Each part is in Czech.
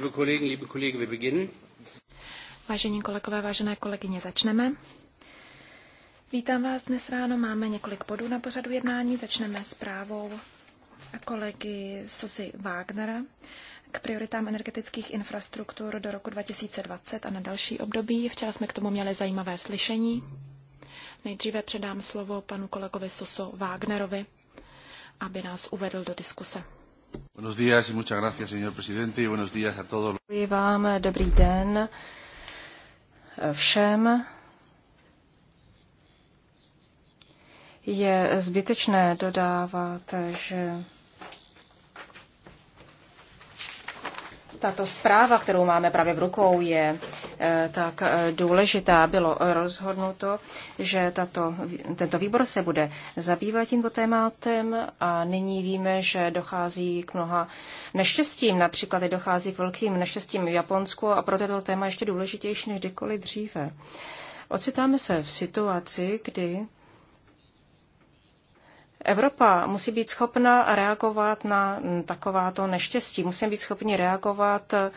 liebe Kollegen, liebe Kollegen, wir beginnen. Vážení kolegové, vážené kolegyně, začneme. Vítám vás dnes ráno. Máme několik bodů na pořadu jednání. Začneme s zprávou kolegy Sosy Wagnera k prioritám energetických infrastruktur do roku 2020 a na další období. Včera jsme k tomu měli zajímavé slyšení. Nejdříve předám slovo panu kolegovi Soso Wagnerovi, aby nás uvedl do diskuse. Děkuji vám, dobrý den všem. Je zbytečné dodávat, že Tato zpráva, kterou máme právě v rukou, je eh, tak eh, důležitá. Bylo rozhodnuto, že tato, tento výbor se bude zabývat tímto tématem a nyní víme, že dochází k mnoha neštěstím. Například dochází k velkým neštěstím v Japonsku a proto je to téma ještě důležitější než kdykoliv dříve. Ocitáme se v situaci, kdy Evropa musí být schopna reagovat na takováto neštěstí. Musíme být schopni reagovat e,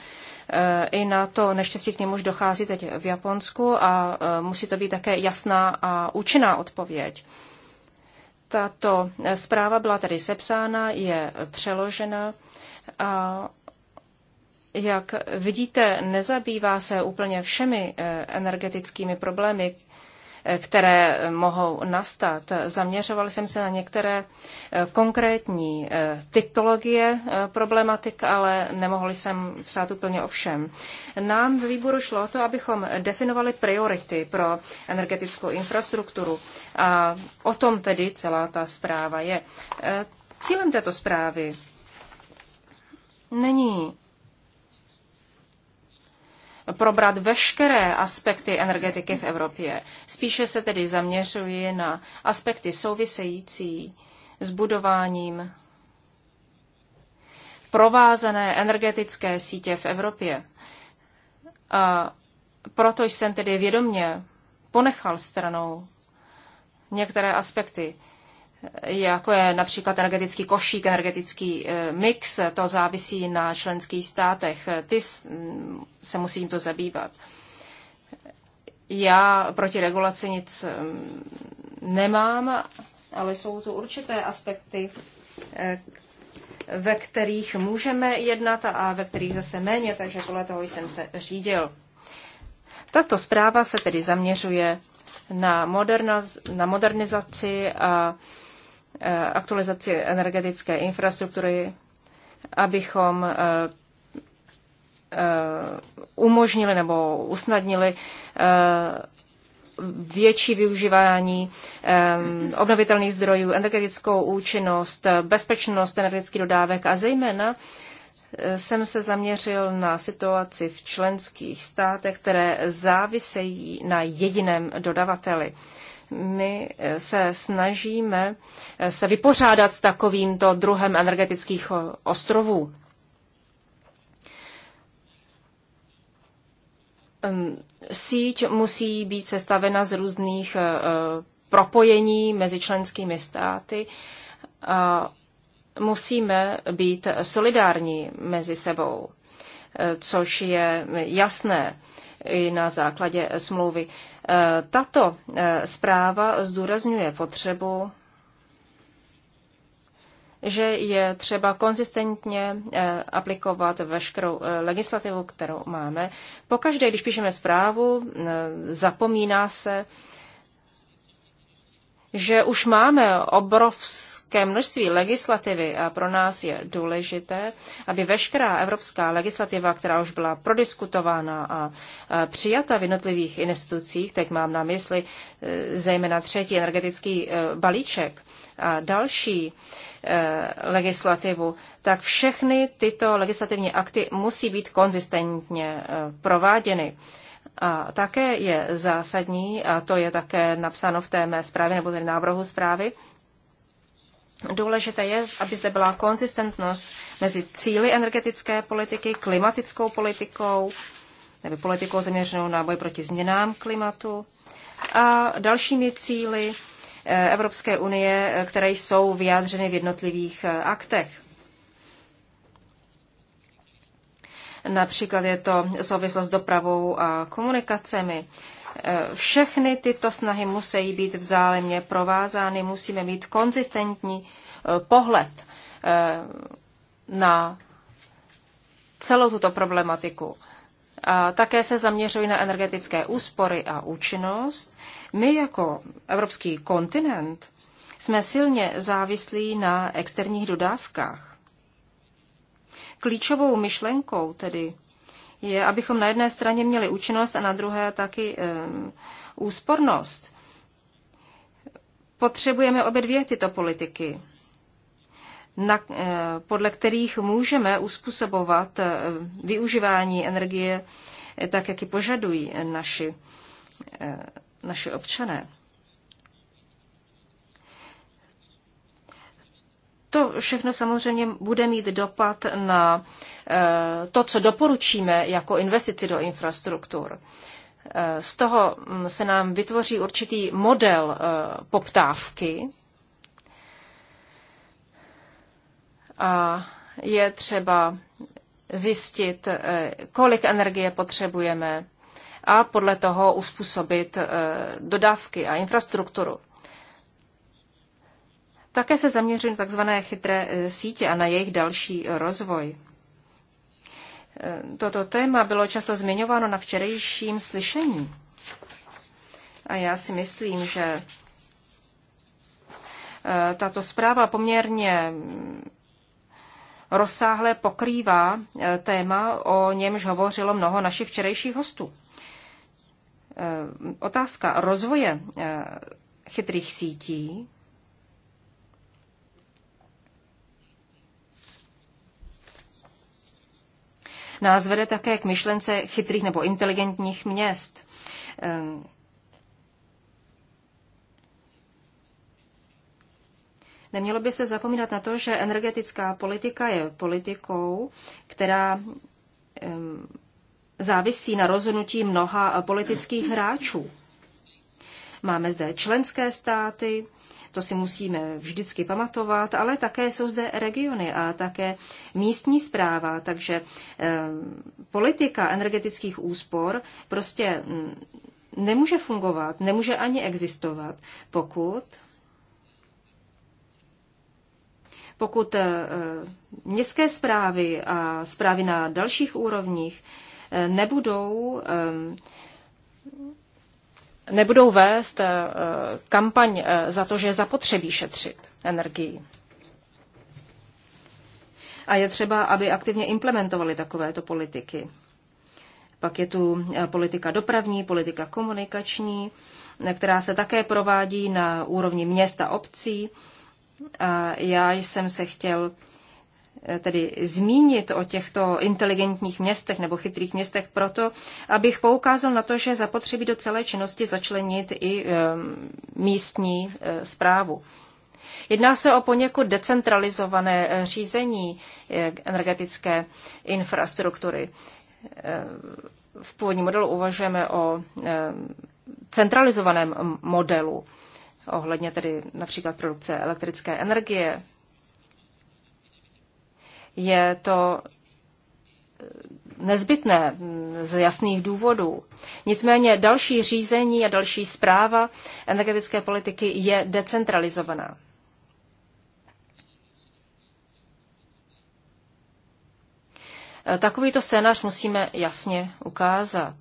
i na to neštěstí, k němuž dochází teď v Japonsku a e, musí to být také jasná a účinná odpověď. Tato e, zpráva byla tedy sepsána, je přeložena a jak vidíte, nezabývá se úplně všemi energetickými problémy, které mohou nastat. Zaměřoval jsem se na některé eh, konkrétní eh, typologie eh, problematik, ale nemohli jsem psát úplně o všem. Nám v výboru šlo o to, abychom definovali priority pro energetickou infrastrukturu a o tom tedy celá ta zpráva je. Cílem této zprávy není probrat veškeré aspekty energetiky v Evropě. Spíše se tedy zaměřuji na aspekty související s budováním provázané energetické sítě v Evropě. A proto jsem tedy vědomě ponechal stranou některé aspekty jako je například energetický košík, energetický eh, mix, to závisí na členských státech. Eh, ty mm, se musí tímto zabývat. Já proti regulaci nic eh, nemám, ale jsou tu určité aspekty, ve kterých můžeme jednat a ve kterých zase méně, takže podle toho jsem se řídil. Tato zpráva se tedy zaměřuje na, moderna, na modernizaci a Eh, aktualizaci energetické infrastruktury, abychom eh, eh, umožnili nebo usnadnili větší využívání obnovitelných zdrojů, energetickou účinnost, bezpečnost energetických dodávek a zejména jsem se zaměřil na situaci v členských státech, které závisejí na jediném dodavateli my eh, se snažíme eh, se vypořádat s takovýmto druhem energetických eh, ostrovů. Ehm, síť musí být sestavena z různých propojení mezi členskými státy. a Musíme být solidární mezi sebou, což je jasné i na základě smlouvy Eh, tato eh, zpráva zdůrazňuje potřebu, že je třeba konzistentně eh, aplikovat veškerou legislativu, kterou máme. Pokaždé, když píšeme zprávu, zapomíná se že už máme obrovské množství legislativy a pro nás je důležité, aby veškerá evropská legislativa, která už byla prodiskutována a přijata v jednotlivých institucích, teď mám na mysli e, zejména třetí energetický e, balíček a další e, legislativu, tak všechny tyto legislativní akty musí být konzistentně prováděny. A také je zásadní, a to je také napsáno v té mé zprávě nebo tedy návrhu zprávy, Důležité je, aby zde byla konzistentnost mezi cíly energetické politiky, klimatickou politikou, nebo politikou zaměřenou na boj proti změnám klimatu a dalšími cíly eh, Evropské unie, eh, které jsou vyjádřeny v jednotlivých eh, aktech. Například je to souvislost s dopravou a komunikacemi. Eh, všechny tyto snahy musí být vzájemně provázány, musíme mít konzistentní eh, pohled eh, na celou tuto problematiku. A také se zaměřují na energetické úspory a účinnost. My jako evropský kontinent jsme silně závislí na externích dodávkách klíčovou myšlenkou tedy je, abychom na jedné straně měli účinnost a na druhé taky um, úspornost. Potřebujeme obě dvě tyto politiky, na, eh, podle kterých můžeme uspůsobovat eh, využívání energie tak, jak ji požadují naši, naši občané. To všechno samozřejmě bude mít dopad na eh, to, co doporučíme jako investici do infrastruktur. Eh, z toho mm, se nám vytvoří určitý model eh, poptávky a je třeba zjistit, kolik energie potřebujeme a podle toho uspůsobit dodávky a infrastrukturu. Také se zaměřují na tzv. chytré e, sítě a na jejich další rozvoj. E, toto téma bylo často zmiňováno na včerejším slyšení. A já si myslím, že e, tato zpráva poměrně rozsáhle pokrývá téma, o němž hovořilo mnoho našich včerejších hostů. Otázka rozvoje chytrých sítí nás vede také k myšlence chytrých nebo inteligentních měst. Ehm. Nemělo by se zapomínat na to, že energetická politika je politikou, která ehm, závisí na rozhodnutí mnoha politických hráčů. Máme zde členské státy, to si musíme vždycky pamatovat, ale také jsou zde regiony a také místní zpráva, takže eh, politika energetických úspor prostě mm, nemůže fungovat, nemůže ani existovat, pokud pokud eh, eh, městské zprávy a zprávy na dalších úrovních nebudou nebudou vést eh, kampaň eh, za to, že zapotřebí šetřit energii. A je třeba, aby aktivně implementovali takovéto politiky. Pak je tu eh, politika dopravní, politika komunikační, která se také provádí na úrovni města obcí. A já jsem se chtěl Eh, tedy zmínit o těchto inteligentních městech nebo chytrých městech proto, abych poukázal na to, že zapotřebí do celé činnosti začlenit i eh, místní zprávu. Eh, Jedná se o poněkud decentralizované řízení energetické infrastruktury. V původním modelu uvažujeme o centralizovaném modelu ohledně tedy například produkce elektrické energie, je to nezbytné z jasných důvodů. Nicméně další řízení a další zpráva energetické politiky je decentralizovaná. Takovýto scénář musíme jasně ukázat.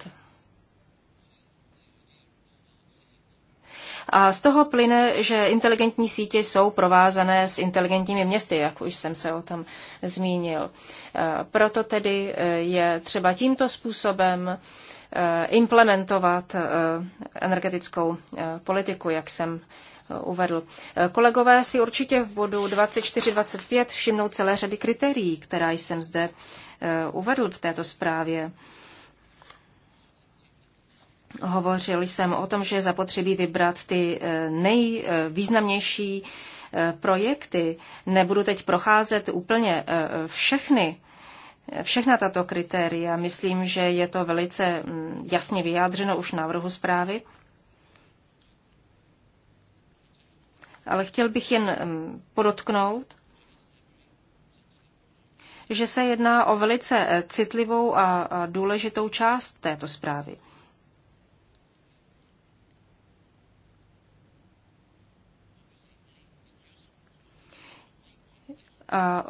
A z toho plyne, že inteligentní sítě jsou provázané s inteligentními městy, jak už jsem se o tom zmínil. E, proto tedy e, je třeba tímto způsobem e, implementovat energetickou politiku, jak jsem uvedl. Kolegové si určitě v bodu 24-25 všimnou celé řady kritérií, která jsem zde uvedl v této zprávě. Hovořil jsem o tom, že je zapotřebí vybrat ty eh, nejvýznamnější eh, projekty. Nebudu teď procházet úplně eh, všechny, všechna tato kritéria. Myslím, že je to velice mm, jasně vyjádřeno už návrhu zprávy. Ale chtěl bych jen mm, podotknout, že se jedná o velice citlivou a důležitou část této zprávy.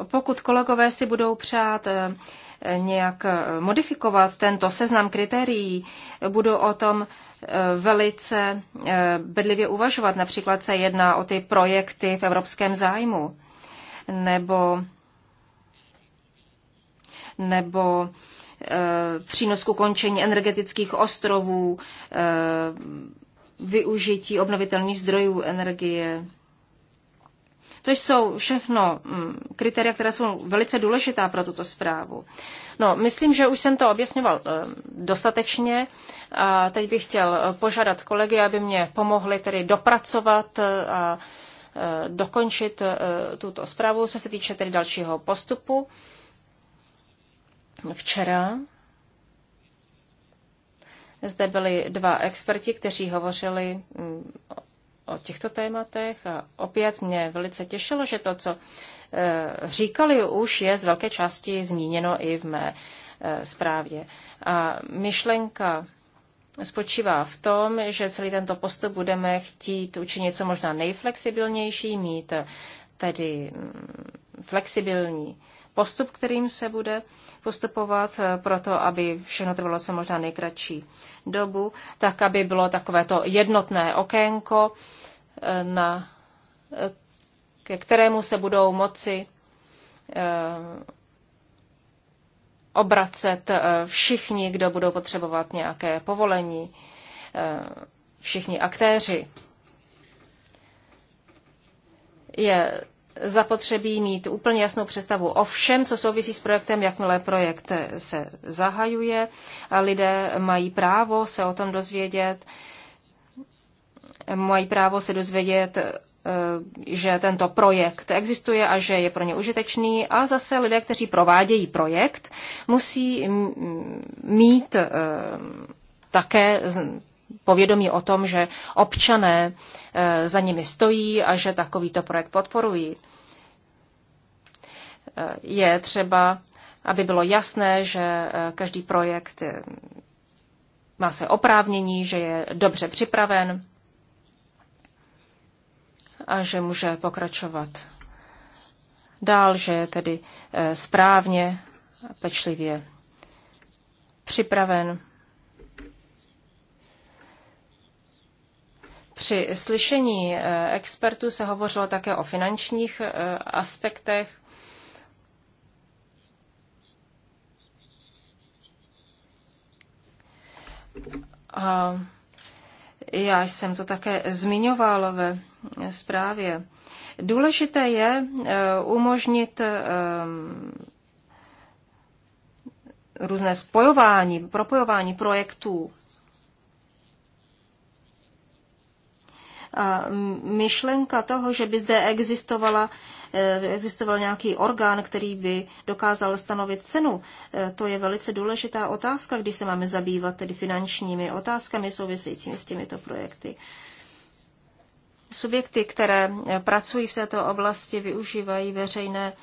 pokud kolegové si budou přát eh, nějak eh, modifikovat tento seznam kritérií, budou o tom eh, velice bedlivě uvažovat. Například se jedná o ty projekty v evropském zájmu nebo, nebo přínos k ukončení energetických ostrovů, využití obnovitelných zdrojů energie to jsou všechno mm, kritéria, která jsou velice důležitá pro tuto zprávu. No, myslím, že už jsem to objasňoval eh, dostatečně. A teď bych chtěl eh, požádat kolegy, aby mě pomohli tedy dopracovat eh, a dokončit tuto zprávu, co se týče tedy dalšího postupu. Včera zde byli dva experti, kteří hovořili mm, o těchto tématech a opět mě velice těšilo, že to, co e, říkali už, je z velké části zmíněno i v mé e, zprávě. A myšlenka spočívá v tom, že celý tento postup budeme chtít učinit co možná nejflexibilnější, mít tedy mm, flexibilní postup, kterým se bude postupovat, eh, pro to, aby všechno trvalo co možná nejkratší dobu, tak aby bylo takové to jednotné okénko, eh, na, eh, ke kterému se budou moci obracet všichni, kdo budou potřebovat nějaké povolení, všichni aktéři. Je zapotřebí mít úplně jasnou představu o všem, co souvisí s projektem, jakmile projekt se zahajuje a lidé mají právo se o tom dozvědět, mají právo se dozvědět, eh, že tento projekt existuje a že je pro ně užitečný a zase lidé, kteří provádějí projekt, musí mít eh, také povědomí o tom, že občané e, za nimi stojí a že takovýto projekt podporují. E, je třeba, aby bylo jasné, že e, každý projekt má své oprávnění, že je dobře připraven a že může pokračovat dál, že je tedy správně a pečlivě připraven. Při slyšení eh, expertů se hovořilo také o finančních eh, aspektech. A já jsem to také zmiňoval ve zprávě. Důležité je eh, umožnit různé spojování, propojování projektů A myšlenka toho, že by zde existovala, eh, existoval nějaký orgán, který by dokázal stanovit cenu, eh, to je velice důležitá otázka, když se máme zabývat tedy finančními otázkami souvisejícími s těmito projekty. Subjekty, které eh, pracují v této oblasti, využívají veřejné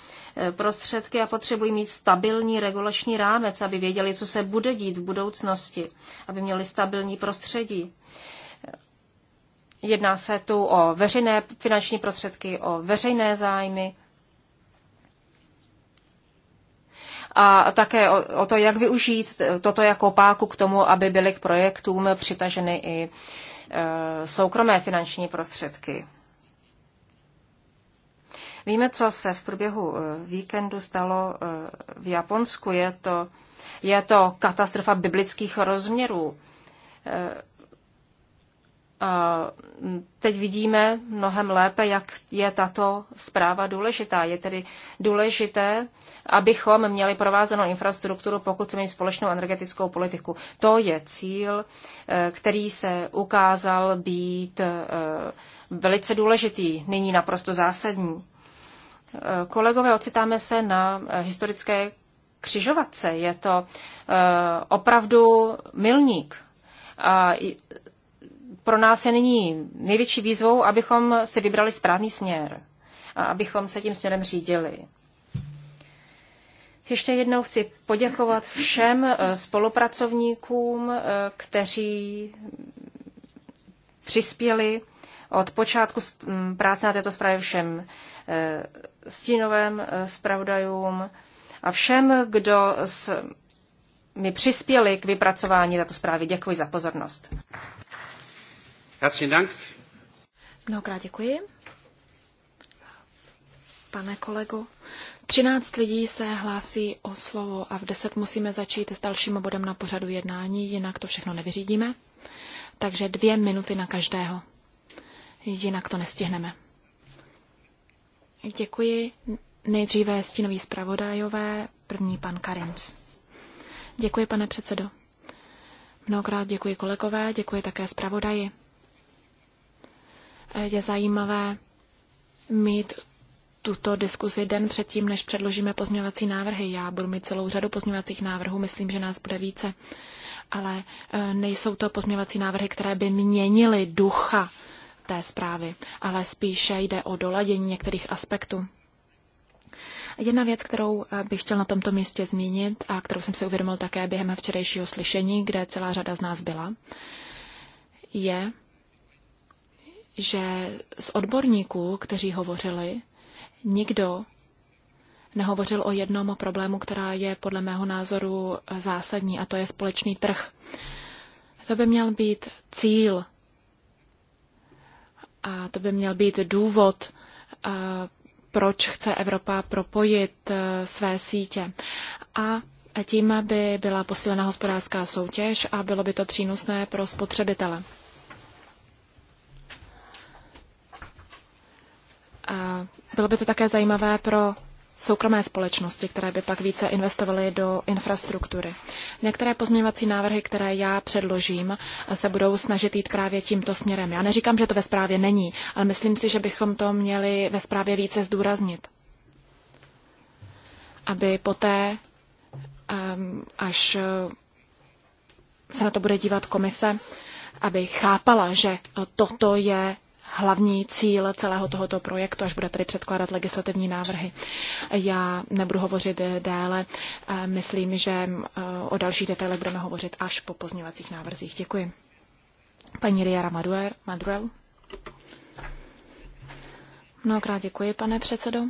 prostředky a potřebují mít stabilní regulační rámec, aby věděli, co se bude dít v budoucnosti, aby měli stabilní prostředí. Jedná se tu o veřejné finanční prostředky, o veřejné zájmy a také o, o to, jak využít toto jako páku k tomu, aby byly k projektům přitaženy i e, soukromé finanční prostředky. Víme, co se v průběhu e, víkendu stalo e, v Japonsku. Je to, je to katastrofa biblických rozměrů. E, teď vidíme mnohem lépe, jak je tato zpráva důležitá. Je tedy důležité, abychom měli provázanou infrastrukturu, pokud chceme společnou energetickou politiku. To je cíl, eh, který se ukázal být eh, velice důležitý, nyní naprosto zásadní. Eh, kolegové, ocitáme se na historické křižovatce. Je to opravdu milník. A pro nás je nyní největší výzvou, abychom si vybrali správný směr a abychom se tím směrem řídili. Ještě jednou chci poděkovat všem eh, spolupracovníkům, eh, kteří přispěli od počátku práce na této zprávě všem eh, stínovým zpravodajům a všem, kdo mi přispěli k vypracování této zprávy. Děkuji za pozornost. Herzlichen Dank. Mnohokrát děkuji. Pane kolego, 13 lidí se hlásí o slovo a v 10 musíme začít s dalším bodem na pořadu jednání, jinak to všechno nevyřídíme. Takže dvě minuty na každého. Jinak to nestihneme. Děkuji. Nejdříve stínový zpravodajové, první pan Karins. Děkuji, pane předsedo. Mnohokrát děkuji kolegové, děkuji také zpravodaji je zajímavé mít tuto diskuzi den předtím, než předložíme pozměňovací návrhy. Já budu mít celou řadu pozměňovacích návrhů, myslím, že nás bude více. Ale e, nejsou to pozměňovací návrhy, které by měnily ducha té zprávy, ale spíše jde o doladění některých aspektů. Jedna věc, kterou e, bych chtěl na tomto místě zmínit a kterou jsem si uvědomil také během včerejšího slyšení, kde celá řada z nás byla, je, že z odborníků, kteří hovořili, nikdo nehovořil o jednom problému, která je podle mého názoru zásadní, a to je společný trh. To by měl být cíl a to by měl být důvod, proč chce Evropa propojit e, své sítě. A tím by byla posílena hospodářská soutěž a bylo by to přínosné pro spotřebitele. Bylo by to také zajímavé pro soukromé společnosti, které by pak více investovaly do infrastruktury. Některé pozměňovací návrhy, které já předložím, se budou snažit jít právě tímto směrem. Já neříkám, že to ve zprávě není, ale myslím si, že bychom to měli ve zprávě více zdůraznit. Aby poté, ehm, až eh, se na to bude dívat komise, aby chápala, že toto je hlavní cíl celého tohoto projektu, až bude tady předkládat legislativní návrhy. Já nebudu hovořit déle. Eh, myslím, že eh, o dalších detailech budeme hovořit až po pozměňovacích návrzích. Děkuji. Paní Riara Maduel. Maduel. Mnohokrát děkuji, pane předsedo.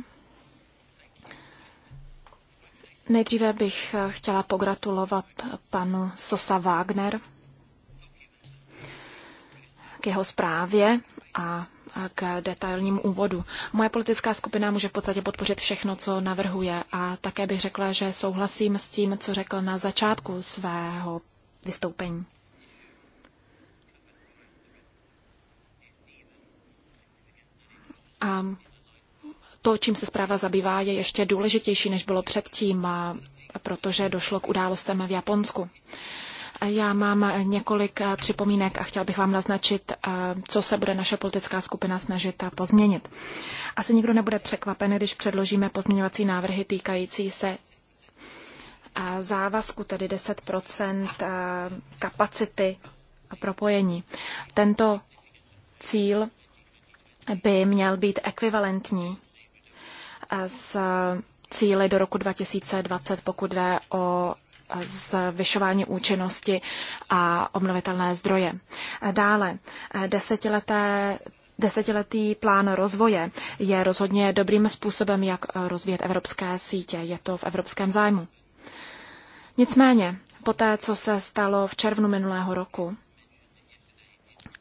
Nejdříve bych eh, chtěla pogratulovat panu Sosa Wagner k jeho zprávě a k detailnímu úvodu. Moje politická skupina může v podstatě podpořit všechno, co navrhuje a také bych řekla, že souhlasím s tím, co řekl na začátku svého vystoupení. A to, čím se zpráva zabývá, je ještě důležitější, než bylo předtím, protože došlo k událostem v Japonsku. Já mám několik eh, připomínek a chtěl bych vám naznačit, eh, co se bude naše politická skupina snažit pozměnit. Asi nikdo nebude překvapen, když předložíme pozměňovací návrhy týkající se eh, závazku, tedy 10 kapacity a propojení. Tento cíl by měl být ekvivalentní s cíly do roku 2020, pokud jde o zvyšování účinnosti a obnovitelné zdroje. Dále, desetileté Desetiletý plán rozvoje je rozhodně dobrým způsobem, jak rozvíjet evropské sítě. Je to v evropském zájmu. Nicméně, poté, co se stalo v červnu minulého roku,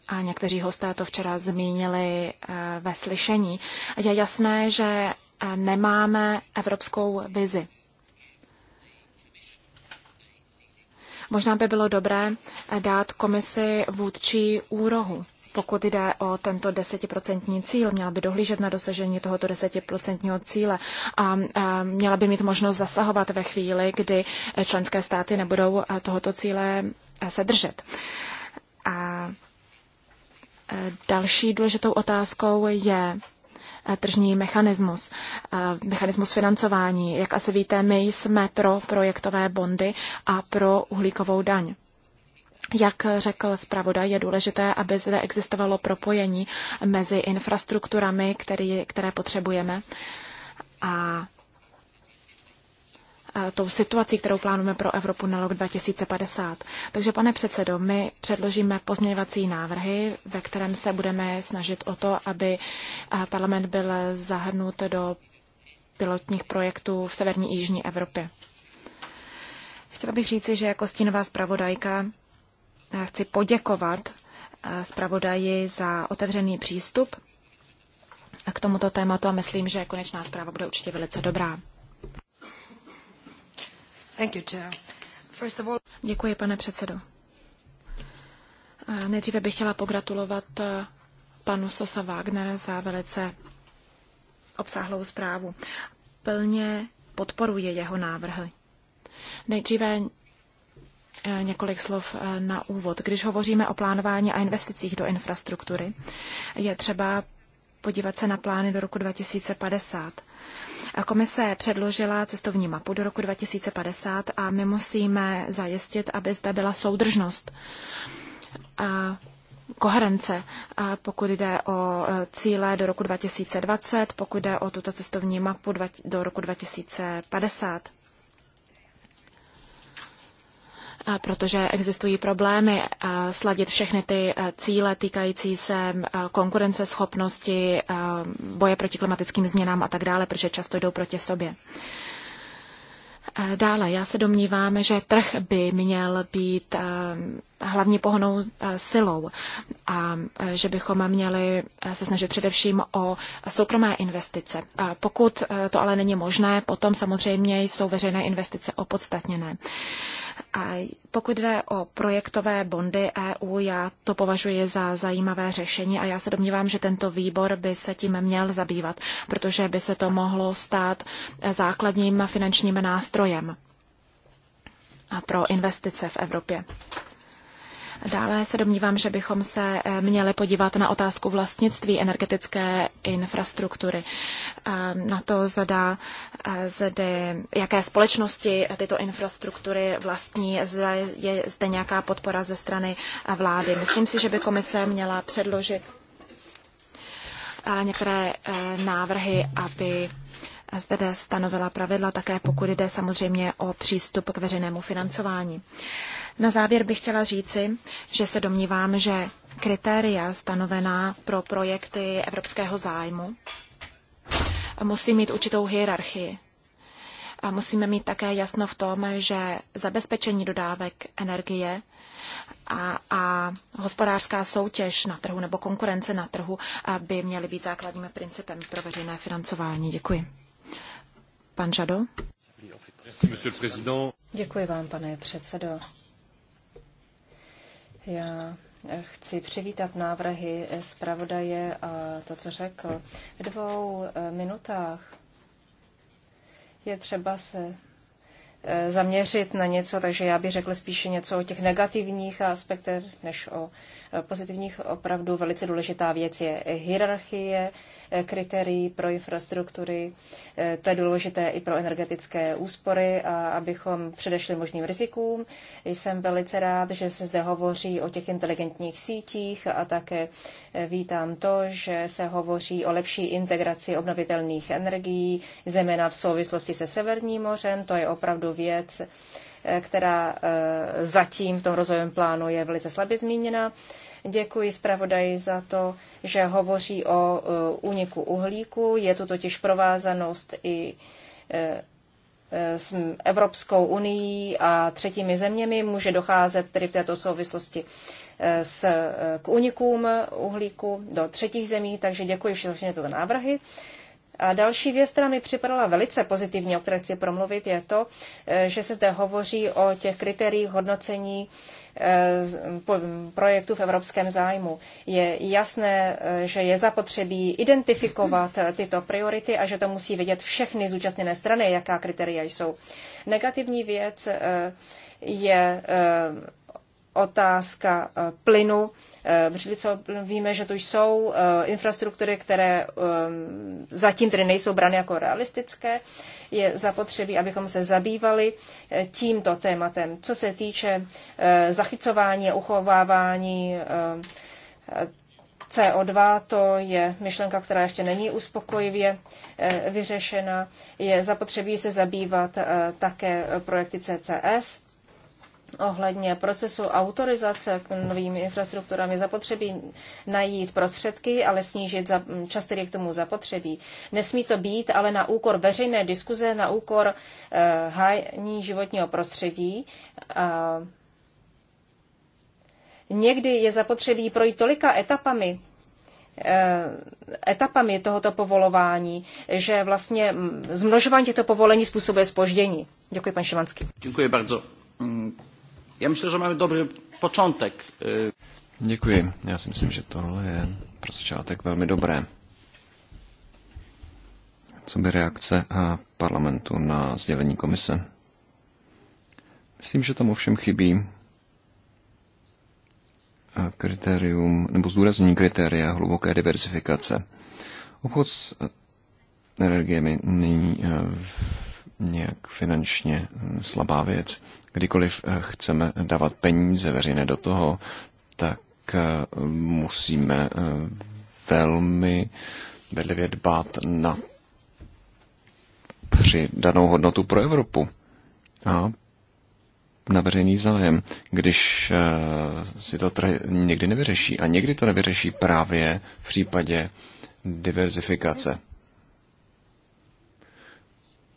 a někteří hosté to včera zmínili eh, ve slyšení, je jasné, že eh, nemáme evropskou vizi. Možná by bylo dobré eh, dát komisi vůdčí úrohu. Pokud jde o tento desetiprocentní cíl, měla by dohlížet na dosažení tohoto desetiprocentního cíle a, měla by mít možnost zasahovat ve chvíli, kdy eh, členské státy nebudou eh, tohoto cíle se držet. A další důležitou otázkou je Eh, tržní mechanismus, eh, mechanismus financování. Jak asi víte, my jsme pro projektové bondy a pro uhlíkovou daň. Jak řekl zpravodaj, je důležité, aby zde existovalo propojení mezi infrastrukturami, který, které potřebujeme, a tou situací, kterou plánujeme pro Evropu na rok 2050. Takže, pane předsedo, my předložíme pozměňovací návrhy, ve kterém se budeme snažit o to, aby parlament byl zahrnut do pilotních projektů v severní i jižní Evropě. Chtěla bych říci, že jako stínová zpravodajka chci poděkovat zpravodaji za otevřený přístup k tomuto tématu a myslím, že konečná zpráva bude určitě velice dobrá. Děkuji, pane předsedo. Eh, nejdříve bych chtěla pogratulovat eh, panu Sosa Wagner za velice obsáhlou zprávu. Plně podporuje jeho návrhy. Nejdříve eh, několik slov na úvod. Když hovoříme o plánování a investicích do infrastruktury, je třeba podívat se na plány do roku 2050. Komise předložila cestovní mapu do roku 2050 a my musíme zajistit, aby zde byla soudržnost. A koherence, a pokud jde o e, cíle do roku 2020, pokud jde o tuto cestovní mapu do roku 2050. Eh, protože existují problémy eh, sladit všechny ty eh, cíle týkající se konkurenceschopnosti, boje proti klimatickým změnám a tak dále, protože často jdou proti sobě. Dále, já se domnívám, že trh by měl být hlavní pohnou eh, silou a eh, že bychom měli eh, se snažit především o soukromé investice. Pokud to ale není možné, potom samozřejmě jsou veřejné investice opodstatněné. A pokud jde o projektové bondy EU, já to považuji za zajímavé řešení a já se domnívám, že tento výbor by se tím měl zabývat, protože by se to mohlo stát základním finančním nástrojem pro investice v Evropě. Dále se domnívám, že bychom se eh, měli podívat na otázku vlastnictví energetické infrastruktury. Eh, na to zda, eh, zde, jaké společnosti tyto infrastruktury vlastní, zda je zde nějaká podpora ze strany vlády. Myslím si, že by komise měla předložit některé návrhy, aby zde stanovila pravidla také, pokud jde samozřejmě o přístup k veřejnému financování. Na závěr bych chtěla říci, že se domnívám, že kritéria stanovená pro projekty evropského zájmu musí mít určitou hierarchii. A musíme mít také jasno v tom, že zabezpečení dodávek energie a, a hospodářská soutěž na trhu nebo konkurence na trhu by měly být základním principem pro veřejné financování. Děkuji. Pan Žado? Děkuji vám, pane předsedo. Já chci přivítat návrhy zpravodaje a to, co řekl. V dvou eh, minutách je třeba se eh, zaměřit na něco, takže já bych řekl spíše něco o těch negativních aspektech, než o pozitivních opravdu velice důležitá věc je hierarchie eh, kritérií pro infrastruktury. Eh, to je důležité i pro energetické úspory, a abychom předešli možným rizikům. Jsem velice rád, že se zde hovoří o těch inteligentních sítích a také eh, vítám to, že se hovoří o lepší integraci obnovitelných energií, zejména v souvislosti se Severním mořem. To je opravdu věc, která eh, zatím v tom rozvojovém plánu je velice slabě zmíněna. Děkuji zpravodaji za to, že hovoří o eh, úniku uhlíku. Je tu totiž provázanost i eh, s Evropskou unii a třetími zeměmi. Může docházet tedy v této souvislosti s, k unikům uhlíku do třetích zemí, takže děkuji všem za tyto návrhy. A další věc, která mi připadala velice pozitivní, o které chci promluvit, je to, eh, že se zde hovoří o těch kritériích hodnocení eh, projektů v evropském zájmu. Je jasné, eh, že je zapotřebí identifikovat tyto priority a že to musí vědět všechny zúčastněné strany, jaká kritéria jsou. Negativní věc je otázka eh, plynu. Břidlicového eh, co víme, že to jsou eh, infrastruktury, které zatím tedy nejsou brany jako realistické. Je zapotřebí, abychom se zabývali tímto tématem. Co se týče zachycování a uchovávání CO2, to je myšlenka, která ještě není uspokojivě vyřešena. Je zapotřebí se zabývat také projekty CCS ohledně procesu autorizace k novým infrastrukturám je zapotřebí najít prostředky, ale snížit za, čas, který k tomu zapotřebí. Nesmí to být ale na úkor veřejné diskuze, na úkor uh, hájení životního prostředí. Uh, někdy je zapotřebí projít tolika etapami, eh, etapami tohoto povolování, že vlastně mm, zmnožování těchto povolení způsobuje spoždění. Děkuji, pan Šimanský. Děkuji bardzo. Mm, já myslím, že máme dobrý počátek. Děkuji. Já si myslím, že tohle je pro začátek velmi dobré. Co by reakce a parlamentu na sdělení komise? Myslím, že tam ovšem chybí kritérium, nebo zdůraznění kritéria hluboké diversifikace. Obchod s energiemi není e, nějak finančně slabá věc. Kdykoliv eh, chceme dávat peníze veřejné do toho, tak eh, musíme eh, velmi bedlivě dbát na přidanou hodnotu pro Evropu a na veřejný zájem, když si to někdy nevyřeší. A někdy to nevyřeší právě v případě diverzifikace.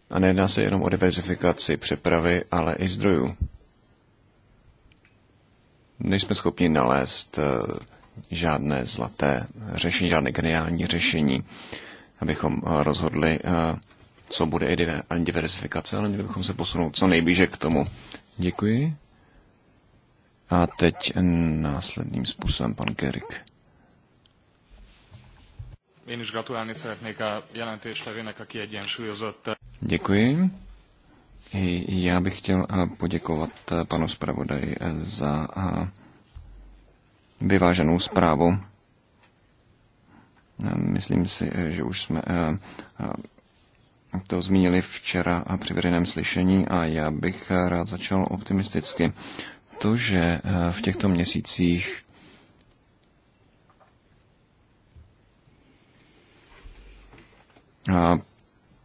A nejedná se jenom o diverzifikaci přepravy, ale i zdrojů. Nejsme schopni nalézt eh, žádné zlaté řešení, žádné geniální řešení, abychom eh, rozhodli, eh, co bude i diverzifikace, ale měli bychom se posunout co nejblíže k tomu. Děkuji. A teď následným způsobem pan Gerik. Én is gratulálni szeretnék a jelentéstevének a kiegyensúlyozott. Eh, Děkuji. Já bych chtěl eh, poděkovat eh, panu zpravodaji za vyváženou zprávu. Myslím si, že už jsme to zmínili včera a při veřejném slyšení a já bych rád začal optimisticky. To, že v těchto měsících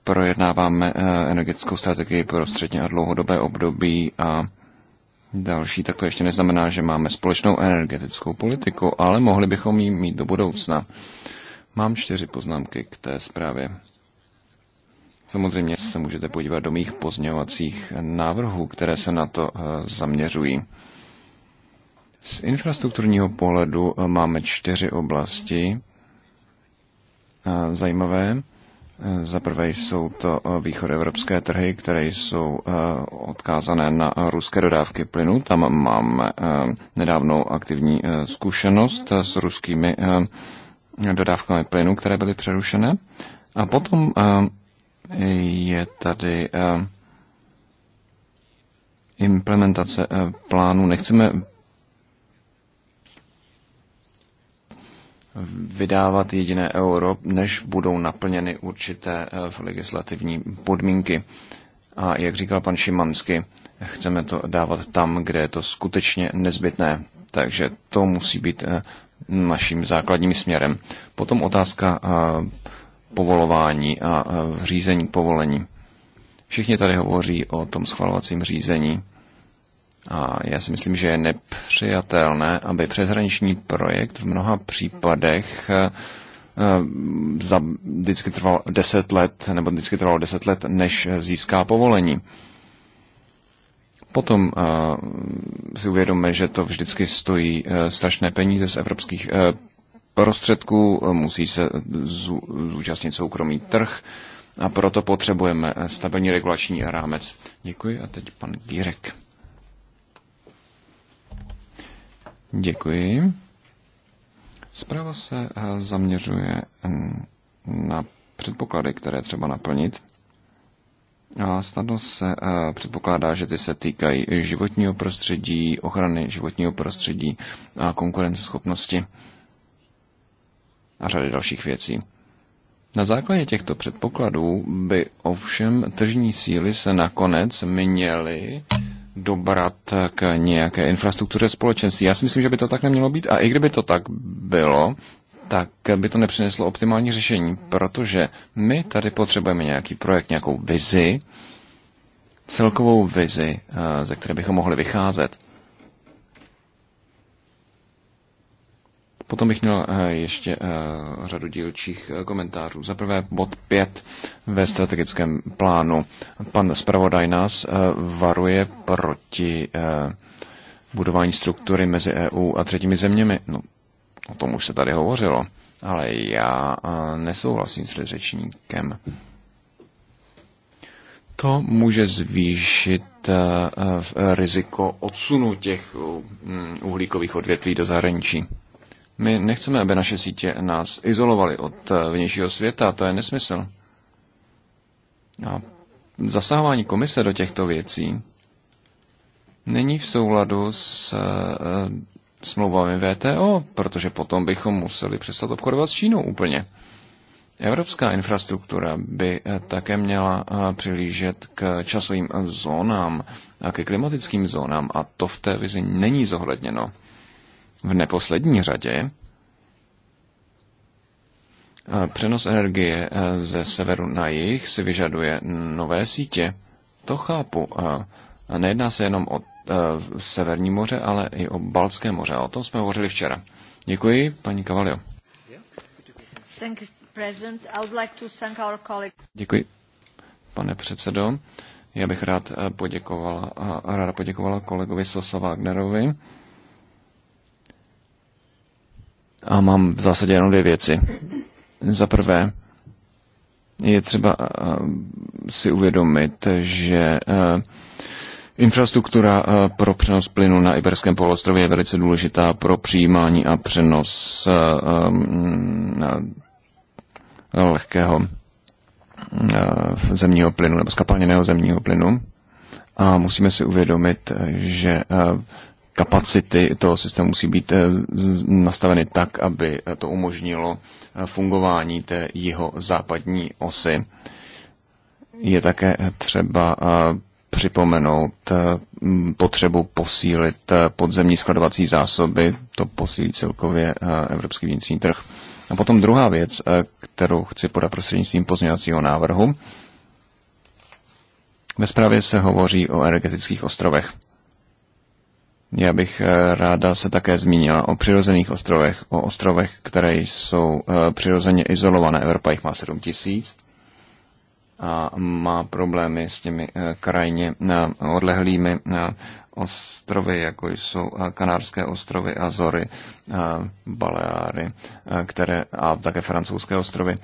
projednáváme eh, energetickou strategii pro středně a dlouhodobé období a další, tak to ještě neznamená, že máme společnou energetickou politiku, ale mohli bychom ji mít do budoucna. Mám čtyři poznámky k té zprávě. Samozřejmě se můžete podívat do mých pozměňovacích návrhů, které se na to eh, zaměřují. Z infrastrukturního pohledu eh, máme čtyři oblasti zajímavé. Eh, za prvé jsou to eh, východoevropské trhy, které jsou eh, odkázané na ruské dodávky plynu. Tam máme nedávnou aktivní zkušenost s ruskými dodávkami plynu, které byly přerušené. A potom je tady implementace plánu. Nechceme vydávat jediné euro, než budou naplněny určité eh, legislativní podmínky. A jak říkal pan Šimansky, chceme to dávat tam, kde je to skutečně nezbytné. Takže to musí být eh, naším základním směrem. Potom otázka eh, povolování a řízení povolení. Všichni tady hovoří o tom schvalovacím řízení a já si myslím, že je nepřijatelné, aby přeshraniční projekt v mnoha případech eh, eh, za, vždycky trval 10 let, nebo vždycky trvalo 10 let, než získá povolení. Potom uh, si uvědomíme, že to vždycky stojí uh, strašné peníze z evropských uh, prostředků, musí se zúčastnit soukromý trh a proto potřebujeme stabilní regulační rámec. Děkuji a teď pan Gírek. Děkuji. Zpráva se eh, zaměřuje na předpoklady, které třeba naplnit. A snadno se eh, předpokládá, že ty se týkají životního prostředí, ochrany životního prostředí a konkurenceschopnosti a řady dalších věcí. Na základě těchto předpokladů by ovšem tržní síly se nakonec měly dobrat k nějaké infrastruktuře společenství. Já si myslím, že by to tak nemělo být. A i kdyby to tak bylo, tak by to nepřineslo optimální řešení, protože my tady potřebujeme nějaký projekt, nějakou vizi, celkovou vizi, eh, ze které bychom mohli vycházet. Potom bych měl eh, ještě eh, řadu dílčích eh, komentářů. Za prvé bod 5 ve strategickém plánu. Pan zpravodaj nás varuje proti budování struktury mezi EU a třetími zeměmi. No, o tom už se tady hovořilo, ale já nesouhlasím s řečníkem. To může zvýšit riziko odsunu těch uhlíkových odvětví do zahraničí. My nechceme, aby naše sítě nás izolovaly od eh, vnějšího světa, to je nesmysl. A zasahování komise do těchto věcí není v souladu s eh, smlouvami VTO, protože potom bychom museli přestat obchodovat s Čínou úplně. Evropská infrastruktura by eh, také měla přilížet k časovým zónám a ke klimatickým zónám a to v té vizi není zohledněno v neposlední řadě přenos energie ze severu na jih si vyžaduje nové sítě. To chápu. A nejedná se jenom o Severní moře, ale i o Balské moře. O tom jsme hovořili včera. Děkuji, paní Cavalio. Děkuji, pane předsedo. Já bych rád poděkovala, ráda poděkovala kolegovi Sosa Wagnerovi a mám v zásadě jenom dvě věci. Za prvé, je třeba eh, si uvědomit, že eh, infrastruktura eh, pro přenos plynu na Iberském poloostrově je velice důležitá pro přijímání a přenos mm, lehkého zemního plynu nebo skapalněného zemního plynu. A musíme si uvědomit, že kapacity toho systému musí být eh, nastaveny tak, aby eh, to umožnilo eh, fungování té jeho západní osy. Je také třeba připomenout potřebu posílit podzemní skladovací zásoby, to posílí celkově evropský vnitřní trh. A potom druhá věc, kterou chci podat prostřednictvím pozměňovacího návrhu. Ve zprávě se hovoří o energetických ostrovech. Já bych eh, ráda se také zmínila o přirozených ostrovech, o ostrovech, které jsou eh, přirozeně izolované. Evropa jich má 7 tisíc a má problémy s těmi eh, krajně eh, odlehlými eh, ostrovy, jako jsou Kanárské ostrovy, Azory, Baleáry, které, a také francouzské ostrovy,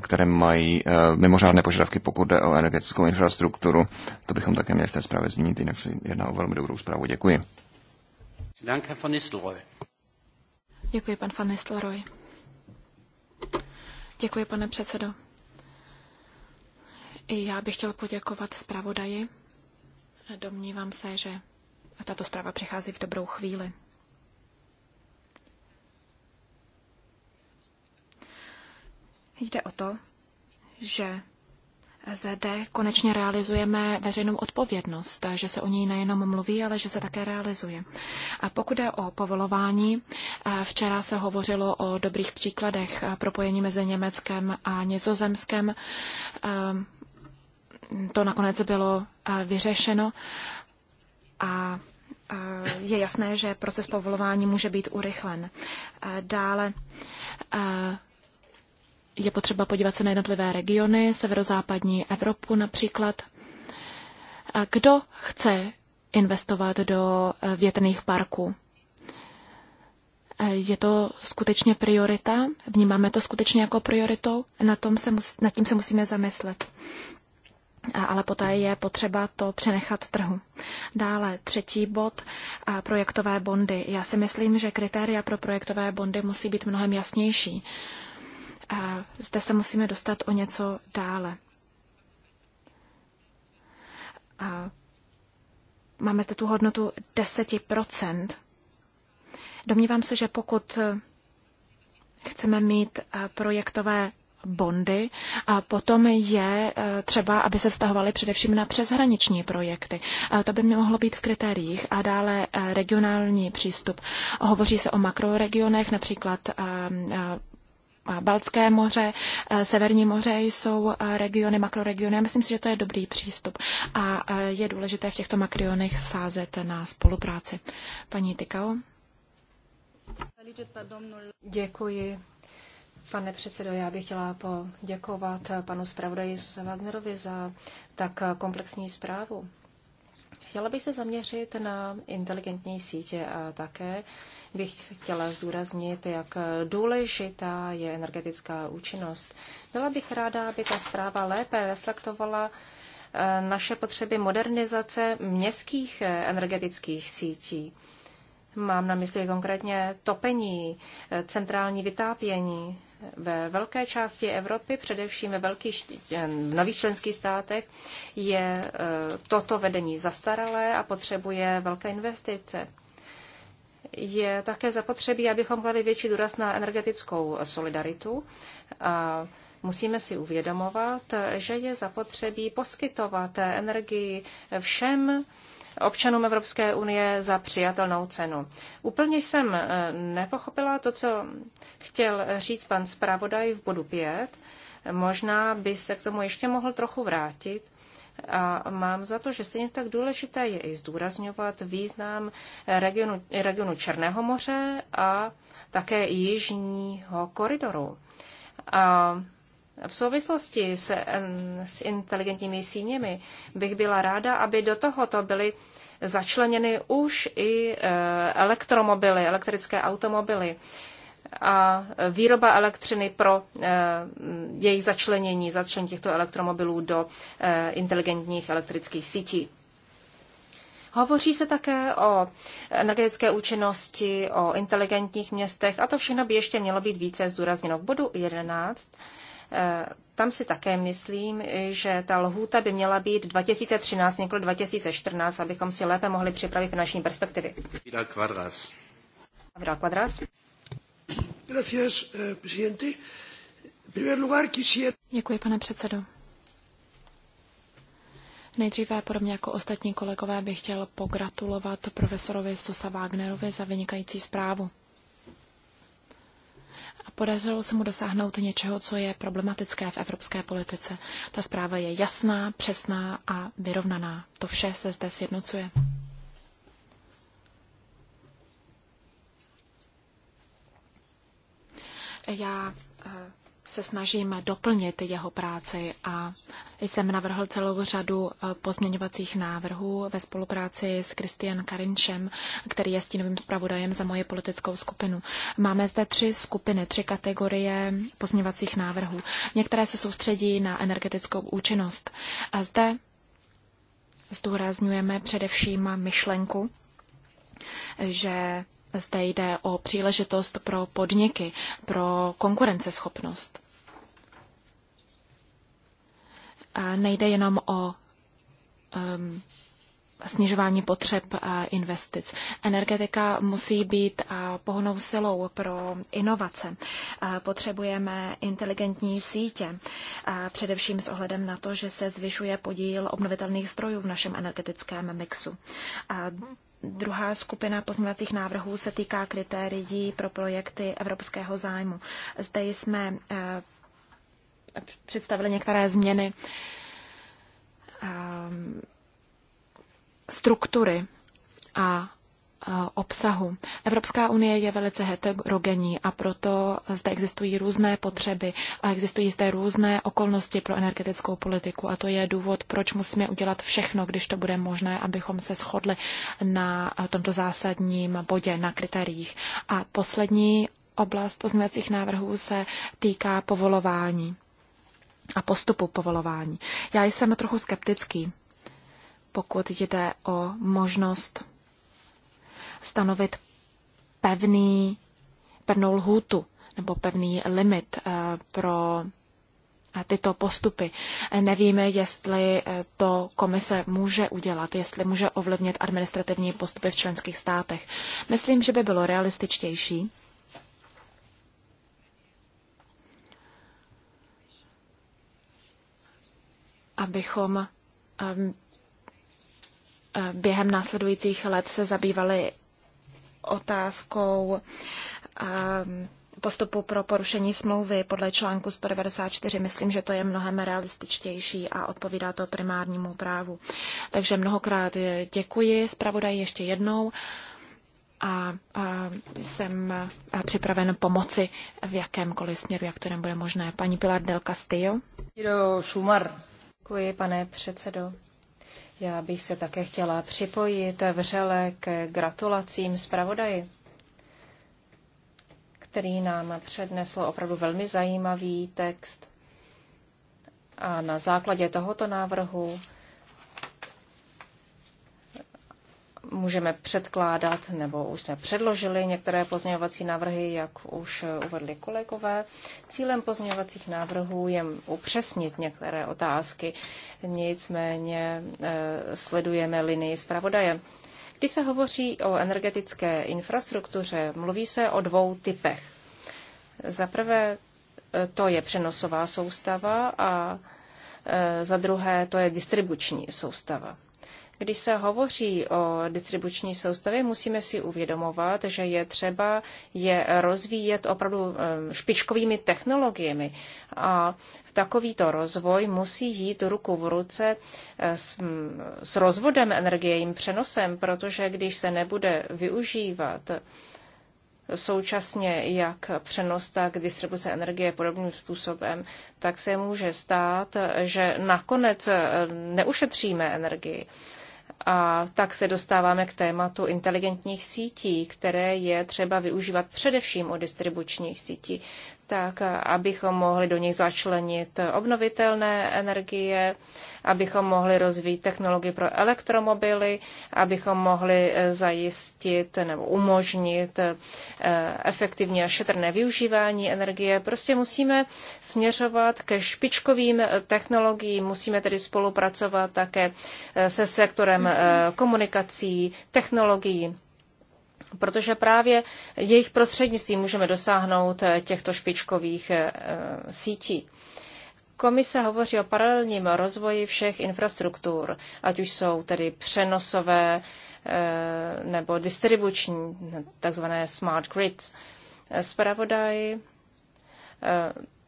které mají mimořádné požadavky, pokud jde o energetickou infrastrukturu. To bychom také měli v té zprávě zmínit, jinak se jedná o velmi dobrou zprávu. Děkuji. Děkuji, pan van Nistelrooy. Děkuji, pane předsedo. I já bych chtěl poděkovat zpravodaji. Domnívám se, že tato zpráva přichází v dobrou chvíli. Jde o to, že ZD konečně realizujeme veřejnou odpovědnost, že se o ní nejenom mluví, ale že se také realizuje. A pokud je o povolování, včera se hovořilo o dobrých příkladech propojení mezi Německem a Nizozemskem to nakonec bylo eh, vyřešeno a eh, je jasné, že proces povolování může být urychlen. Eh, dále je potřeba podívat se na jednotlivé regiony, severozápadní Evropu například. Kdo chce investovat do větrných parků? Je to skutečně priorita? Vnímáme to skutečně jako prioritou? Na tom se mus, nad tím se musíme zamyslet ale poté je potřeba to přenechat trhu. Dále třetí bod, projektové bondy. Já si myslím, že kritéria pro projektové bondy musí být mnohem jasnější. Zde se musíme dostat o něco dále. Máme zde tu hodnotu 10%. Domnívám se, že pokud chceme mít projektové bondy a potom je eh, třeba, aby se vztahovaly především na přeshraniční projekty. Eh, to by mohlo být v kritériích a dále eh, regionální přístup. Hovoří se o makroregionech, například Balcké moře, Severní moře jsou regiony, makroregiony. Já myslím si, že to je dobrý přístup a je důležité v těchto makrionech sázet na spolupráci. Paní Tykao. Děkuji. Pane předsedo, já bych chtěla poděkovat panu zpravodaji Suze Wagnerovi za tak komplexní zprávu. Chtěla bych se zaměřit na inteligentní sítě a také bych chtěla zdůraznit, jak důležitá je energetická účinnost. Byla bych ráda, aby ta zpráva lépe reflektovala eh, naše potřeby modernizace městských eh, energetických sítí. Mám na mysli konkrétně topení, eh, centrální vytápění, ve velké části Evropy, především ve velkých, v eh, nových členských státech, je eh, toto vedení zastaralé a potřebuje velké investice. Je také zapotřebí, abychom kladli větší důraz na energetickou solidaritu. A musíme si uvědomovat, že je zapotřebí poskytovat energii všem, občanům Evropské unie za přijatelnou cenu. Úplně jsem eh, nepochopila to, co chtěl říct pan zpravodaj v bodu 5. Možná by se k tomu ještě mohl trochu vrátit. A mám za to, že stejně tak důležité je i zdůrazňovat význam regionu, regionu Černého moře a také jižního koridoru. A v souvislosti s, s inteligentními síněmi bych byla ráda, aby do tohoto byly začleněny už i e, elektromobily, elektrické automobily a výroba elektřiny pro e, jejich začlenění, začlenění těchto elektromobilů do e, inteligentních elektrických sítí. Hovoří se také o energetické účinnosti, o inteligentních městech a to všechno by ještě mělo být více zdůrazněno. V bodu 11 tam si také myslím, že ta lhůta by měla být 2013, nikoli 2014, abychom si lépe mohli připravit finanční perspektivy. Vidal Quadras. Vidal Quadras. Gracias, eh, presidente. Děkuji, pane předsedo. Nejdříve, podobně jako ostatní kolegové, bych chtěl pogratulovat profesorovi Sosa Wagnerovi za vynikající zprávu. Podařilo se mu dosáhnout něčeho, co je problematické v evropské politice. Ta zpráva je jasná, přesná a vyrovnaná. To vše se zde sjednocuje. Já eh, se snažím doplnit jeho práci a jsem navrhl celou řadu eh, pozměňovacích návrhů ve spolupráci s Kristian Karinčem, který je stínovým zpravodajem za moje politickou skupinu. Máme zde tři skupiny, tři kategorie pozměňovacích návrhů. Některé se soustředí na energetickou účinnost. A zde zdůrazňujeme především myšlenku, že zde jde o příležitost pro podniky, pro konkurenceschopnost. nejde jenom o um, snižování potřeb investic. Energetika musí být pohonou silou pro inovace. Potřebujeme inteligentní sítě, především s ohledem na to, že se zvyšuje podíl obnovitelných zdrojů v našem energetickém mixu. Druhá skupina pozměňovacích návrhů se týká kritérií pro projekty evropského zájmu. Zde jsme představili některé změny struktury a obsahu. Evropská unie je velice heterogenní a proto zde existují různé potřeby a existují zde různé okolnosti pro energetickou politiku a to je důvod, proč musíme udělat všechno, když to bude možné, abychom se shodli na tomto zásadním bodě, na kritériích. A poslední oblast pozměňovacích návrhů se týká povolování a postupu povolování. Já jsem trochu skeptický, pokud jde o možnost stanovit pevný, pevnou lhůtu nebo pevný limit eh, pro eh, tyto postupy. Eh, Nevíme, jestli to komise může udělat, jestli může ovlivnit administrativní postupy v členských státech. Myslím, že by bylo realističtější abychom během následujících let se zabývali otázkou postupu pro porušení smlouvy podle článku 194. Myslím, že to je mnohem realističtější a odpovídá to primárnímu právu. Takže mnohokrát děkuji zpravodaji ještě jednou a, a jsem připraven pomoci v jakémkoliv směru, jak to nebude možné. Paní Pilar del Castillo. Quiero Děkuji, pane předsedo. Já bych se také chtěla připojit vřele k gratulacím zpravodaji, který nám přednesl opravdu velmi zajímavý text. A na základě tohoto návrhu můžeme předkládat, nebo už jsme předložili některé pozměňovací návrhy, jak už uvedli kolegové. Cílem pozměňovacích návrhů je upřesnit některé otázky, nicméně eh, sledujeme linii zpravodaje. Když se hovoří o energetické infrastruktuře, mluví se o dvou typech. Za prvé eh, to je přenosová soustava a eh, za druhé to je distribuční soustava. Když se hovoří o distribuční soustavě, musíme si uvědomovat, že je třeba je rozvíjet opravdu eh, špičkovými technologiemi. A takovýto rozvoj musí jít ruku v ruce eh, s, s rozvodem energie, jim přenosem, protože když se nebude využívat současně jak přenos, tak distribuce energie podobným způsobem, tak se může stát, že nakonec eh, neušetříme energii. A tak se dostáváme k tématu inteligentních sítí, které je třeba využívat především u distribučních sítí tak abychom mohli do nich začlenit obnovitelné energie, abychom mohli rozvíjet technologie pro elektromobily, abychom mohli eh, zajistit nebo umožnit eh, efektivní a šetrné využívání energie. Prostě musíme směřovat ke špičkovým eh, technologiím, musíme tedy spolupracovat také se sektorem komunikací, technologií protože právě jejich prostřednictvím můžeme dosáhnout eh, těchto špičkových eh, sítí. Komise hovoří o paralelním rozvoji všech infrastruktur, ať už jsou tedy přenosové eh, nebo distribuční, takzvané smart grids. Spravodaj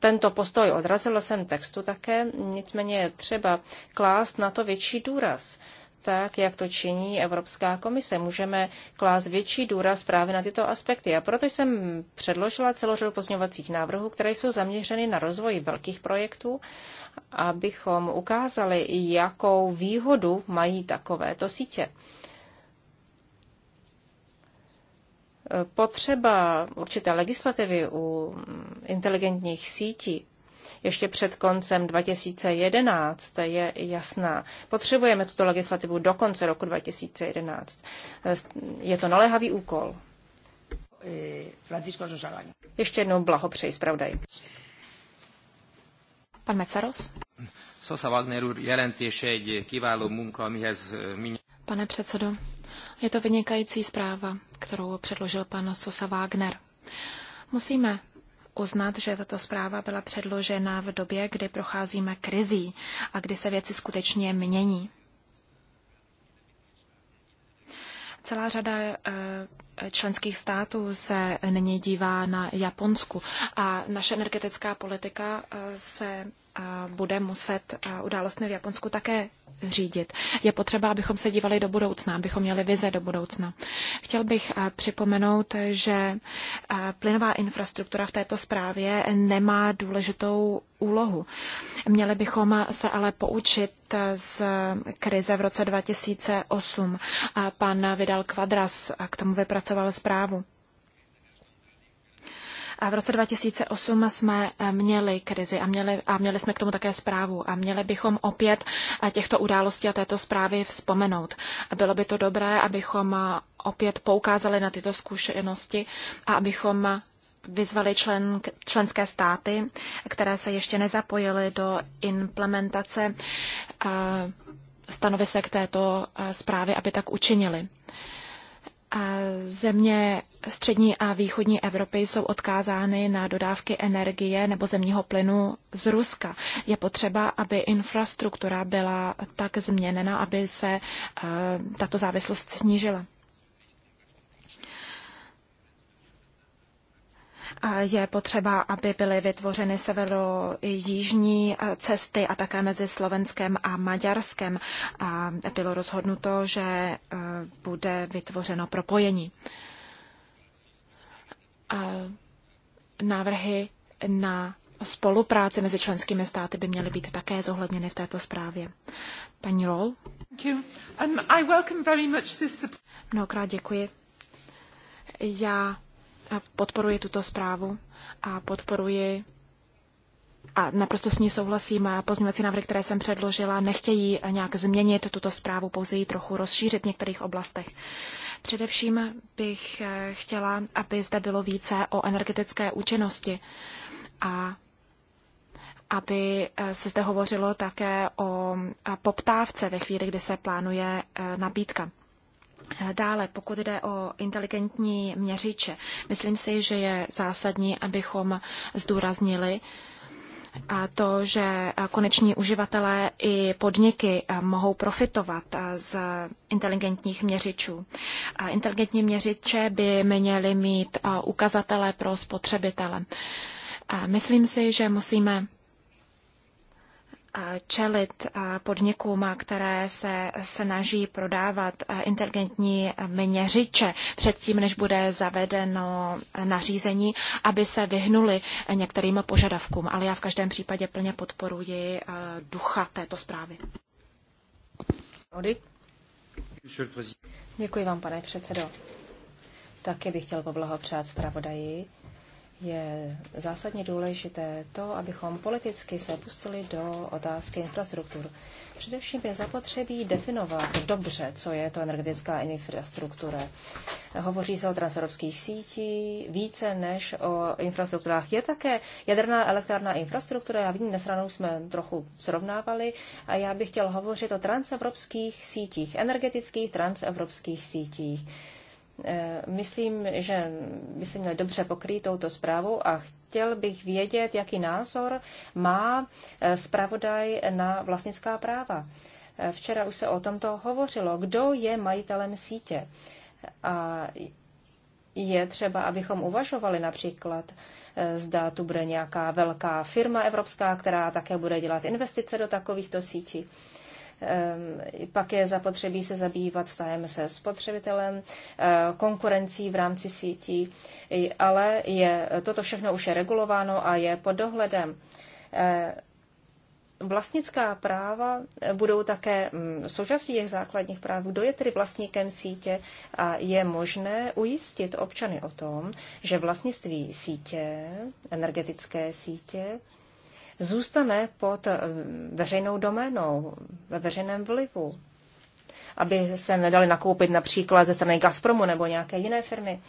tento postoj odrazil jsem textu také, nicméně je třeba klást na to větší důraz tak, jak to činí Evropská komise. Můžeme klást větší důraz právě na tyto aspekty. A proto jsem předložila celou řadu pozměňovacích návrhů, které jsou zaměřeny na rozvoj velkých projektů, abychom ukázali, jakou výhodu mají takovéto sítě. Potřeba určité legislativy u inteligentních sítí ještě před koncem 2011 je jasná. Potřebujeme tuto legislativu do konce roku 2011. Je to naléhavý úkol. Francisco Sosalani. Ještě jednou blahopřeji zpravdaj. Pan Mecaros. Sosa Wagner úr jelentése kiválo Munka munka, amihez eh, Pane předsedo, je to vynikající zpráva, kterou předložil pan Sosa Wagner. Musíme uznat, že tato zpráva byla předložena v době, kdy procházíme krizí a kdy se věci skutečně mění. Celá řada eh, členských států se nyní dívá na Japonsku a naše energetická politika eh, se bude muset událostmi v Japonsku také řídit. Je potřeba, abychom se dívali do budoucna, abychom měli vize do budoucna. Chtěl bych připomenout, že plynová infrastruktura v této zprávě nemá důležitou úlohu. Měli bychom se ale poučit z krize v roce 2008. Pan Vidal Quadras k tomu vypracoval zprávu. A V roce 2008 jsme eh, měli krizi a měli, a měli jsme k tomu také zprávu a měli bychom opět eh, těchto událostí a této zprávy vzpomenout. Bylo by to dobré, abychom eh, opět poukázali na tyto zkušenosti a abychom vyzvali člen, členské státy, které se ještě nezapojily do implementace stanovisek této zprávy, aby tak učinili. Země střední a východní Evropy jsou odkázány na dodávky energie nebo zemního plynu z Ruska. Je potřeba, aby infrastruktura byla tak změněna, aby se eh, tato závislost snížila. je potřeba, aby byly vytvořeny severo-jižní eh, cesty a také mezi Slovenskem a Maďarskem. A bylo rozhodnuto, že eh, bude vytvořeno propojení návrhy na spolupráci mezi členskými státy by měly být také zohledněny v této zprávě. Paní Roll. Um, Mnohokrát děkuji. Já podporuji tuto zprávu a podporuji a naprosto s ní souhlasím. Pozměňovací návrhy, které jsem předložila, nechtějí nějak změnit tuto zprávu, pouze ji trochu rozšířit v některých oblastech. Především bych eh, chtěla, aby zde bylo více o energetické účinnosti a aby eh, se zde hovořilo také o poptávce ve chvíli, kdy se plánuje eh, nabídka. Dále, pokud jde o inteligentní měřiče, myslím si, že je zásadní, abychom zdůraznili, to, že eh, koneční uživatelé i podniky eh, mohou profitovat eh, z inteligentních měřičů. Inteligentní měřiče by měly mít ukazatele pro spotřebitele. Myslím si, že musíme čelit podnikům, které se snaží prodávat inteligentní měřiče předtím, než bude zavedeno nařízení, aby se vyhnuli některým požadavkům. Ale já v každém případě plně podporuji ducha této zprávy. Děkuji vám, pane předsedo. Taky bych chtěl poblahopřát zpravodaji je zásadně důležité to, abychom politicky se pustili do otázky infrastruktur. Především je zapotřebí definovat dobře, co je to energetická infrastruktura. Hovoří se o transevropských sítí více než o infrastrukturách. Je také jaderná elektrárna infrastruktura, já vím, dnes ráno jsme trochu srovnávali a já bych chtěl hovořit o transevropských sítích, energetických transevropských sítích Eh, myslím, že by se měl dobře pokrýt touto zprávu a chtěl bych vědět, jaký názor má eh, zpravodaj na vlastnická práva. Eh, včera už se o tomto hovořilo. Kdo je majitelem sítě? A je třeba, abychom uvažovali například, zda tu bude nějaká velká firma evropská, která také bude dělat investice do takovýchto sítí. Ehm, pak je zapotřebí se zabývat vztahem se spotřebitelem, eh, konkurencí v rámci sítí, ale je, toto všechno už je regulováno a je pod dohledem. Eh, vlastnická práva budou také mm, součástí těch základních práv. Kdo je tedy vlastníkem sítě a je možné ujistit občany o tom, že vlastnictví sítě, energetické sítě, zůstane pod eh, veřejnou doménou, ve veřejném vlivu. Aby se nedali nakoupit například ze strany Gazpromu nebo nějaké jiné firmy.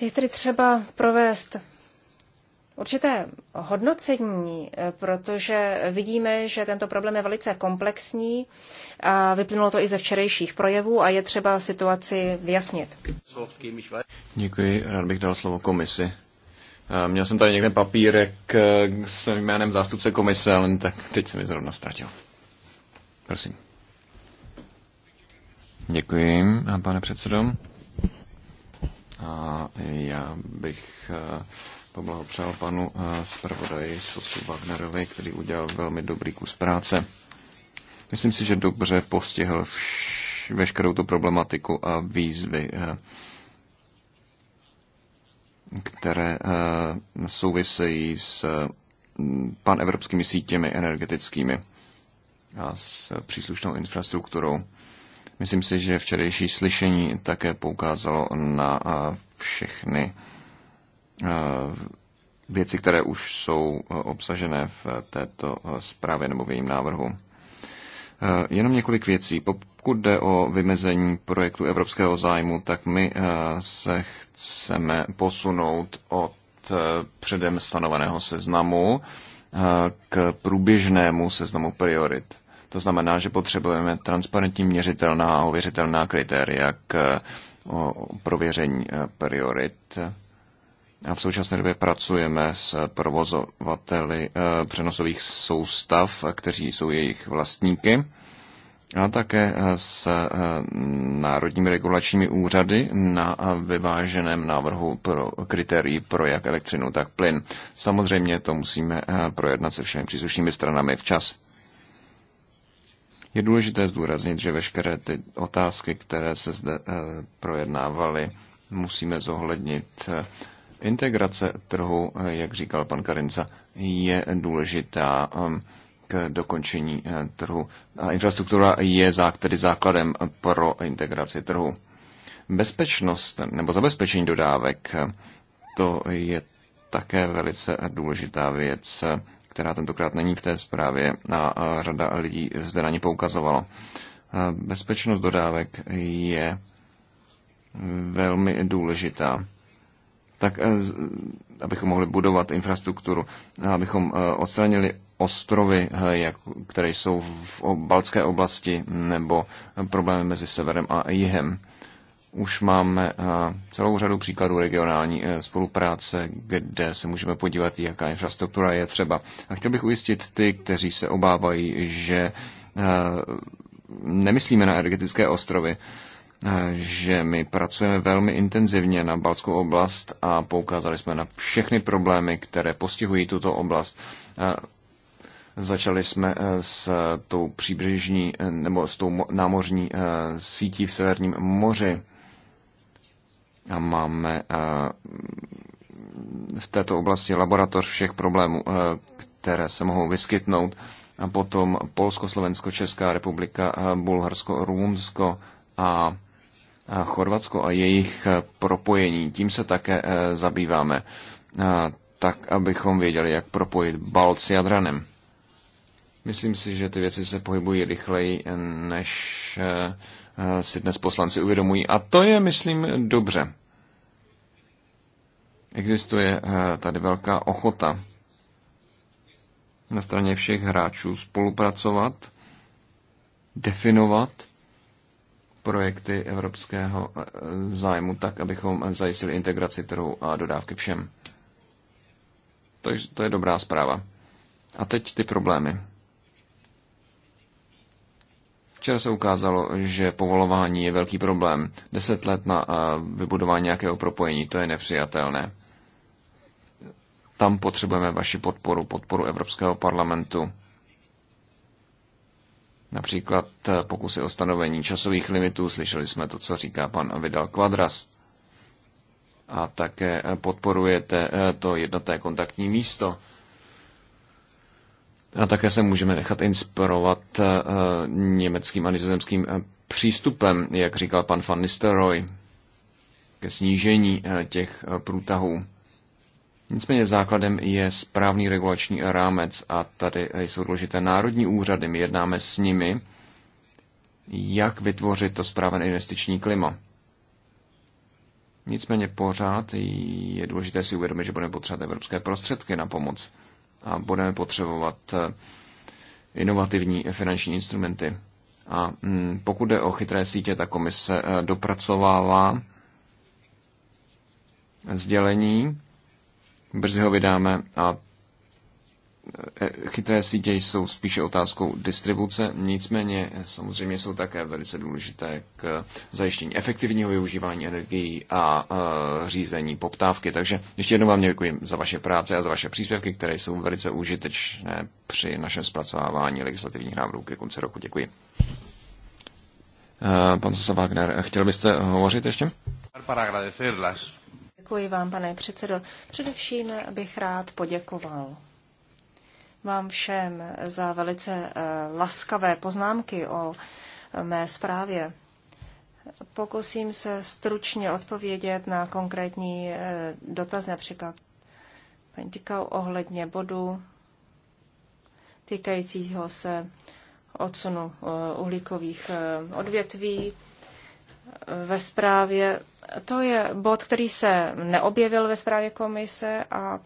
Je tedy třeba provést určité hodnocení, eh, protože vidíme, že tento problém je velice komplexní a vyplynulo to i ze včerejších projevů a je třeba situaci vyjasnit. Děkuji, rád bych dal slovo komisi. Eh, měl jsem tady někde papírek eh, s jménem zástupce komise, ale tak teď se mi zrovna ztratil. Prosím. Děkuji, eh, pane předsedo. A já bych poblahopřál panu zpravodaji Sosu Wagnerovi, který udělal velmi dobrý kus práce. Myslím si, že dobře postihl vš- veškerou tu problematiku a výzvy, které eh, souvisejí s mm, panevropskými sítěmi energetickými a s příslušnou infrastrukturou. Myslím si, že včerejší slyšení také poukázalo na eh, všechny eh, věci, které už jsou obsažené v této zprávě nebo v jejím návrhu. Jenom několik věcí pokud jde o vymezení projektu evropského zájmu, tak my eh, se chceme posunout od eh, předem stanoveného seznamu eh, k průběžnému seznamu priorit. To znamená, že potřebujeme transparentní měřitelná a ověřitelná kritéria k prověření priorit. A v současné době pracujeme s provozovateli přenosových soustav, kteří jsou jejich vlastníky a také eh, s eh, národními regulačními úřady na eh, vyváženém návrhu pro kritérií pro jak elektřinu, tak plyn. Samozřejmě to musíme projednat se všemi příslušnými stranami včas. Je důležité zdůraznit, že veškeré ty otázky, které se zde projednávaly, musíme zohlednit. Integrace trhu, jak říkal pan Karinca, je důležitá k dokončení eh, trhu. A infrastruktura je zá, tedy základem pro integraci trhu. Bezpečnost nebo zabezpečení dodávek, to je také velice důležitá věc, která tentokrát není v té zprávě a řada lidí zde na ně poukazovalo. Eh, bezpečnost dodávek je velmi důležitá tak eh, abychom mohli budovat infrastrukturu, abychom odstranili ostrovy, eh, které jsou v Balské oblasti, nebo eh, problémy mezi severem a jihem. Už máme eh, celou řadu příkladů regionální spolupráce, kde se můžeme podívat, jaká infrastruktura je třeba. A chtěl bych ujistit ty, kteří se obávají, že nemyslíme na energetické ostrovy, že my pracujeme velmi intenzivně na Balskou oblast a poukázali jsme na všechny problémy, které postihují tuto oblast. Začali jsme eh, s tou příbřežní eh, nebo s tou námořní eh, sítí v Severním moři. A máme v této oblasti laboratoř všech problémů, které se mohou vyskytnout. A potom Polsko, Slovensko, Česká republika, Bulharsko, Rumunsko a Chorvatsko a jejich propojení. Tím se také zabýváme, tak abychom věděli, jak propojit Balci s Jadranem. Myslím si, že ty věci se pohybují rychleji, než eh, eh, si dnes poslanci uvědomují. A to je, myslím, dobře. Existuje eh, tady velká ochota na straně všech hráčů spolupracovat, definovat projekty evropského zájmu tak, abychom zajistili integraci trhu a dodávky všem. Takže to je dobrá zpráva. A teď ty problémy. Včera se ukázalo, že povolování je velký problém. Deset let na eh, vybudování nějakého propojení, to je nepřijatelné. Tam potřebujeme vaši podporu, podporu Evropského parlamentu. Například eh, pokusy o stanovení časových limitů, slyšeli jsme to, co říká pan Vidal Quadras. A také eh, podporujete to jednotné kontaktní místo a také se můžeme nechat inspirovat eh, německým a nizozemským eh, přístupem, jak říkal pan van Nistelrooy, ke snížení eh, těch průtahů. Nicméně základem je správný regulační rámec a tady jsou důležité národní úřady. My jednáme s nimi, jak vytvořit to správné investiční klima. Nicméně pořád je důležité si uvědomit, že budeme potřebovat evropské prostředky na pomoc a budeme potřebovat eh, inovativní finanční instrumenty. A mm, pokud jde o chytré sítě, ta komise eh, dopracovává sdělení, brzy ho vydáme a Eh, chytré sítě jsou spíše otázkou distribuce, nicméně eh, samozřejmě jsou také velice důležité k zajištění efektivního využívání energií a eh, řízení poptávky. Takže ještě jednou vám děkuji za vaše práce a za vaše příspěvky, které jsou velice užitečné při našem zpracovávání legislativních návrhů ke konci roku. Děkuji. Pan Sosa Wagner, chtěl byste hovořit ještě? Děkuji vám, pane předsedo. Především bych rád poděkoval vám všem za velice eh, laskavé poznámky o eh, mé zprávě. Pokusím se stručně odpovědět na konkrétní eh, dotaz, například paní Tykau ohledně bodu týkajícího se odsunu uhlíkových odvětví. Ve zprávě to je bod, který se neobjevil ve zprávě komise a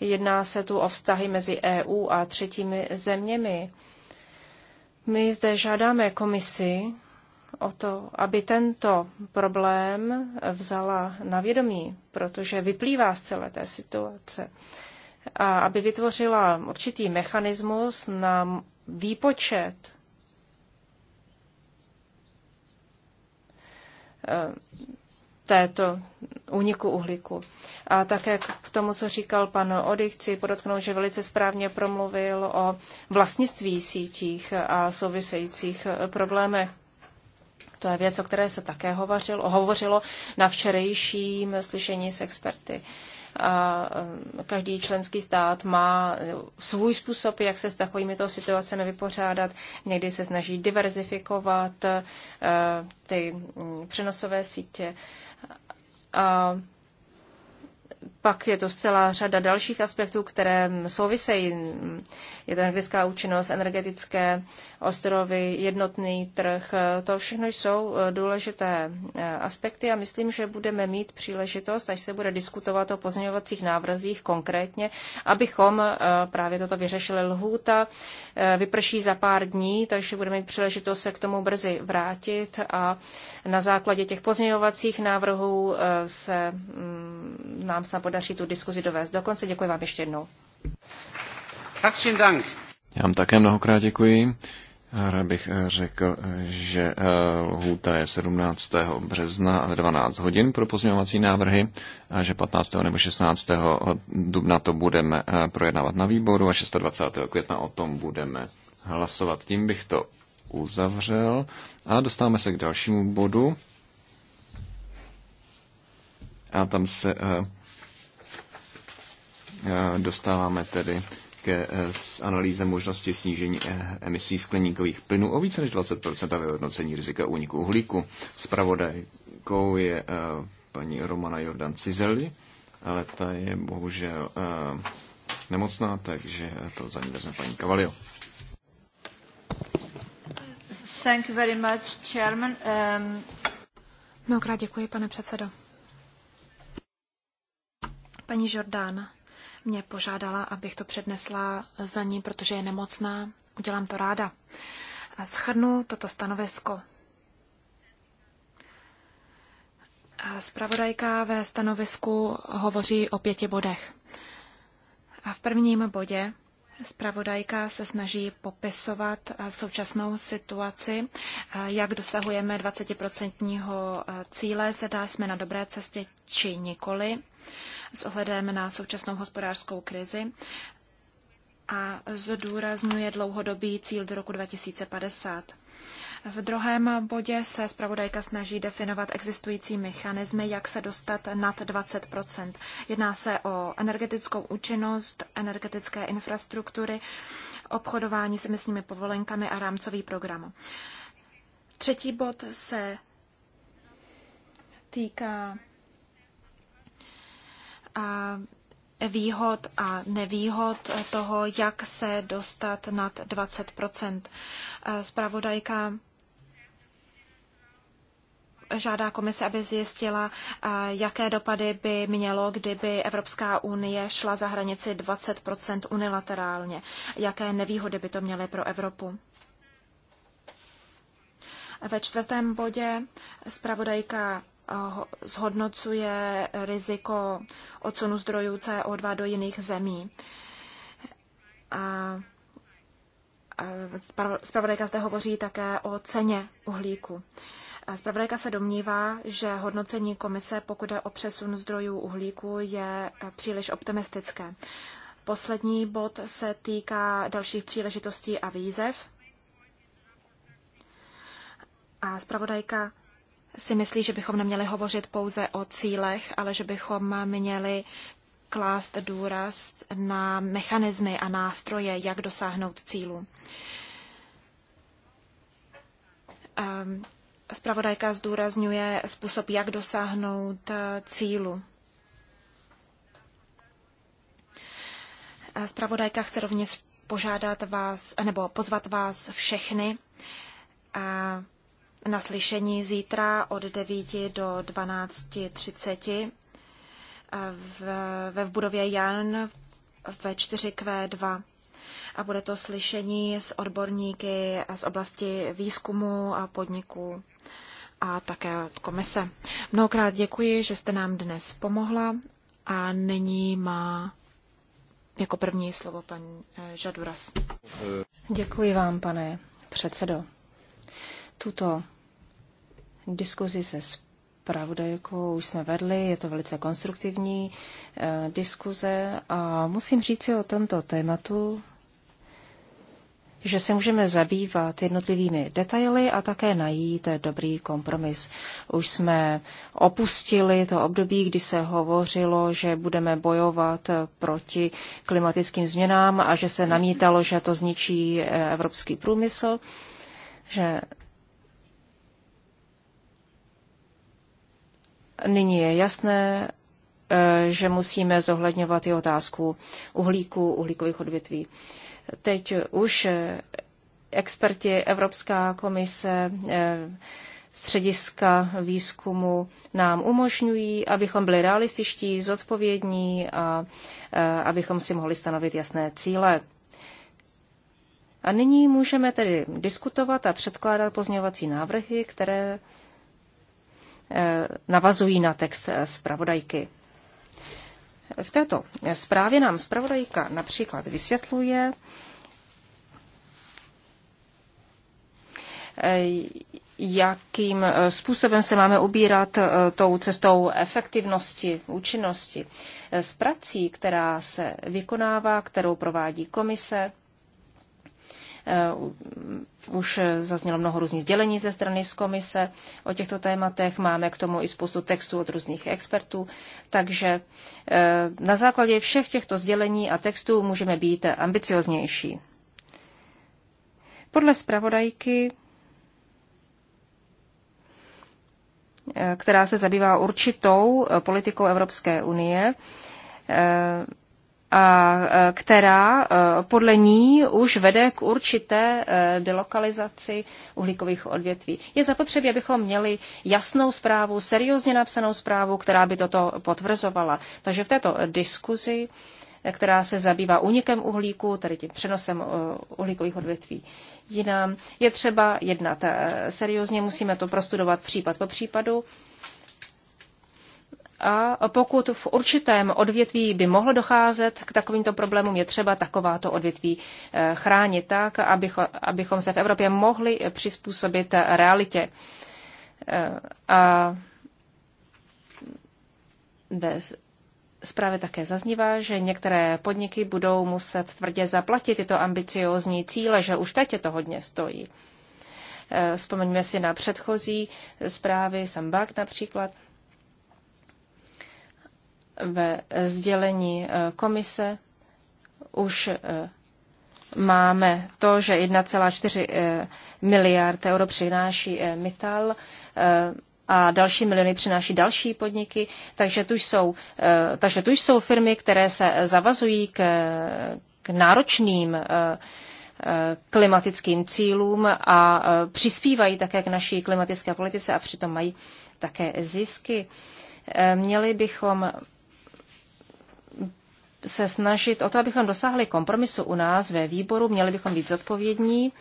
jedná se tu o vztahy mezi EU a třetími zeměmi. My zde žádáme komisi o to, aby tento problém vzala na vědomí, protože vyplývá z celé té situace. A aby vytvořila určitý mechanismus na výpočet této úniku uhlíku. A také k tomu, co říkal pan Ody, chci podotknout, že velice správně promluvil o vlastnictví sítích a souvisejících problémech. To je věc, o které se také hovořil, hovořilo na včerejším slyšení s experty. A um, každý členský stát má uh, svůj způsob, jak se s takovýmito situacemi vypořádat. Někdy se snaží diverzifikovat uh, ty mm, přenosové sítě a pak je to celá řada dalších aspektů, které souvisejí. Je to energetická účinnost, energetické ostrovy, jednotný trh. To všechno jsou eh, důležité eh, aspekty a myslím, že budeme mít příležitost, až se bude diskutovat o pozměňovacích návrzích konkrétně, abychom eh, právě toto vyřešili. Lhůta vyprší za pár dní, takže budeme mít příležitost se k tomu brzy vrátit a na základě těch pozměňovacích návrhů se na mm, vám se podaří tu diskuzi dovést do konce. Děkuji vám ještě jednou. Já vám také mnohokrát děkuji. Rád bych eh, řekl, že eh, lhůta je 17. března ve 12 hodin pro pozměňovací návrhy a že 15. nebo 16. dubna to budeme eh, projednávat na výboru a 26. května o tom budeme hlasovat. Tím bych to uzavřel a dostáváme se k dalšímu bodu. A tam se Eh, dostáváme tedy ke eh, analýze možnosti snížení eh, emisí skleníkových plynů o více než 20 a vyhodnocení rizika úniku uhlíku. Spravodajkou je paní Romana Jordan Cizeli, ale ta je bohužel nemocná, takže to za ní vezme paní Cavalio. Thank you very much, Chairman. Um... Mnohokrát děkuji, pane předsedo. Paní Jordána mě požádala, abych to přednesla za ní, protože je nemocná. Udělám to ráda. A schrnu toto stanovisko. A zpravodajka ve stanovisku hovoří o pěti bodech. A v prvním bodě Spravodajka se snaží popisovat eh, současnou situaci, eh, jak dosahujeme 20% eh, cíle, zda jsme na dobré cestě či nikoli s ohledem na současnou hospodářskou krizi a zdůrazňuje dlouhodobý cíl do roku 2050. V druhém bodě se zpravodajka snaží definovat existující mechanismy, jak se dostat nad 20 Jedná se o energetickou účinnost, energetické infrastruktury, obchodování s emisními povolenkami a rámcový program. Třetí bod se týká výhod a nevýhod toho, jak se dostat nad 20 Spravodajka žádá komise, aby zjistila, jaké dopady by mělo, kdyby Evropská unie šla za hranici 20 unilaterálně. Jaké nevýhody by to měly pro Evropu? Ve čtvrtém bodě zpravodajka zhodnocuje riziko odsunu zdrojů CO2 do jiných zemí. A Spravodajka zde hovoří také o ceně uhlíku. Spravodajka se domnívá, že hodnocení komise, pokud je o přesun zdrojů uhlíku, je příliš optimistické. Poslední bod se týká dalších příležitostí a výzev. A spravodajka si myslí, že bychom neměli hovořit pouze o cílech, ale že bychom měli klást důraz na mechanismy a nástroje, jak dosáhnout cílu. Spravodajka ehm, zdůrazňuje způsob, jak dosáhnout eh, cílu. Spravodajka eh, chce rovněž požádat vás, nebo pozvat vás všechny, eh, na slyšení zítra od 9 do 12.30 eh, ve v budově Jan ve 4Q2. A bude to slyšení s odborníky z oblasti výzkumu a podniků a také od komise. Mnohokrát děkuji, že jste nám dnes pomohla a nyní má jako první slovo pan eh, Žaduras. Děkuji vám, pane předsedo. Tuto Diskuzi se spravodajkou už jsme vedli, je to velice konstruktivní eh, diskuze a musím říct si o tomto tématu, že se můžeme zabývat jednotlivými detaily a také najít dobrý kompromis. Už jsme opustili to období, kdy se hovořilo, že budeme bojovat proti klimatickým změnám a že se namítalo, že to zničí eh, evropský průmysl, že Nyní je jasné, eh, že musíme zohledňovat i otázku uhlíku, uhlíkových odvětví. Teď už eh, experti Evropská komise eh, střediska výzkumu nám umožňují, abychom byli realističtí, zodpovědní a abychom si mohli stanovit jasné cíle. A nyní můžeme tedy diskutovat a předkládat pozměňovací návrhy, které Eh, navazují na text eh, zpravodajky. V této zprávě nám zpravodajka například vysvětluje, eh, jakým způsobem se máme ubírat tou cestou efektivnosti, účinnosti. Z prací, která se vykonává, kterou provádí komise, Eh, už zaznělo mnoho různých sdělení ze strany z komise o těchto tématech. Máme k tomu i spoustu textů od různých expertů. Takže eh, na základě všech těchto sdělení a textů můžeme být ambicioznější. Podle zpravodajky eh, která se zabývá určitou politikou Evropské unie, a e, která e, podle ní už vede k určité e, delokalizaci uhlíkových odvětví. Je zapotřebí, abychom měli jasnou zprávu, seriózně napsanou zprávu, která by toto potvrzovala. Takže v této diskuzi, která se zabývá únikem uhlíku, tedy tím přenosem uhlíkových odvětví jinam, je třeba jednat seriózně, musíme to prostudovat případ po případu a pokud v určitém odvětví by mohlo docházet k takovýmto problémům, je třeba takováto odvětví eh, chránit tak, abychom se v Evropě mohli přizpůsobit realitě. Eh, a ve zprávě také zaznívá, že některé podniky budou muset tvrdě zaplatit tyto ambiciózní cíle, že už teď je to hodně stojí. Eh, vzpomeňme si na předchozí zprávy, Sambak například ve sdělení eh, komise už eh, máme to, že 1,4 eh, miliard euro přináší Mital a další miliony přináší další podniky, takže tu jsou, takže tu jsou firmy, které se zavazují k, k náročným klimatickým cílům a přispívají také k naší klimatické politice a přitom mají také zisky. Měli bychom se snažit o to, abychom dosáhli kompromisu u nás ve výboru, měli bychom být zodpovědní,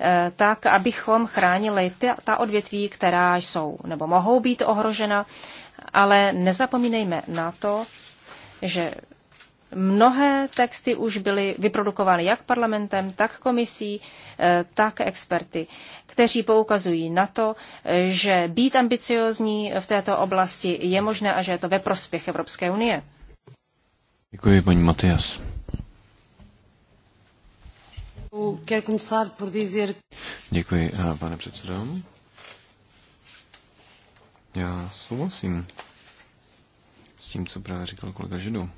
eh, tak abychom chránili ta, ta odvětví, která jsou nebo mohou být ohrožena, ale nezapomínejme na to, že mnohé texty už byly vyprodukovány jak parlamentem, tak komisí, eh, tak experty, kteří poukazují na to, že být ambiciozní v této oblasti je možné a že je to ve prospěch Evropské unie. Děkuji, paní Matias. Děkuji, eh, pane předsedo. Já souhlasím s tím, co právě říkal kolega Židu.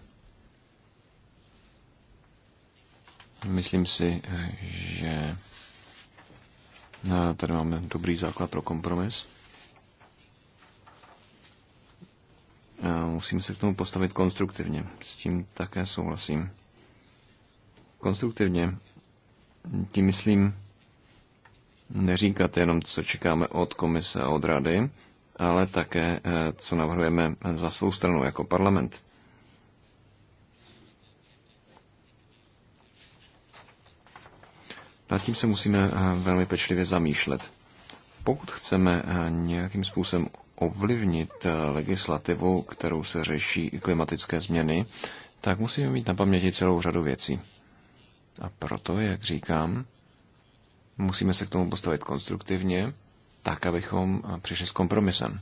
Myslím si, eh, že eh, tady máme dobrý základ pro kompromis. Musím se k tomu postavit konstruktivně. S tím také souhlasím. Konstruktivně tím myslím neříkat jenom, co čekáme od komise a od rady, ale také, eh, co navrhujeme za svou stranu jako parlament. Nad tím se musíme eh, velmi pečlivě zamýšlet. Pokud chceme eh, nějakým způsobem ovlivnit eh, legislativu, kterou se řeší klimatické změny, tak musíme mít na paměti celou řadu věcí. A proto, jak říkám, musíme se k tomu postavit konstruktivně, tak, abychom eh, přišli s kompromisem.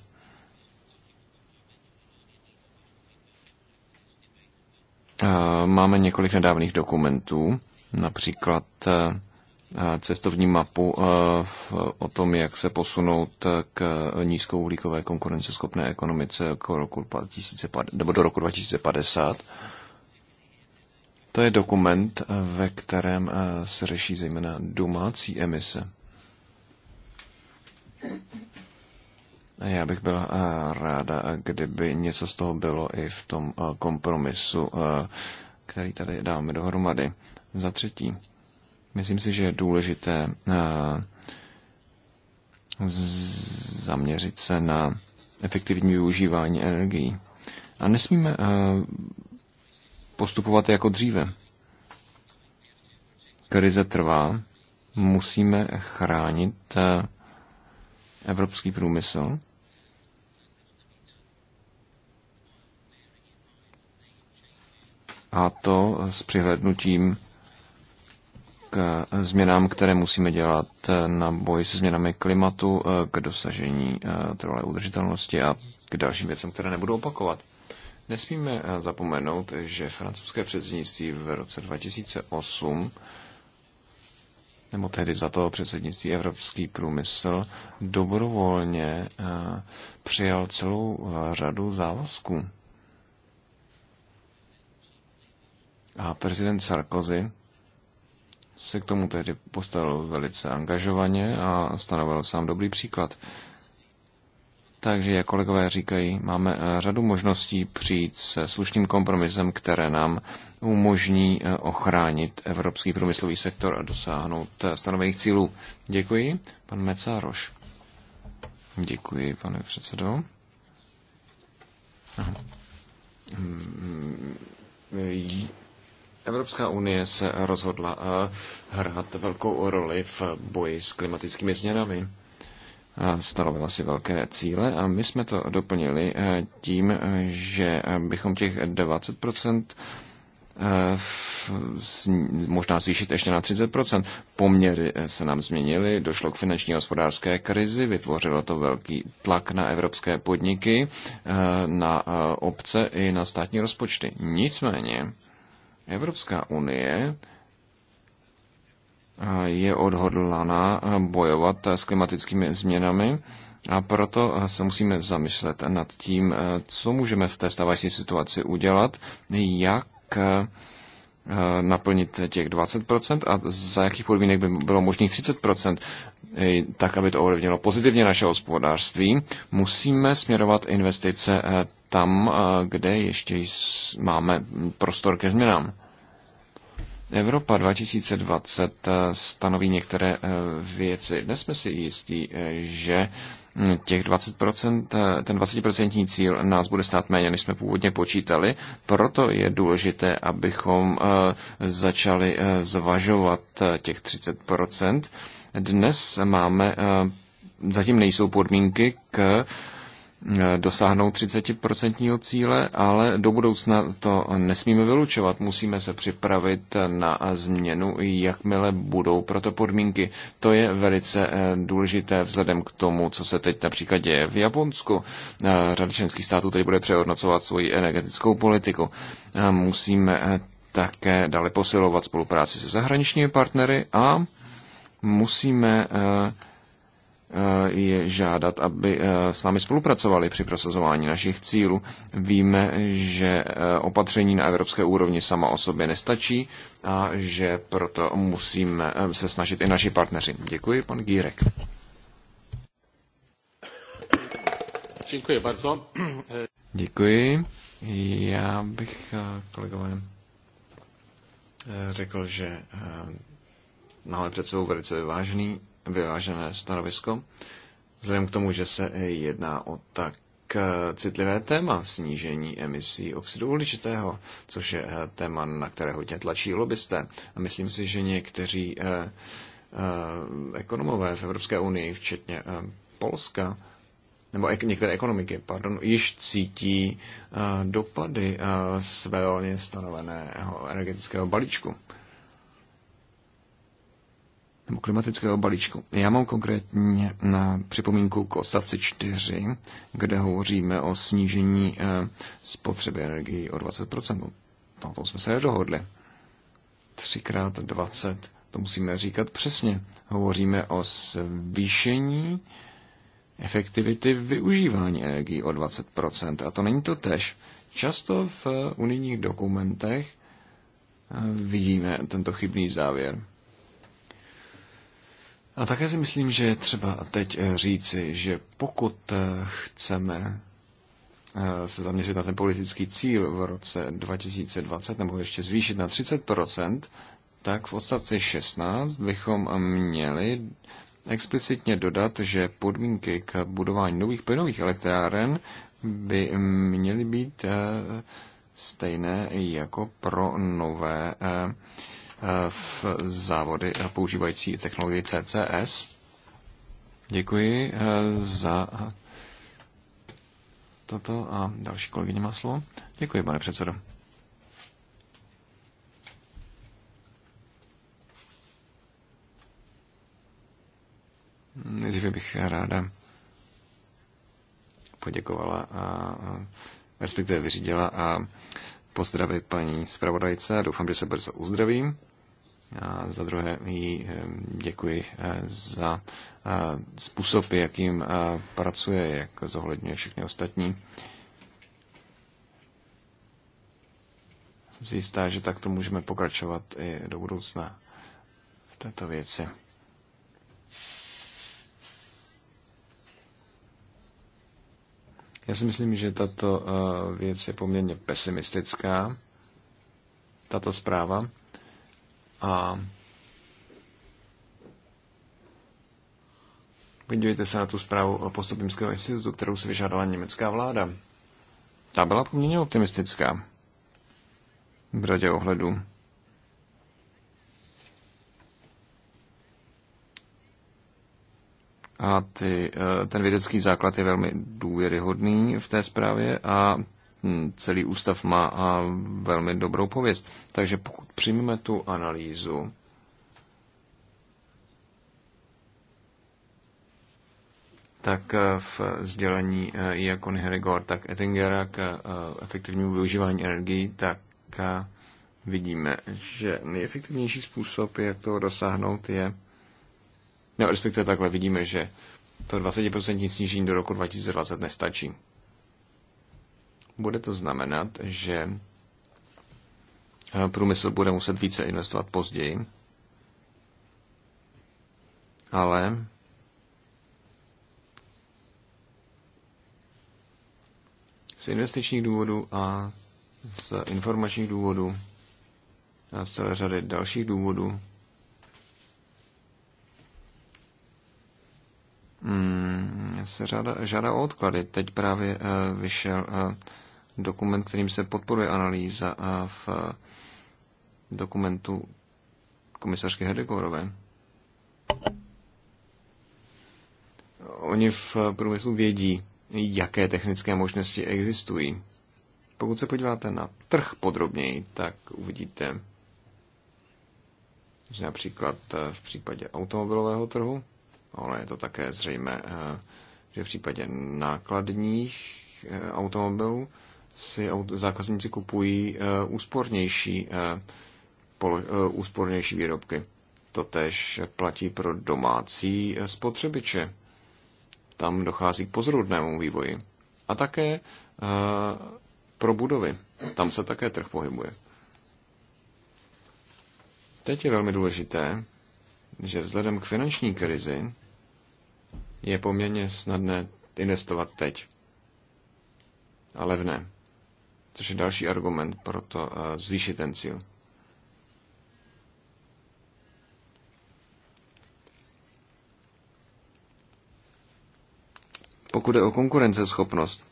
Eh, máme několik nedávných dokumentů, například cestovní mapu o tom, jak se posunout k nízkouhlíkové konkurenceschopné ekonomice k jako roku 2050, nebo do roku 2050. To je dokument, ve kterém se řeší zejména domácí emise. Já bych byla ráda, kdyby něco z toho bylo i v tom kompromisu, který tady dáme dohromady. Za třetí, Myslím si, že je důležité eh, zaměřit se na efektivní využívání energií. A nesmíme eh, postupovat jako dříve. Krize trvá, musíme chránit eh, evropský průmysl. A to s přihlednutím k eh, změnám, které musíme dělat eh, na boj se změnami klimatu, eh, k dosažení trvalé udržitelnosti a k dalším věcem, které nebudu opakovat. Nesmíme zapomenout, že francouzské předsednictví v roce 2008 nebo tehdy za toho předsednictví Evropský průmysl, dobrovolně přijal celou řadu závazků. A prezident Sarkozy se k tomu tehdy postavil velice angažovaně a stanovil sám dobrý příklad. Takže, jak kolegové říkají, máme eh, řadu možností přijít se slušným kompromisem, které nám umožní eh, ochránit evropský průmyslový sektor a dosáhnout eh, stanovených cílů. Děkuji, pan Mecároš. Děkuji, pane předsedo. Aha mm, mm, mm, Evropská unie se rozhodla eh, hrát velkou roli v boji s klimatickými změnami. Stanovila si velké cíle a my jsme to doplnili eh, tím, že bychom těch 20 eh, možná zvýšit ještě na 30%. Poměry se nám změnily, došlo k finanční a hospodářské krizi, vytvořilo to velký tlak na evropské podniky, na obce i na státní rozpočty. Nicméně Evropská unie eh, je odhodlána eh, bojovat eh, s klimatickými změnami a proto se musíme zamyslet nad tím, co můžeme v té stávající situaci udělat, jak naplnit těch 20% a za jakých podmínek by bylo možných tak aby to ovlivnilo pozitivně naše hospodářství, musíme směrovat investice eh, tam, eh, kde ještě máme prostor ke změnám. Evropa 2020 eh, stanoví některé věci. Dnes jsme si jistí, že hm, těch 20%, ten 20% cíl nás bude stát méně, než jsme původně počítali. Proto je důležité, abychom začali zvažovat těch 30%. Dnes máme, eh, zatím nejsou podmínky k eh, dosáhnout 30% cíle, ale do budoucna to nesmíme vylučovat. Musíme se připravit na změnu, jakmile budou proto podmínky. To je velice eh, důležité vzhledem k tomu, co se teď například děje v Japonsku. Řada členských států teď bude přehodnocovat svoji energetickou politiku. Musíme také dále posilovat spolupráci se zahraničními partnery a musíme eh, eh, je žádat, aby eh, s námi spolupracovali při prosazování našich cílů. Víme, že opatření na evropské úrovni sama o sobě nestačí a že proto musíme se snažit i naši partneři. Děkuji, pan Gírek. Děkuji bardzo. Děkuji. Já bych, kolegové, řekl, že máme před sebou velice vyvážený, vyvážené stanovisko. Vzhledem k tomu, že se jedná o tak eh, citlivé téma snížení emisí oxidu uhličitého, což je eh, téma, na které hodně tlačí lobbysté. A myslím si, že někteří eh, ekonomové v Evropské unii, včetně Polska, nebo ek- některé ekonomiky, pardon, již cítí uh, dopady uh, svévolně stanoveného energetického balíčku nebo klimatického balíčku. Já mám konkrétně na eh, připomínku k odstavci 4, kde hovoříme o snížení eh, spotřeby energii o 20%. No, na tom jsme se nedohodli. 3x20, to musíme říkat přesně. Hovoříme o zvýšení efektivity využívání energii o 20%. A to není to tež. Často v eh, unijních dokumentech vidíme tento chybný závěr. A také si myslím, že je třeba teď eh, říci, že pokud eh, chceme eh, se zaměřit na ten politický cíl v roce 2020 nebo ještě zvýšit na 30%, tak v odstavci 16 bychom měli explicitně dodat, že podmínky k budování nových plynových elektráren by měly být stejné jako pro nové v závody používající technologii CCS. Děkuji eh, za toto a další kolegyně má slovo. Děkuji, pane předsedo. Nejdříve bych ráda poděkovala a respektive vyřídila a pozdravit paní zpravodajce. Doufám, že se brzo uzdravím. A za druhé jí děkuji eh, za eh, způsob, jakým eh, pracuje, jak zohledňuje všechny ostatní. Zjistá, že takto můžeme pokračovat i do budoucna v této věci. Já si myslím, že tato věc je poměrně pesimistická, tato zpráva. A podívejte se na tu zprávu o postupimského institutu, kterou si vyžádala německá vláda. Ta byla poměrně optimistická v řadě ohledů. A ty, eh, ten vědecký základ je velmi důvěryhodný v té zprávě a Hm, celý ústav má a velmi dobrou pověst. Takže pokud přijmeme tu analýzu, tak e, v sdělení jak e, on Herigor, tak Ettingera k e, efektivnímu využívání energii, tak vidíme, že nejefektivnější způsob, jak to dosáhnout, je, no respektive takhle vidíme, že to 20% snížení do roku 2020 nestačí. Bude to znamenat, že eh, průmysl bude muset více investovat později, ale z investičních důvodů a z informačních důvodů a z celé řady dalších důvodů mm, se řada, žádá o odklady. Teď právě eh, vyšel eh, dokument, kterým se podporuje analýza a v eh, dokumentu komisařky Hedekorové. Oni v eh, průmyslu vědí, jaké technické možnosti existují. Pokud se podíváte na trh podrobněji, tak uvidíte, že například eh, v případě automobilového trhu, ale je to také zřejmé, že v případě nákladních automobilů, si zákazníci kupují eh, úspornější, eh, eh, úspornější výrobky. Totež platí pro domácí spotřebiče. Tam dochází k pozorudnému vývoji. A také pro budovy. Tam se také trh pohybuje. Teď je velmi důležité, že vzhledem k finanční krizi je poměrně snadné investovat teď. A levné což je další argument pro to eh, zvýšit ten cíl. Pokud je o konkurenceschopnost,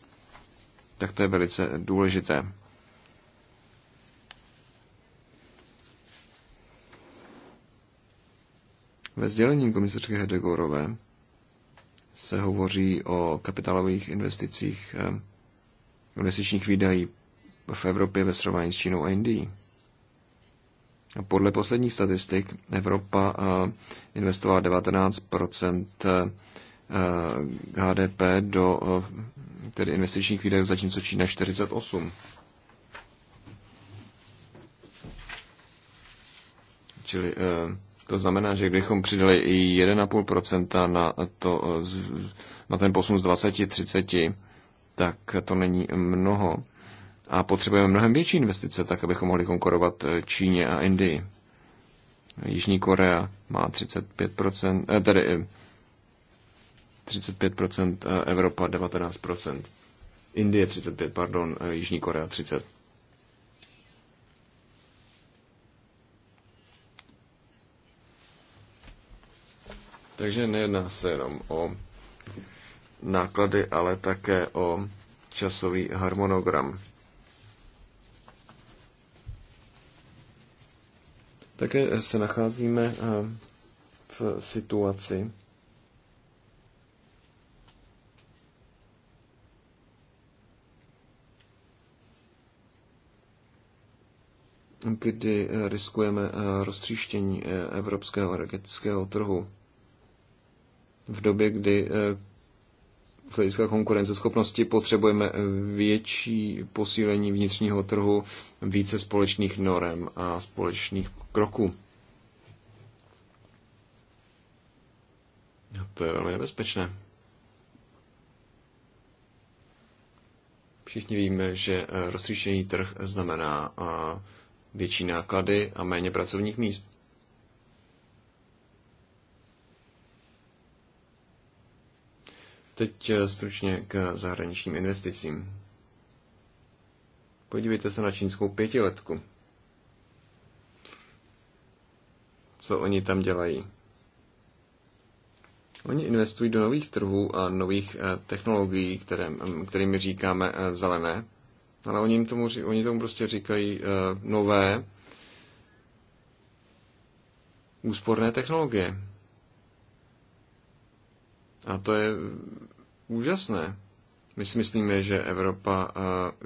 tak to je velice důležité. Ve sdělení komisařky Hedegorové se hovoří o kapitálových investicích, eh, investičních výdajích v Evropě ve srovnání s Čínou a Indií. Podle posledních statistik Evropa eh, investovala 19 eh, HDP do eh, tedy investičních výdajů, zatímco Čína 48. Čili to znamená, že kdybychom přidali i 1,5% na, to, na ten posun z 20-30, tak to není mnoho. A potřebujeme mnohem větší investice, tak abychom mohli konkurovat eh, Číně a Indii. Jižní Korea má 35%, eh, tedy 35%, eh, Evropa 19%, Indie 35%, pardon, Jižní Korea 30%. Takže nejedná se jenom o náklady, ale také o časový harmonogram. Také se nacházíme eh, v situaci, kdy eh, riskujeme eh, roztříštění evropského energetického trhu. V době, kdy z hlediska konkurenceschopnosti potřebujeme větší posílení vnitřního trhu, více společných norem a společných kroků. A to je velmi nebezpečné. Všichni víme, že eh, rozstříštěný trh znamená eh, větší náklady a méně pracovních míst. Teď eh, stručně k zahraničním investicím. Podívejte se na čínskou pětiletku. co oni tam dělají. Oni investují do nových trhů a nových eh, technologií, které, mm, kterými říkáme eh, zelené, ale oni, jim tomu, oni tomu prostě říkají eh, nové úsporné technologie. A to je úžasné. My si myslíme, že Evropa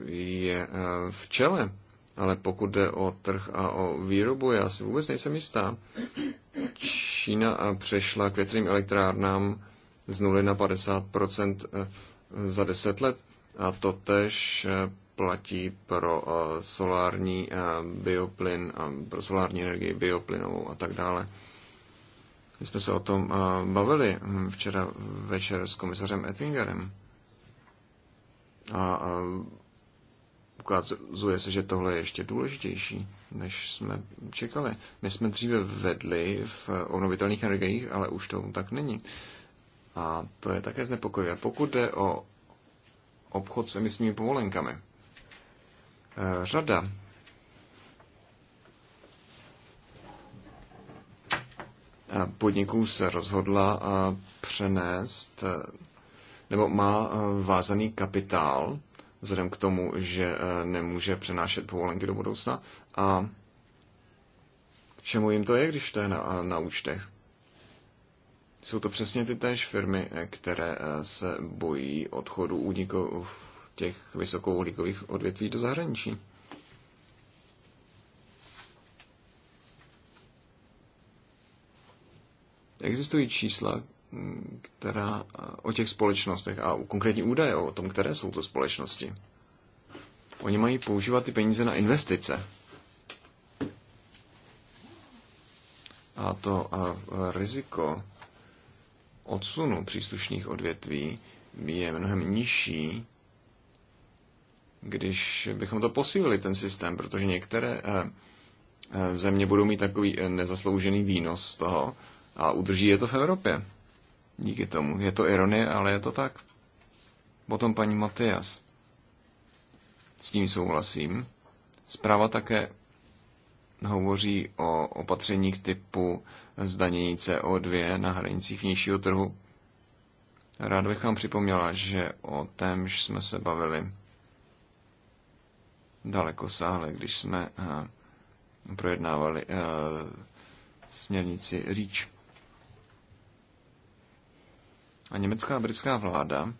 je v čele ale pokud jde o trh a o výrobu, já si vůbec nejsem jistá. Čína přešla k větrným elektrárnám z 0 na 50 eh, za 10 let a to tež eh, platí pro eh, solární bioplyn, pro solární energii bioplynovou a tak dále. My jsme se o tom bavili hm, včera večer s komisařem Ettingerem. A ukazuje se, že tohle je ještě důležitější, než jsme čekali. My jsme dříve vedli v obnovitelných energiích, ale už to tak není. A to je také znepokojivé. Pokud jde o obchod s emisními povolenkami, eh, řada podniků se rozhodla eh, přenést eh, nebo má vázaný kapitál vzhledem k tomu, že eh, nemůže přenášet povolenky do budoucna. A čemu jim to je, když to je na, na účtech? Jsou to přesně ty též firmy, eh, které eh, se bojí odchodu úniku těch vysokouhlíkových odvětví do zahraničí. Existují čísla, která, o těch společnostech a konkrétní údaje o tom, které jsou to společnosti. Oni mají používat ty peníze na investice. A to a riziko odsunu příslušných odvětví je mnohem nižší, když bychom to posílili, ten systém, protože některé e, e, země budou mít takový e, nezasloužený výnos z toho a udrží je to v Evropě díky tomu. Je to ironie, ale je to tak. Potom paní Matias. S tím souhlasím. Zpráva také hovoří o opatřeních typu zdanění CO2 na hranicích vnějšího trhu. Rád bych vám připomněla, že o témž jsme se bavili daleko sáhle, když jsme eh, projednávali eh, směrnici REACH. A německá a britská vláda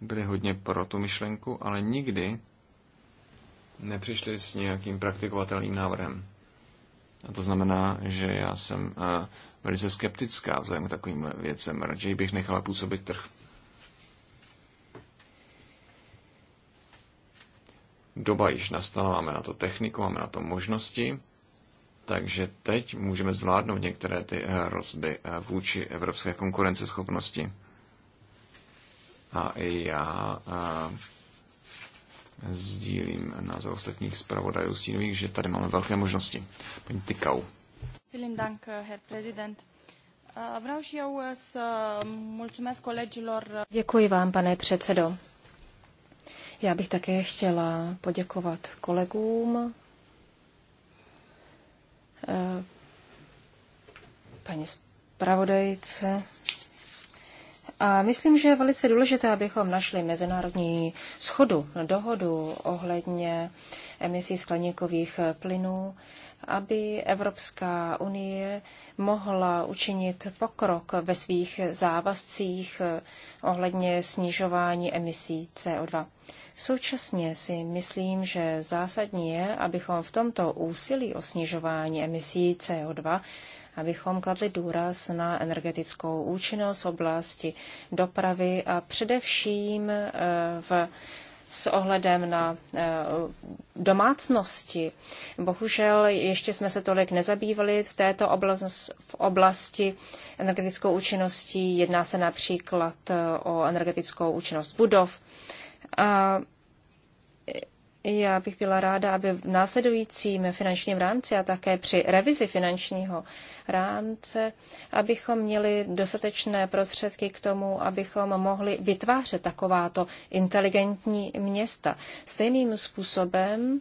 byly hodně pro tu myšlenku, ale nikdy nepřišli s nějakým praktikovatelným návrhem. A to znamená, že já jsem eh, velice skeptická vzhledem k takovým věcem. Raději bych nechala působit trh. Doba již nastala, máme na to techniku, máme na to možnosti. Takže teď můžeme zvládnout některé ty eh, hrozby eh, vůči evropské konkurenceschopnosti. A i já a eh, sdílím názor ostatních zpravodajů stínových, že tady máme velké možnosti. Paní Tykau. Vielen Dank, Herr Präsident. Děkuji vám, pane předsedo. Já bych také chtěla poděkovat kolegům Eh, paní zpravodajce. A myslím, že je velice důležité, abychom našli mezinárodní schodu, dohodu ohledně emisí skleníkových plynů aby Evropská unie mohla učinit pokrok ve svých závazcích eh, ohledně snižování emisí CO2. Současně si myslím, že zásadní je, abychom v tomto úsilí o snižování emisí CO2 abychom kladli důraz na energetickou účinnost v oblasti dopravy a především eh, v s ohledem na eh, domácnosti. Bohužel ještě jsme se tolik nezabývali v této oblasti, v oblasti energetickou účinností. Jedná se například eh, o energetickou účinnost budov. Já bych byla ráda, aby v následujícím finančním rámci a také při revizi finančního rámce, abychom měli dostatečné prostředky k tomu, abychom mohli vytvářet takováto inteligentní města. Stejným způsobem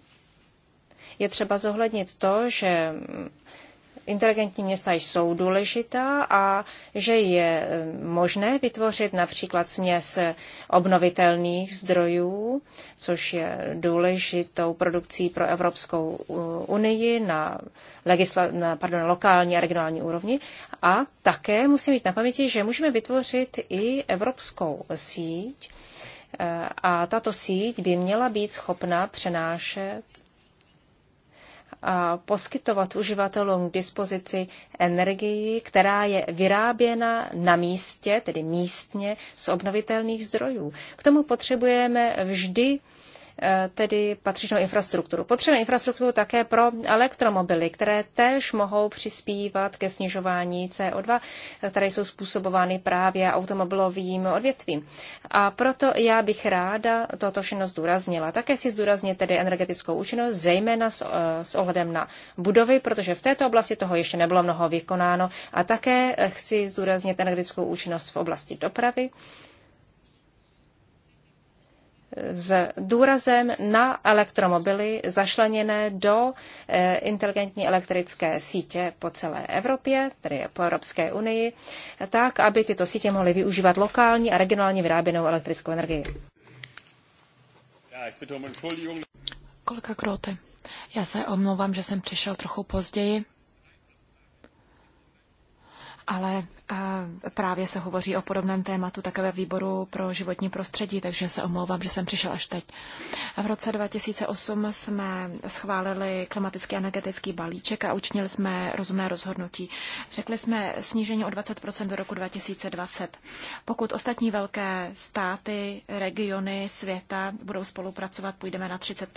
je třeba zohlednit to, že inteligentní města jsou důležitá a že je eh, možné vytvořit například směs obnovitelných zdrojů, což je důležitou produkcí pro Evropskou eh, unii na, legisla- na pardon, lokální a regionální úrovni. A také musíme mít na paměti, že můžeme vytvořit i evropskou síť eh, a tato síť by měla být schopna přenášet poskytovat uživatelům k dispozici energii, která je vyráběna na místě, tedy místně, z obnovitelných zdrojů. K tomu potřebujeme vždy tedy patřičnou infrastrukturu. Potřebujeme infrastrukturu také pro elektromobily, které též mohou přispívat ke snižování CO2, které jsou způsobovány právě automobilovým odvětvím. A proto já bych ráda toto všechno zdůraznila. Také si zdůraznit tedy energetickou účinnost, zejména s, eh, s ohledem na budovy, protože v této oblasti toho ještě nebylo mnoho vykonáno. A také chci zdůraznit energetickou účinnost v oblasti dopravy s důrazem na elektromobily zašleněné do eh, inteligentní elektrické sítě po celé Evropě, tedy po Evropské unii, tak, aby tyto sítě mohly využívat lokální a regionálně vyráběnou elektrickou energii. Um Kolega Grote, já se omlouvám, že jsem přišel trochu později ale eh, právě se hovoří o podobném tématu také ve výboru pro životní prostředí, takže se omlouvám, že jsem přišel až teď. V roce 2008 jsme schválili klimatický energetický balíček a učinili jsme rozumné rozhodnutí. Řekli jsme snížení o 20 do roku 2020. Pokud ostatní velké státy, regiony světa budou spolupracovat, půjdeme na 30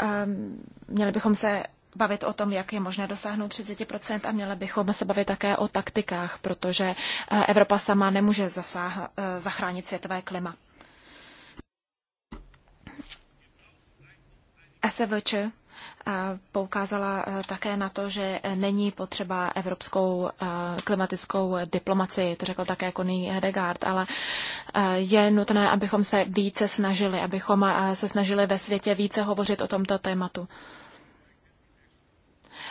ehm, Měli bychom se bavit o tom, jak je možné dosáhnout 30% a měli bychom se bavit také o taktikách, protože eh, Evropa sama nemůže zasáh, eh, zachránit světové klima. SVČ eh, poukázala také na to, že není potřeba evropskou klimatickou diplomaci, to řekl také Conny Hedegaard, ale je nutné, abychom se více snažili, abychom se snažili ve světě více hovořit o tomto tématu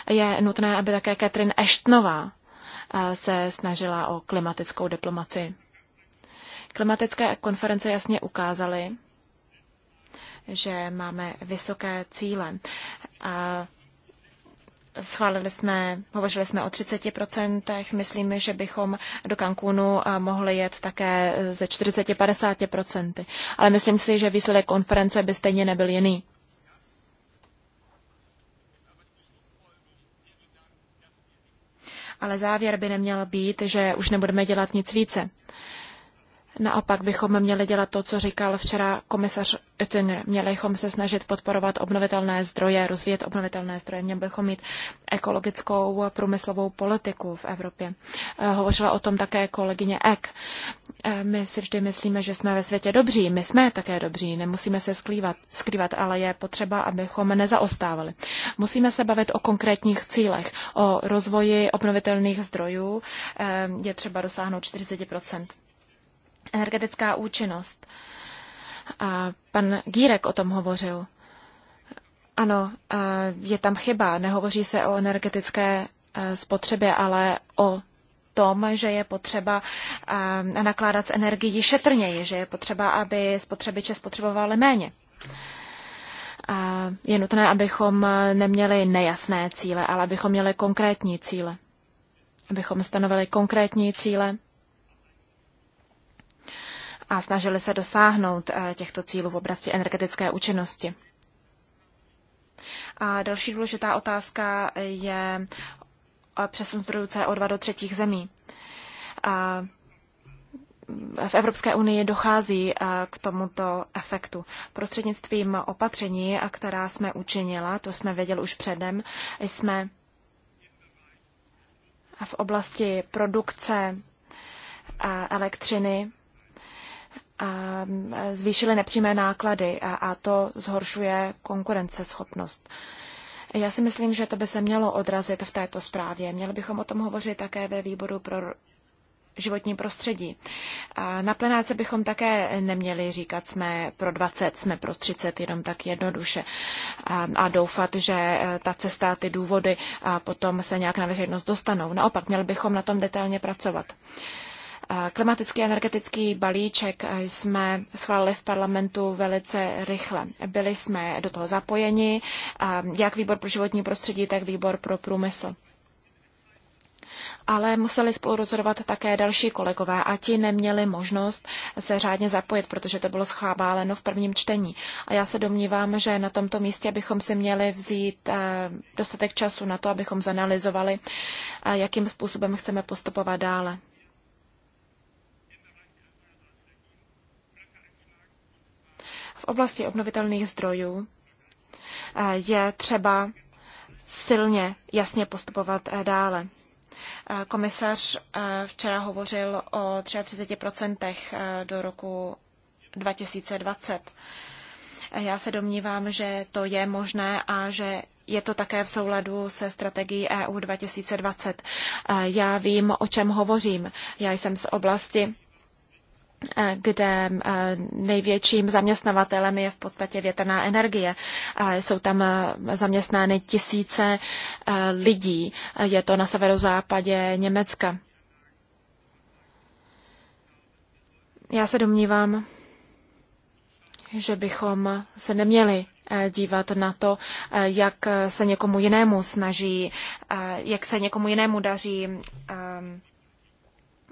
je nutné, aby také Catherine Eštnová eh, se snažila o klimatickou diplomaci. Klimatické konference jasně ukázaly, že máme vysoké cíle. A schválili jsme, hovořili jsme o 30%, myslím, že bychom do Cancúnu eh, mohli jet také eh, ze 40-50%. Ale myslím si, že výsledek konference by stejně nebyl jiný. ale závěr by neměl být, že už nebudeme dělat nic více. Naopak bychom měli dělat to, co říkal včera komisař Oettinger. Měli bychom se snažit podporovat obnovitelné zdroje, rozvíjet obnovitelné zdroje. Měli bychom mít ekologickou a průmyslovou politiku v Evropě. Eh, hovořila o tom také kolegyně Ek. Eh, my si vždy myslíme, že jsme ve světě dobří. My jsme také dobří, nemusíme se skrývat, skrývat ale je potřeba, abychom nezaostávali. Musíme se bavit o konkrétních cílech, o rozvoji obnovitelných zdrojů. Eh, je třeba dosáhnout 40 energetická účinnost. A pan Gírek o tom hovořil. Ano, je tam chyba. Nehovoří se o energetické e, spotřebě, ale o tom, že je potřeba nakládat s energií šetrněji, že je potřeba, aby spotřebiče spotřebovali méně. A je nutné, abychom neměli nejasné cíle, ale abychom měli konkrétní cíle. Abychom stanovili konkrétní cíle a snažili se dosáhnout eh, těchto cílů v oblasti energetické účinnosti. A další důležitá otázka je eh, přesun produkce o 2 do třetích zemí. A v Evropské unii dochází eh, k tomuto efektu. Prostřednictvím opatření, která jsme učinila, to jsme věděli už předem, jsme v oblasti produkce elektřiny Ehm, zvýšily nepřímé náklady a to zhoršuje konkurenceschopnost. Já si myslím, že to by se mělo odrazit v této zprávě. Měli bychom o tom hovořit také ve výboru pro životní prostředí. A na plenáce bychom také neměli říkat, jsme pro 20, jsme pro 30, jenom tak jednoduše. A, a doufat, že e, ta cesta, ty důvody a potom se nějak na veřejnost dostanou. Naopak, měli bychom na tom detailně pracovat. Klimatický energetický balíček jsme schválili v parlamentu velice rychle. Byli jsme do toho zapojeni, jak výbor pro životní prostředí, tak výbor pro průmysl ale museli spolu rozhodovat také další kolegové a ti neměli možnost se řádně zapojit, protože to bylo schábáleno v prvním čtení. A já se domnívám, že na tomto místě bychom si měli vzít eh, dostatek času na to, abychom zanalizovali, eh, jakým způsobem chceme postupovat dále. V oblasti obnovitelných zdrojů eh, je třeba silně, jasně postupovat eh, dále. Eh, komisař včera hovořil o 33% do roku 2020. Já se domnívám, že to je možné a že je to také v souladu se strategií EU 2020. Já vím, o čem hovořím. Já jsem z oblasti Eh, kde eh, největším zaměstnavatelem je v podstatě větrná energie. Eh, jsou tam zaměstnány tisíce lidí. Je to na severozápadě Německa. Já se domnívám, že bychom se neměli dívat na to, jak se někomu jinému snaží, jak se někomu jinému daří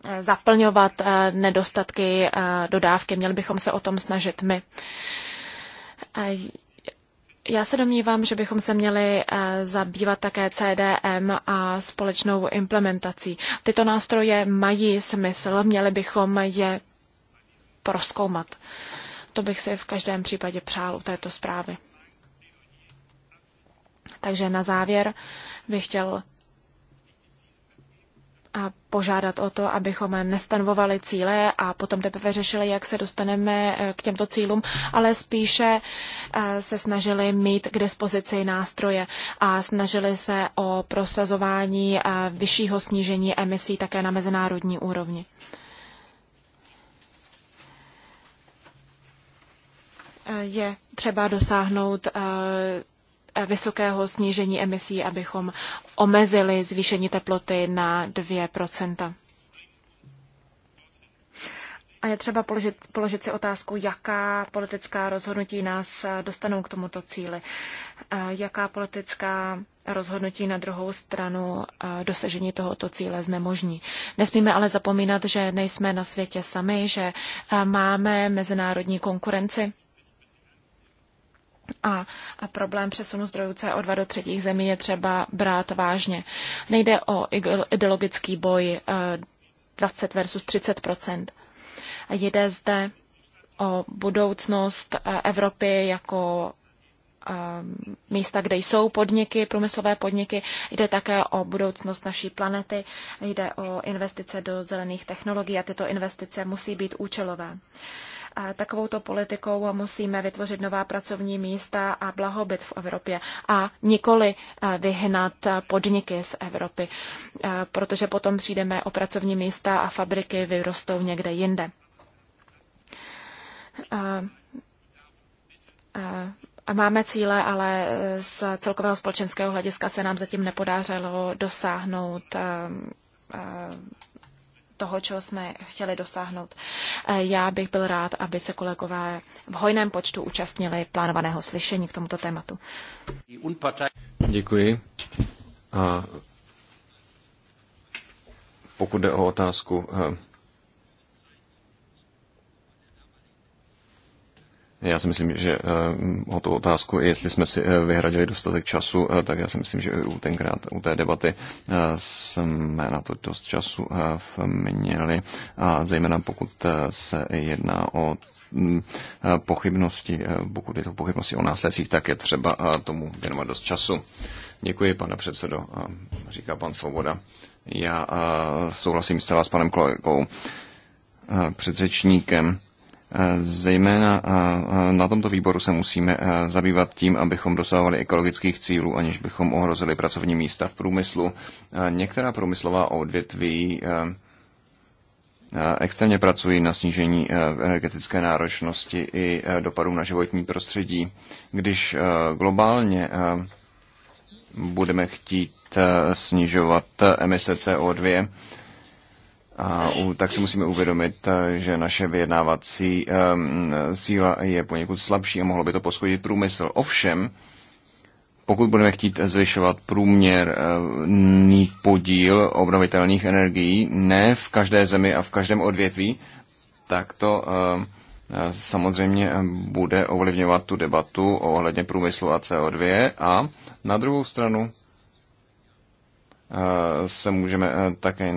Eh, zaplňovat eh, nedostatky eh, dodávky. Měli bychom se o tom snažit my. Já se domnívám, že bychom se měli zabývat také CDM a společnou implementací. Tyto nástroje mají smysl, měli bychom je proskoumat. To bych si v každém případě přál u této zprávy. Takže na závěr bych chtěl a požádat o to, abychom nestanovovali cíle a potom teprve řešili, jak se dostaneme eh, k těmto cílům, ale spíše eh, se snažili mít k dispozici nástroje a snažili se o prosazování eh, vyššího snížení emisí také na mezinárodní úrovni. Je třeba dosáhnout Eh, vysokého snížení emisí, abychom omezili zvýšení teploty na 2%. A je třeba položit, položit si otázku, jaká politická rozhodnutí nás eh, dostanou k tomuto cíli. Eh, jaká politická rozhodnutí na druhou stranu dosažení tohoto cíle znemožní. Nesmíme ale zapomínat, že nejsme na světě sami, že máme mezinárodní konkurenci a, a problém přesunu zdrojů CO2 do třetích zemí je třeba brát vážně. Nejde o ideologický boj 20 eh, versus 30 Jde zde o budoucnost eh, Evropy jako eh, místa, kde jsou podniky, průmyslové podniky. Jde také o budoucnost naší planety, jde o investice do zelených technologií a tyto investice musí být účelové takovouto politikou musíme vytvořit nová pracovní místa a blahobyt v Evropě a nikoli eh, vyhnat podniky z Evropy, eh, protože potom přijdeme o pracovní místa a fabriky vyrostou někde jinde. A eh, máme cíle, ale z celkového společenského hlediska se nám zatím nepodařilo dosáhnout toho, čeho jsme chtěli dosáhnout. E, já bych byl rád, aby se kolegové v hojném počtu účastnili plánovaného slyšení k tomuto tématu. Děkuji. A pokud jde o otázku e, Já si myslím, že eh, o tu otázku, jestli jsme si eh, vyhradili dostatek času, eh, tak já si myslím, že u tenkrát u té debaty jsme na to dost času měli, a zejména pokud se jedná o mm, pochybnosti, pokud je to pochybnosti o následcích, tak je třeba tomu věnovat dost času. Děkuji, pane předsedo, říká pan Svoboda. Já souhlasím zcela s panem kolegou předřečníkem Zejména na tomto výboru se musíme zabývat tím, abychom dosahovali ekologických cílů, aniž bychom ohrozili pracovní místa v průmyslu. Některá průmyslová odvětví extrémně pracují na snížení energetické náročnosti i dopadů na životní prostředí. Když globálně budeme chtít snižovat emise CO2, a u, tak si musíme uvědomit, eh, že naše vyjednávací um, síla je poněkud slabší a mohlo by to poschodit průmysl. Ovšem, pokud budeme chtít zvyšovat průměrný eh, podíl obnovitelných energií, ne v každé zemi a v každém odvětví, tak to eh, samozřejmě bude ovlivňovat tu debatu ohledně průmyslu a CO2 a na druhou stranu se můžeme také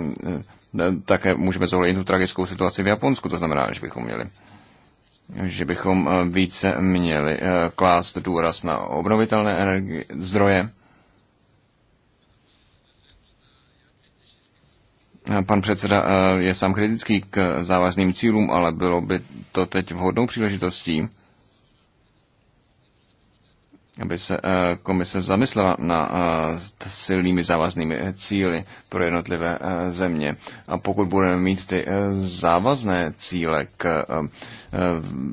Eh, také můžeme zohlednit tu tragickou situaci v Japonsku, to znamená, že bychom měli že bychom eh, více měli eh, klást důraz na obnovitelné energie, zdroje. Pan předseda je sám kritický k závazným cílům, ale bylo by to teď vhodnou příležitostí aby se eh, komise zamyslela na eh, silnými závaznými eh, cíly pro jednotlivé země. A pokud budeme mít ty závazné cíle k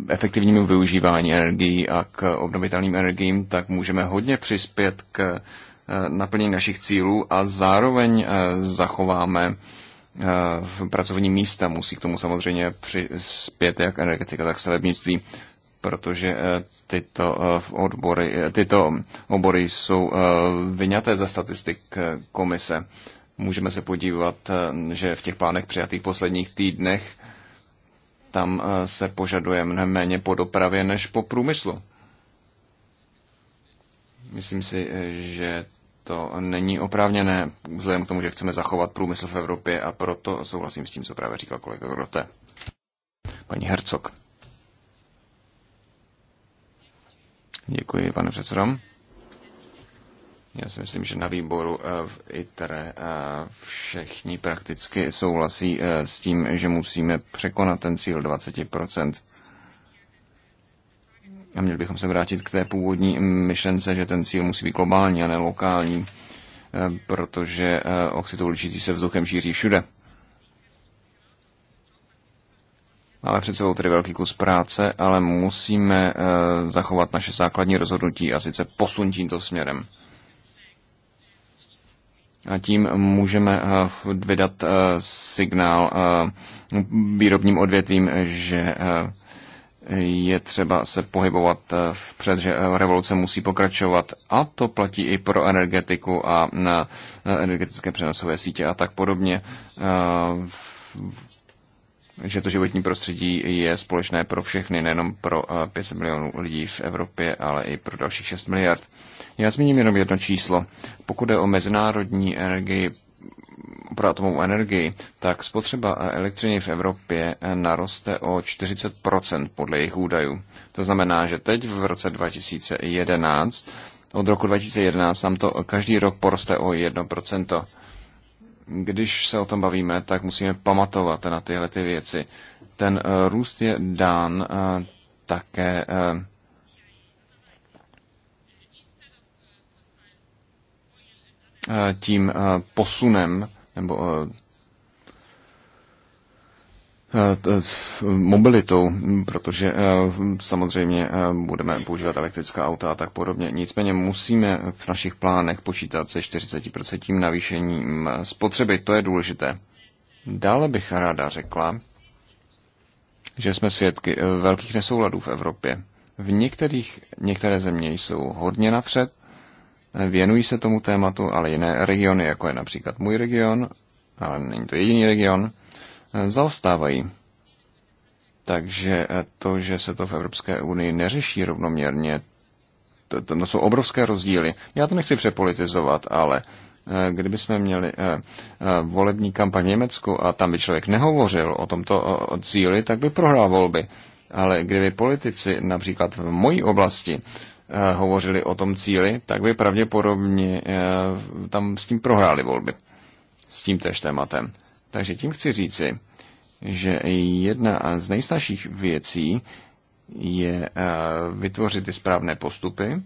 efektivnímu využívání energií a k obnovitelným energiím, tak můžeme hodně přispět k naplnění našich cílů a zároveň zachováme v pracovní místa. Musí k tomu samozřejmě přispět jak energetika, tak stavebnictví protože eh, tyto eh, odbory, eh, tyto obory jsou vyňaté ze statistik komise. Můžeme se podívat, že v těch plánech přijatých posledních týdnech tam se požaduje mnohem méně po dopravě než po průmyslu. Myslím si, že to není oprávněné, vzhledem k tomu, že chceme zachovat průmysl v Evropě a proto souhlasím s tím, co právě říkal kolega Grote. Paní Hercog. Děkuji, pane předsedo. Já si myslím, že na výboru eh, v ITRE eh, všichni prakticky souhlasí eh, s tím, že musíme překonat ten cíl 20%. A měli bychom se vrátit k té původní myšlence, že ten cíl musí být globální a ne lokální, protože oxid uhličitý se vzduchem šíří všude. Máme před sebou tedy velký kus práce, ale musíme eh, zachovat naše základní rozhodnutí a sice posun tímto směrem. A tím můžeme eh, vydat eh, signál výrobním odvětvím, že je třeba se pohybovat vpřed, že revoluce musí pokračovat. A to platí i pro energetiku a na energetické přenosové sítě a tak podobně že to životní prostředí je společné pro všechny, nejenom pro 5 eh, milionů lidí v Evropě, ale i pro dalších 6 miliard. Já zmíním jenom jedno číslo. Pokud je o mezinárodní energii pro atomovou energii, tak spotřeba eh, elektřiny v Evropě eh, naroste o 40% podle jejich údajů. To znamená, že teď v roce 2011, od roku 2011 nám to každý rok poroste o 1% když se o tom bavíme, tak musíme pamatovat na tyhle ty věci. Ten eh, růst je dán eh, také eh, tím posunem nebo Eh, eh, mobilitou, protože eh, samozřejmě budeme používat elektrická auta a tak podobně. Nicméně musíme v našich plánech počítat se 40% navýšením spotřeby, to je důležité. Dále bych ráda řekla, že jsme svědky velkých nesouladů v Evropě. V některých, některé země jsou hodně napřed, věnují se tomu tématu, ale jiné regiony, jako je například můj region, ale není to jediný region, zaostávají. Takže eh, to, že se to v Evropské unii neřeší rovnoměrně, to, to jsou obrovské rozdíly. Já to nechci přepolitizovat, ale eh, kdyby jsme měli eh, volební kampaň v Německu a tam by člověk nehovořil o tomto cíli, tak by prohrál volby. Ale kdyby politici například v mojí oblasti hovořili o tom cíli, tak by pravděpodobně tam s tím prohráli volby. S tím též tématem. Takže tím chci říci, že jedna z nejstarších věcí je eh, vytvořit ty správné postupy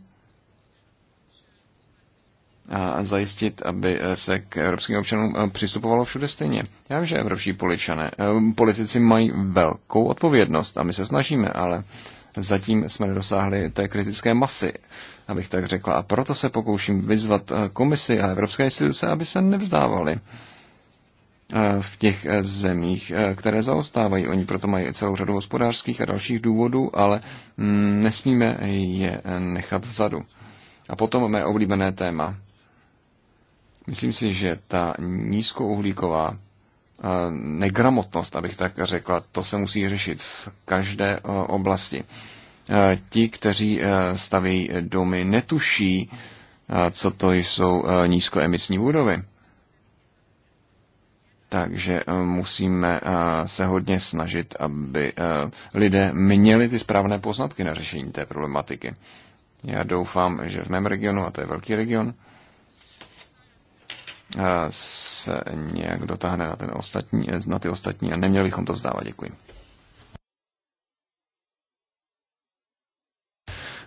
a zajistit, aby eh, se k evropským občanům eh, přistupovalo všude stejně. Já vím, že evropští poličané, politici mají velkou odpovědnost a my se snažíme, ale zatím jsme nedosáhli té kritické masy, abych tak řekla. A proto se pokouším vyzvat komisi a evropské instituce, aby se nevzdávali Eh, v těch eh, zemích, eh, které zaostávají. Oni proto mají celou řadu hospodářských a dalších důvodů, ale mm, nesmíme je nechat vzadu. A potom mé oblíbené téma. Myslím si, že ta nízkouhlíková negramotnost, abych tak řekla, to se musí řešit v každé oblasti. Ti, kteří staví domy, netuší, co to jsou nízkoemisní budovy. Takže eh, musíme eh, se hodně snažit, aby eh, lidé měli ty správné poznatky na řešení té problematiky. Já doufám, že v mém regionu, a to je velký region, se nějak dotáhne na, ten ostatní, na ty ostatní a neměli bychom to vzdávat. Děkuji.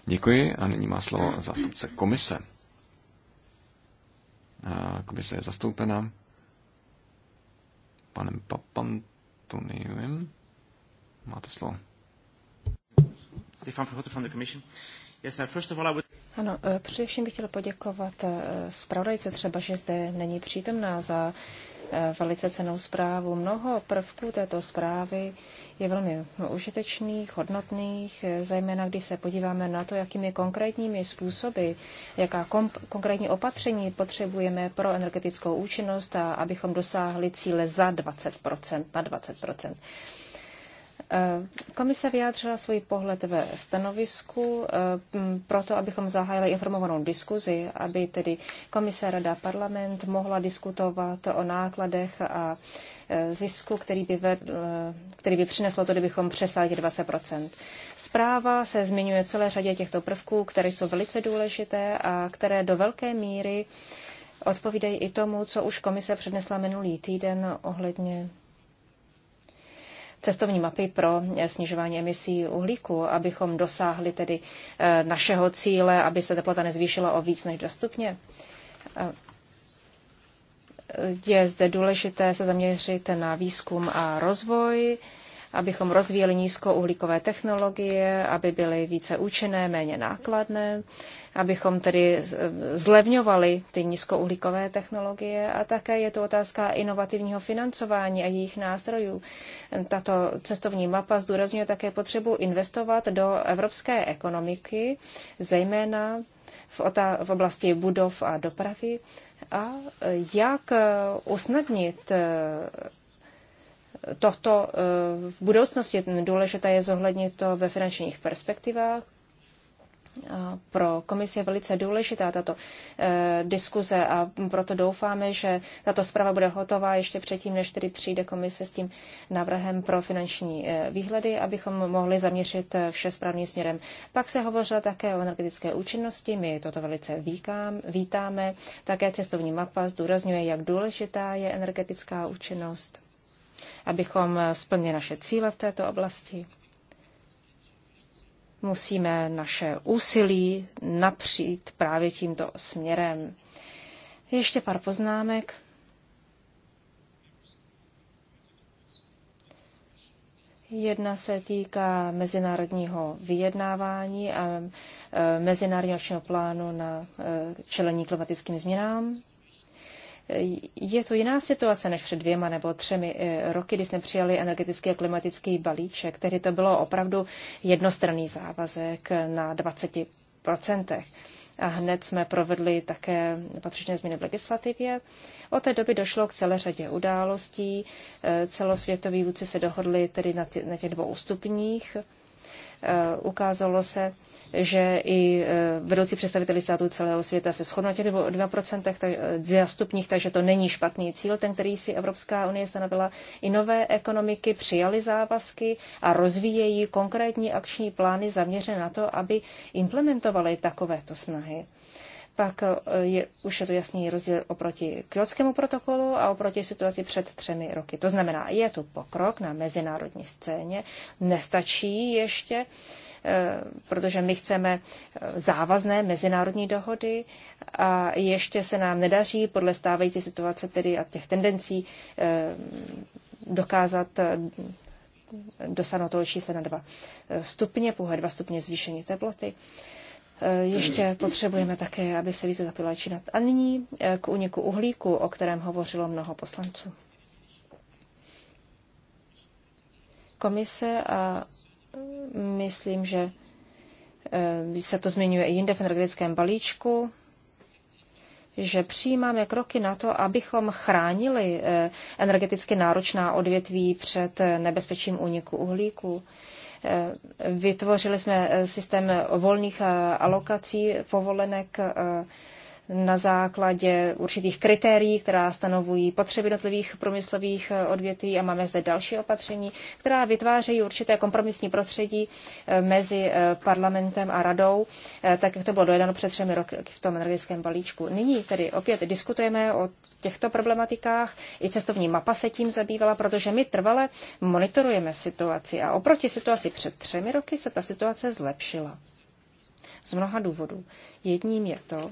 Děkuji a nyní má slovo zástupce komise. Komise je zastoupena panem Papantoniem. Máte slovo. Stefan Verhoeven from the Commission. Yes, first of all, I would... Ano, eh, především bych chtěl poděkovat eh, zpravodajce třeba, že zde není přítomná za Eh, velice cenou zprávu. Mnoho prvků této zprávy je velmi užitečných, hodnotných, eh, zejména když se podíváme na to, jakými konkrétními způsoby, jaká konkrétní opatření potřebujeme pro energetickou účinnost a abychom dosáhli cíle za 20 na 20 Eh, komise vyjádřila svůj pohled ve stanovisku eh, proto, abychom zahájili informovanou diskuzi, aby tedy komise, rada, parlament mohla diskutovat o nákladech a eh, zisku, který by, vedl, který by přineslo to, kdybychom přesáhli 20 Zpráva se zmiňuje celé řadě těchto prvků, které jsou velice důležité a které do velké míry odpovídají i tomu, co už komise přednesla minulý týden ohledně cestovní mapy pro eh, snižování emisí uhlíku, abychom dosáhli tedy eh, našeho cíle, aby se teplota nezvýšila o víc než dostupně. Eh, je zde důležité se zaměřit na výzkum a rozvoj, abychom rozvíjeli nízkouhlíkové technologie, aby byly více účinné, méně nákladné, abychom tedy zlevňovali ty nízkouhlíkové technologie a také je to otázka inovativního financování a jejich nástrojů. Tato cestovní mapa zdůrazňuje také potřebu investovat do evropské ekonomiky, zejména v, oblasti budov a dopravy a e, jak e, usnadnit e, toto v budoucnosti důležité je zohlednit to ve finančních perspektivách pro komisi je velice důležitá tato e, diskuze a proto doufáme, že tato zpráva bude hotová ještě předtím, než tedy přijde komise s tím návrhem pro finanční e, výhledy, abychom mohli zaměřit eh, vše správným směrem. Pak se hovořilo také o energetické účinnosti, my toto velice víkám, vítáme. Také cestovní mapa zdůrazňuje, jak důležitá je energetická účinnost, abychom splnili naše cíle v této oblasti musíme naše úsilí napřít právě tímto směrem. Ještě pár poznámek. Jedna se týká mezinárodního vyjednávání a e, mezinárodního plánu na e, čelení klimatickým změnám. Je to jiná situace než před dvěma nebo třemi eh, roky, kdy jsme přijali energetický a klimatický balíček. který to bylo opravdu jednostranný závazek na 20 a hned jsme provedli také patřičné změny v legislativě. Od té doby došlo k celé řadě událostí. Eh, celosvětoví vůdci se dohodli tedy na, na těch dvou stupních Eh, ukázalo se, že i eh, vedoucí představiteli států celého světa se shodnou těch dvou procentech, dvě stupních, takže to není špatný cíl, ten, který si Evropská unie stanovila. I nové ekonomiky přijaly závazky a rozvíjejí konkrétní akční plány zaměřené na to, aby implementovaly takovéto snahy pak eh, je, už je to jasný rozdíl oproti kjotskému protokolu a oproti situaci před třemi roky. To znamená, je tu pokrok na mezinárodní scéně, nestačí ještě, eh, protože my chceme eh, závazné mezinárodní dohody a ještě se nám nedaří podle stávající situace tedy a těch tendencí dokázat dosáhnout toho čísla na dva stupně, pouhé dva stupně zvýšení teploty. Eh, ještě potřebujeme také, aby se více zapila činat. A nyní eh, k úniku uhlíku, o kterém hovořilo mnoho poslanců. Komise a mm, myslím, že eh, se to zmiňuje i jinde v energetickém balíčku, že přijímáme kroky na to, abychom chránili energeticky náročná odvětví před nebezpečím úniku uhlíku. Vytvořili jsme eh, systém eh, volných eh, alokací povolenek na základě určitých kritérií, která stanovují potřeby jednotlivých průmyslových eh, odvětví a máme zde další opatření, která vytvářejí určité kompromisní prostředí eh, mezi eh, parlamentem a radou, tak jak to bylo dojednáno před třemi roky v tom energetickém balíčku. Nyní tedy opět diskutujeme o těchto problematikách. I cestovní mapa se tím zabývala, protože my trvale monitorujeme situaci a oproti situaci před třemi roky se ta situace zlepšila. Z mnoha důvodů. Jedním je to,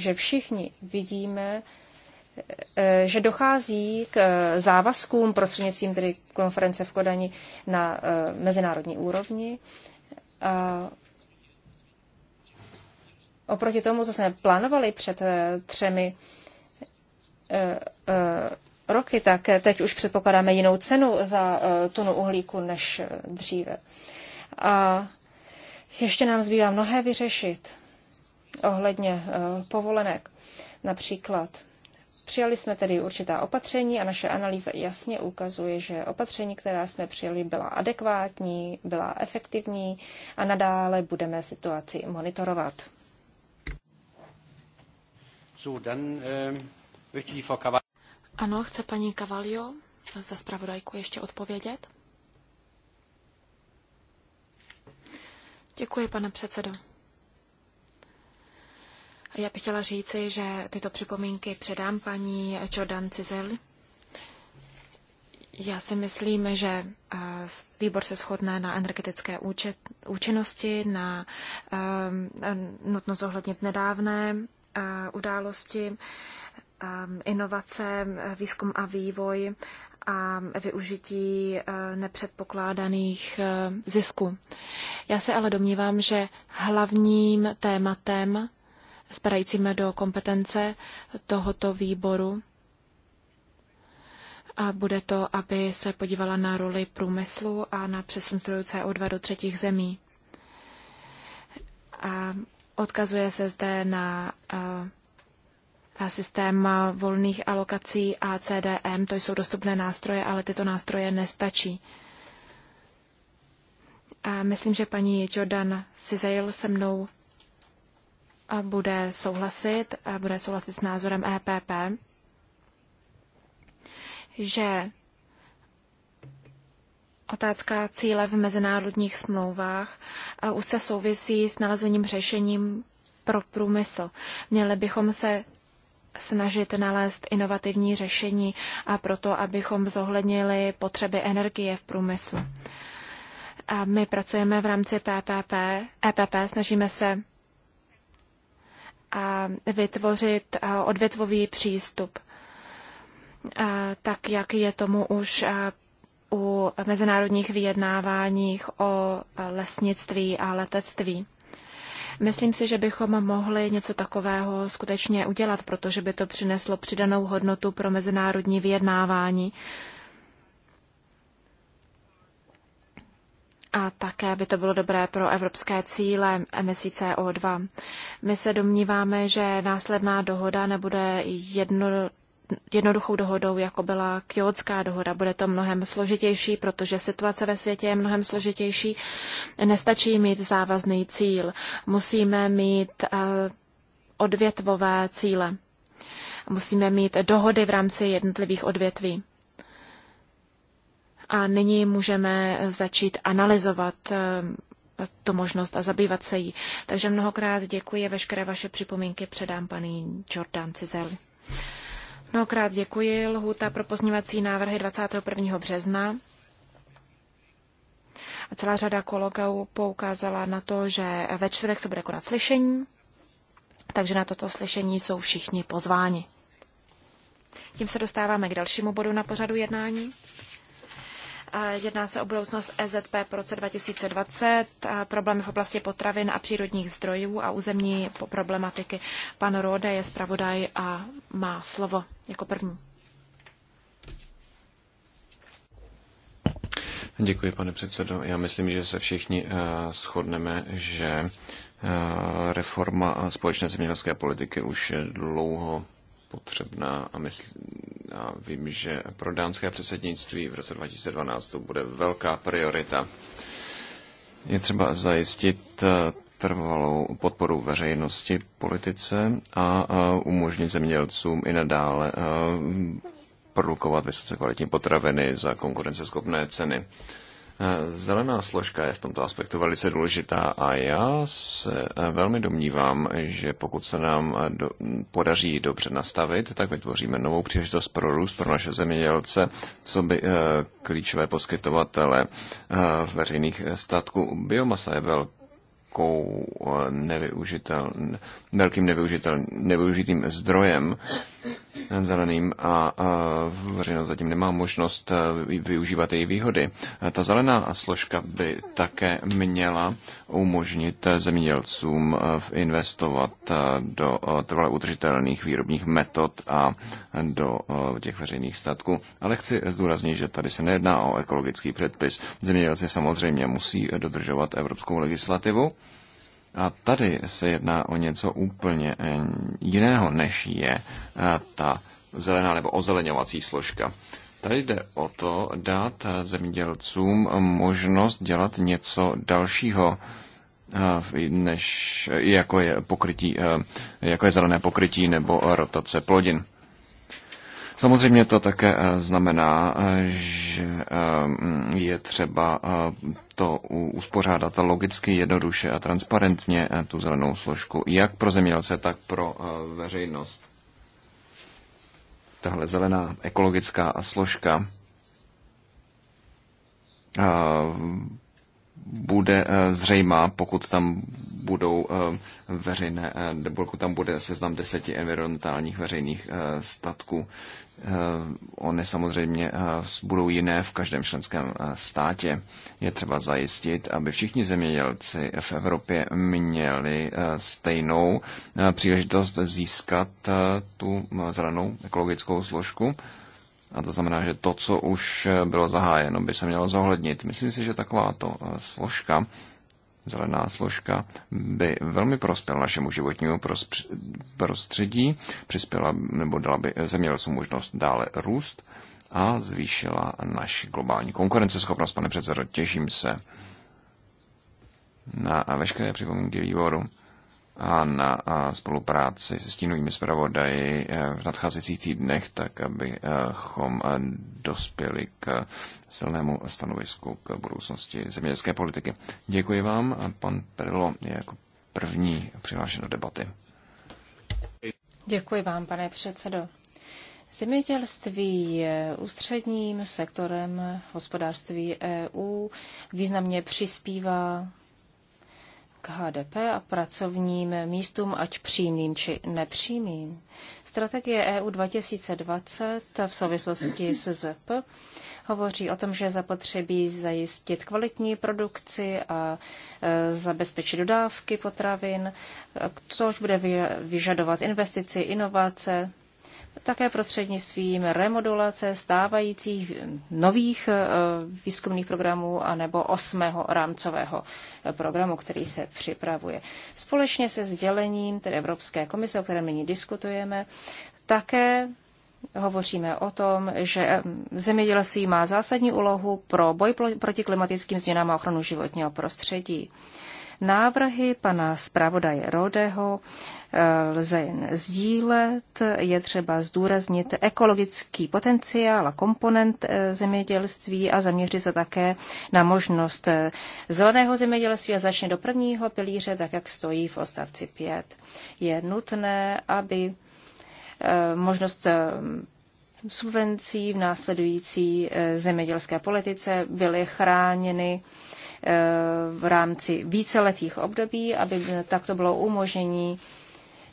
že všichni vidíme, eh, že dochází k eh, závazkům prostřednictvím tedy konference v Kodani na eh, mezinárodní úrovni. A oproti tomu, co jsme plánovali před třemi roky, tak teď už předpokládáme jinou cenu za tunu uhlíku než dříve. A ještě nám zbývá mnohé vyřešit ohledně eh, povolenek. Například Přijali jsme tedy určitá opatření a naše analýza jasně ukazuje, že opatření, která jsme přijali, byla adekvátní, byla efektivní a nadále budeme situaci monitorovat. Eh, ano, chce paní Cavalio za zpravodajku ještě odpovědět? Děkuji, pane předsedo. Já bych chtěla říci, že tyto připomínky předám paní Jordan Cizel. Já si myslím, že eh, výbor se shodne na energetické účet, účinnosti, na ehm, nutno zohlednit nedávné eh, události, ehm, inovace, výzkum a vývoj a využití eh, nepředpokládaných zisků. Já se ale domnívám, že hlavním tématem spadajícím do kompetence tohoto výboru. A bude to, aby se podívala na roli průmyslu a na přesun zdrojů CO2 do třetích zemí. A odkazuje se zde na systém volných alokací ACDM. To jsou dostupné nástroje, ale tyto nástroje nestačí. A myslím, že paní Jordan Sizail se mnou bude souhlasit, bude souhlasit s názorem EPP, že otázka cíle v mezinárodních smlouvách už se souvisí s nalezením řešením pro průmysl. Měli bychom se snažit nalézt inovativní řešení a proto, abychom zohlednili potřeby energie v průmyslu. A my pracujeme v rámci PPP, EPP, snažíme se vytvořit odvětvový přístup, tak jak je tomu už u mezinárodních vyjednáváních o lesnictví a letectví. Myslím si, že bychom mohli něco takového skutečně udělat, protože by to přineslo přidanou hodnotu pro mezinárodní vyjednávání A také by to bylo dobré pro evropské cíle emisí CO2. My se domníváme, že následná dohoda nebude jedno, jednoduchou dohodou, jako byla kyotská dohoda. Bude to mnohem složitější, protože situace ve světě je mnohem složitější. Nestačí mít závazný cíl. Musíme mít eh, odvětvové cíle. Musíme mít dohody v rámci jednotlivých odvětví. A nyní můžeme začít analyzovat eh, tu možnost a zabývat se jí. Takže mnohokrát děkuji a veškeré vaše připomínky předám paní Jordan Cizel. Mnohokrát děkuji. Lhuta pro pozměňovací návrhy 21. března. A celá řada kolegů poukázala na to, že ve čtvrtek se bude konat slyšení, takže na toto slyšení jsou všichni pozváni. Tím se dostáváme k dalšímu bodu na pořadu jednání. Jedná se o budoucnost EZP po roce 2020, problémy v oblasti potravin a přírodních zdrojů a územní problematiky. Pan Rode je zpravodaj a má slovo jako první. Děkuji, pane předsedo. Já myslím, že se všichni eh, shodneme, že eh, reforma společné zemědělské politiky už je dlouho potřebná a, mysl, a vím, že pro dánské předsednictví v roce 2012 to bude velká priorita. Je třeba zajistit eh, trvalou podporu veřejnosti politice a umožnit zemědělcům i nadále eh, produkovat vysoce kvalitní potraviny za konkurenceschopné ceny. Eh, zelená složka je v tomto aspektu velice důležitá a já se eh, velmi domnívám, že pokud se nám eh, do, podaří dobře nastavit, tak vytvoříme novou příležitost pro růst pro naše zemědělce, co by klíčové poskytovatele veřejných statků. Biomasa je velká nevyužitel, velkým nevyužitel, nevyužitým zdrojem zeleným a, veřejnost zatím nemá možnost e, využívat její výhody. E, ta zelená složka by také měla umožnit zemědělcům e, investovat do trvale udržitelných výrobních metod a do těch veřejných statků. Ale chci zdůraznit, že tady se nejedná o ekologický předpis. Zemědělci samozřejmě musí dodržovat evropskou legislativu a tady se jedná o něco úplně eh, jiného, než je eh, ta zelená nebo ozeleňovací složka. Tady jde o to dát eh, zemědělcům možnost dělat něco dalšího, než jako je, pokrytí, jako je zelené pokrytí nebo rotace plodin. Samozřejmě to také eh, znamená, eh, že eh, je třeba to uspořádat logicky, jednoduše a transparentně tu zelenou složku, jak pro zemědělce, tak pro veřejnost. Tahle zelená ekologická složka bude zřejmá, pokud tam budou veřejné, pokud tam bude seznam deseti environmentálních veřejných statků. Eh, ony samozřejmě eh, budou jiné v každém členském eh, státě. Je třeba zajistit, aby všichni zemědělci v Evropě měli stejnou příležitost získat tu zelenou ekologickou složku. A to znamená, že to, co už bylo zahájeno, by se mělo zohlednit. Myslím si, že takováto složka zelená složka, by velmi prospěla našemu životnímu prostředí, přispěla nebo dala by zemědělcům možnost dále růst a zvýšila naši globální konkurenceschopnost. Pane předsedo, těším se na veškeré připomínky výboru a na spolupráci se stínovými zpravodaji eh, v nadcházejících týdnech, tak abychom eh, dospěli k silnému stanovisku k budoucnosti zemědělské politiky. Děkuji vám a pan Perlo je jako první přihlášen do debaty. Děkuji vám, pane předsedo. Zemědělství je ústředním sektorem hospodářství EU, významně přispívá k HDP a pracovním místům, ať přímým či nepřímým. Strategie EU 2020 v souvislosti s ZP hovoří o tom, že zapotřebí zajistit kvalitní produkci a e, zabezpečit dodávky potravin, e, což bude vyžadovat investici, inovace, také prostřednictvím remodulace stávajících nových eh, výzkumných programů anebo osmého rámcového eh, programu, který se připravuje. Společně se sdělením tedy Evropské komise, o kterém nyní diskutujeme, také hovoříme o tom, že eh, zemědělství má zásadní úlohu pro boj proti klimatickým změnám a ochranu životního prostředí. Návrhy pana zpravodaje Rodeho eh, lze jen sdílet, je třeba zdůraznit ekologický potenciál a komponent eh, zemědělství a zaměřit se také na možnost eh, zeleného zemědělství a začne do prvního pilíře, tak jak stojí v ostavci 5. Je nutné, aby možnost subvencí v následující zemědělské politice byly chráněny v rámci víceletých období, aby takto bylo umožnění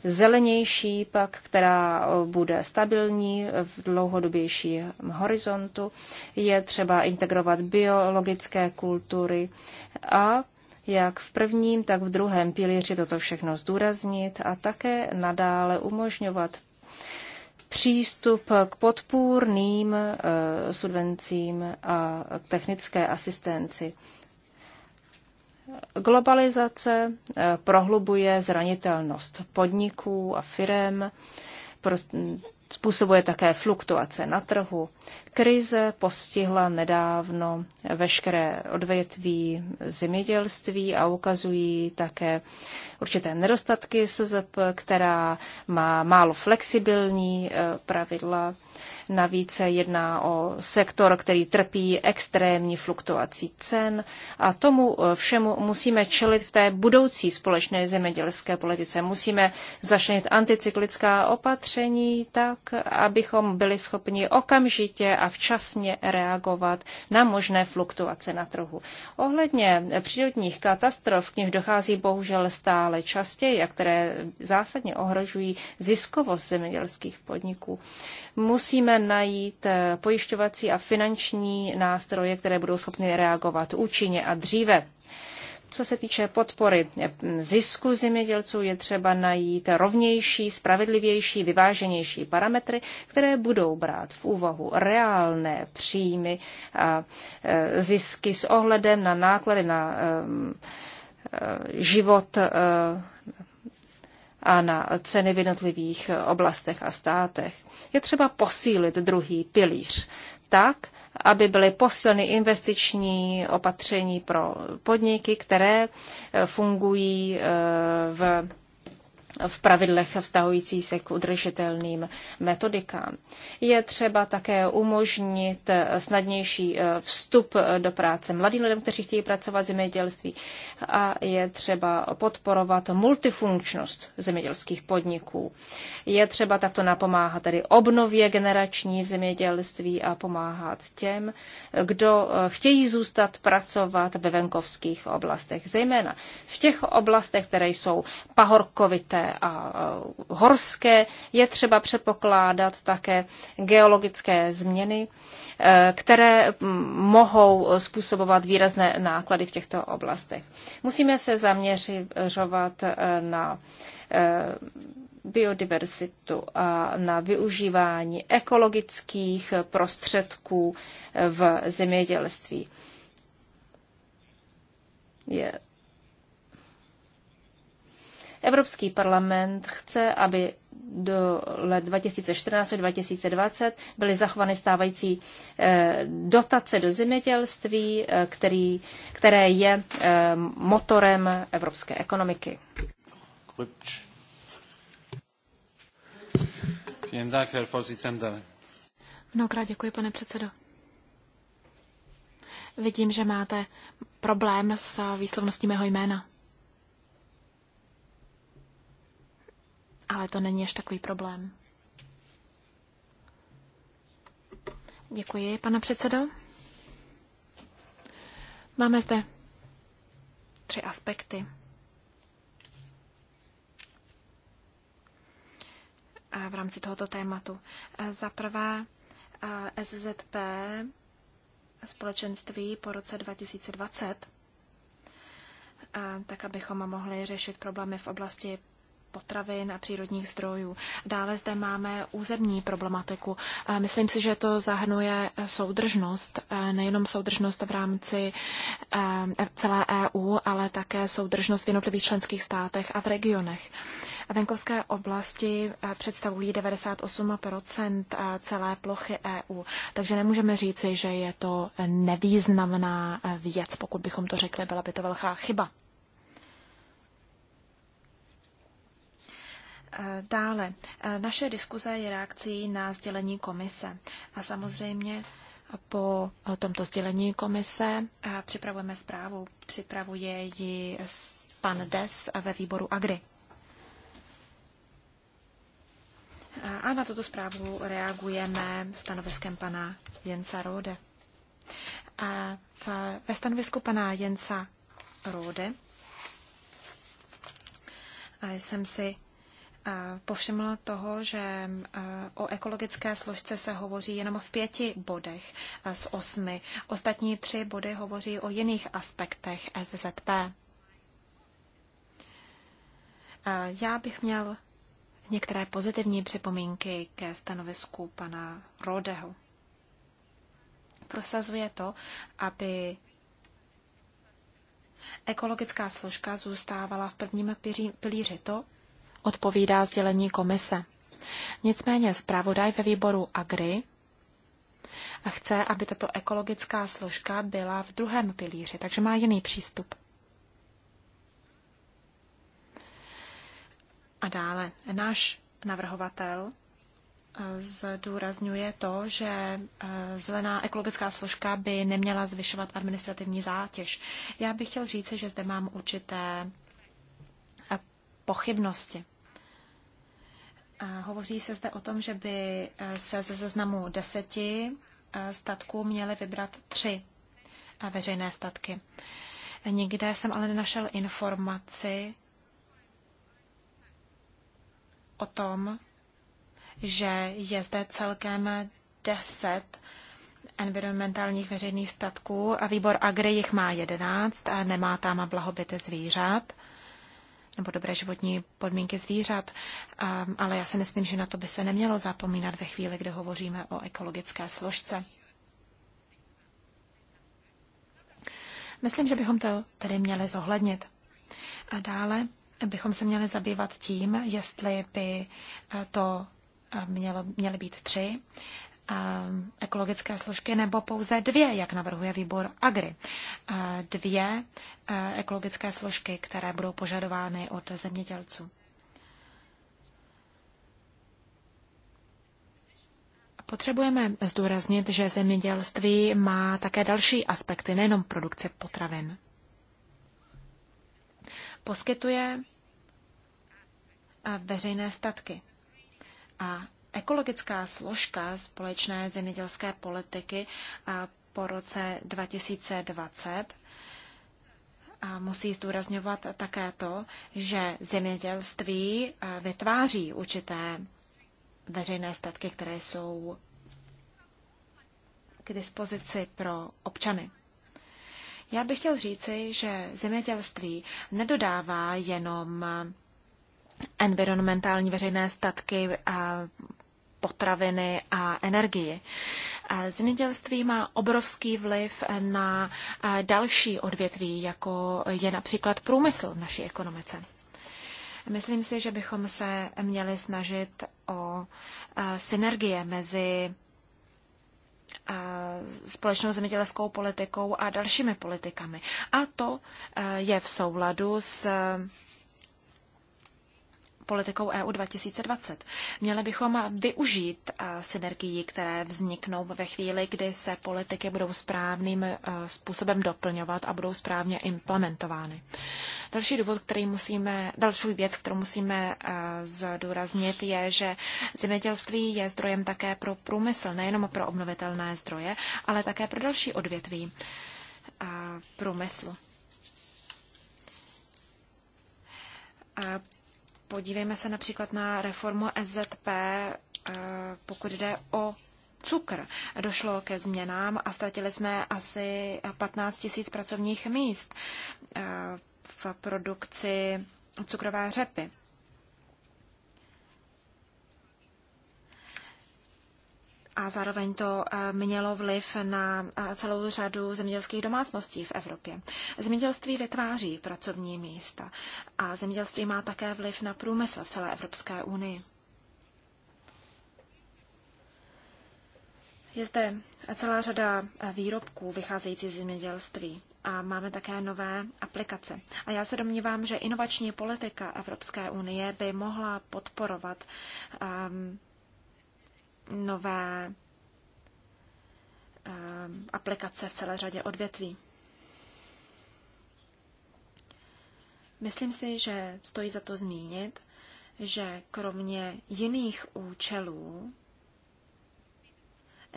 zelenější pak, která bude stabilní v dlouhodobějším horizontu. Je třeba integrovat biologické kultury a jak v prvním, tak v druhém pilíři toto všechno zdůraznit a také nadále umožňovat přístup k podpůrným eh, subvencím a k technické asistenci Globalizace eh, prohlubuje zranitelnost podniků a firem, způsobuje také fluktuace na trhu. Krize postihla nedávno veškeré odvětví zemědělství a ukazují také určité nedostatky SZP, která má málo flexibilní eh, pravidla Navíc se jedná o sektor, který trpí extrémní fluktuací cen a tomu eh, všemu musíme čelit v té budoucí společné zemědělské politice. Musíme začlenit anticyklická opatření tak, abychom byli schopni okamžitě a včasně reagovat na možné fluktuace na trhu. Ohledně přírodních katastrof, k níž dochází bohužel stále častěji a které zásadně ohrožují ziskovost zemědělských podniků, musíme najít eh, pojišťovací a finanční nástroje, které budou schopny reagovat účinně a dříve. Co se týče podpory eh, zisku zemědělců, je třeba najít rovnější, spravedlivější, vyváženější parametry, které budou brát v úvahu reálné příjmy a eh, zisky s ohledem na náklady na život a na ceny v jednotlivých oblastech a státech. Je třeba posílit druhý pilíř tak, aby byly posilny investiční opatření pro podniky, které fungují eh, v v pravidlech vztahující se k udržitelným metodikám. Je třeba také umožnit snadnější eh, vstup do práce mladým lidem, kteří chtějí pracovat v zemědělství a je třeba podporovat multifunkčnost zemědělských podniků. Je třeba takto napomáhat tedy obnově generační v zemědělství a pomáhat těm, kdo eh, chtějí zůstat pracovat ve venkovských oblastech, zejména v těch oblastech, které jsou pahorkovité a horské, je třeba předpokládat také geologické změny, e, které mohou způsobovat výrazné náklady v těchto oblastech. Musíme se zaměřovat e, na e, biodiverzitu a na využívání ekologických prostředků v zemědělství. Je Evropský parlament chce, aby do let 2014-2020 byly zachovány stávající eh, dotace do zemědělství, eh, který, které je eh, motorem evropské ekonomiky. Mnohokrát děkuji, pane předsedo. Vidím, že máte problém s výslovností mého jména. ale to není až takový problém. Děkuji, pane předsedo. Máme zde tři aspekty. v rámci tohoto tématu. Za prvé SZP společenství po roce 2020, tak abychom mohli řešit problémy v oblasti potravin a přírodních zdrojů. Dále zde máme územní problematiku. Myslím si, že to zahrnuje soudržnost, e, nejenom soudržnost v rámci e, e, celé EU, ale také soudržnost v jednotlivých členských státech a v regionech. Venkovské oblasti představují 98 celé plochy EU, takže nemůžeme říci, že je to nevýznamná věc. Pokud bychom to řekli, byla by to velká chyba. Dále, naše diskuze je reakcí na sdělení komise. A samozřejmě po tomto sdělení komise připravujeme zprávu. Připravuje ji pan Des ve výboru Agri. A na tuto zprávu reagujeme stanoviskem pana Jensa Rode. A ve stanovisku pana Jensa Rode jsem si povšimla toho, že o ekologické složce se hovoří jenom v pěti bodech z osmi. Ostatní tři body hovoří o jiných aspektech SZP. Já bych měl některé pozitivní připomínky ke stanovisku pana Rodeho. Prosazuje to, aby ekologická složka zůstávala v prvním pilíři to, odpovídá sdělení komise. Nicméně zpravodaj ve výboru Agri a chce, aby tato ekologická složka byla v druhém pilíři, takže má jiný přístup. A dále náš navrhovatel eh, zdůrazňuje to, že eh, zelená ekologická složka by neměla zvyšovat administrativní zátěž. Já bych chtěl říct, že zde mám určité pochybnosti. A hovoří se zde o tom, že by eh, se ze seznamu deseti eh, statků měly vybrat tři eh, veřejné statky. Nikde jsem ale nenašel informaci o tom, že je zde celkem deset environmentálních veřejných statků a výbor Agri jich má jedenáct a nemá tam blahobyty zvířat nebo dobré životní podmínky zvířat, ale já si myslím, že na to by se nemělo zapomínat ve chvíli, kdy hovoříme o ekologické složce. Myslím, že bychom to tedy měli zohlednit. A dále bychom se měli zabývat tím, jestli by to mělo, měly být tři ekologické složky nebo pouze dvě, jak navrhuje výbor Agri. Dvě ekologické složky, které budou požadovány od zemědělců. Potřebujeme zdůraznit, že zemědělství má také další aspekty, nejenom produkce potravin. Poskytuje veřejné statky a ekologická složka společné zemědělské politiky po roce 2020 a musí zdůrazňovat také to, že zemědělství vytváří určité veřejné statky, které jsou k dispozici pro občany. Já bych chtěl říci, že zemědělství nedodává jenom environmentální veřejné statky potraviny a energii. Zemědělství má obrovský vliv na další odvětví, jako je například průmysl v naší ekonomice. Myslím si, že bychom se měli snažit o synergie mezi společnou zemědělskou politikou a dalšími politikami. A to je v souladu s politikou EU 2020. Měli bychom využít eh, synergii, které vzniknou ve chvíli, kdy se politiky budou správným eh, způsobem doplňovat a budou správně implementovány. Další důvod, který musíme, další věc, kterou musíme eh, zdůraznit, je, že zemědělství je zdrojem také pro průmysl, nejenom pro obnovitelné zdroje, ale také pro další odvětví průmyslu. Podívejme se například na reformu SZP, eh, pokud jde o cukr. Došlo ke změnám a ztratili jsme asi 15 000 pracovních míst eh, v produkci cukrové řepy. a zároveň to eh, mělo vliv na eh, celou řadu zemědělských domácností v Evropě. Zemědělství vytváří pracovní místa a zemědělství má také vliv na průmysl v celé Evropské unii. Je zde celá řada eh, výrobků vycházející z zemědělství a máme také nové aplikace. A já se domnívám, že inovační politika Evropské unie by mohla podporovat um, nové ehm, aplikace v celé řadě odvětví. Myslím si, že stojí za to zmínit, že kromě jiných účelů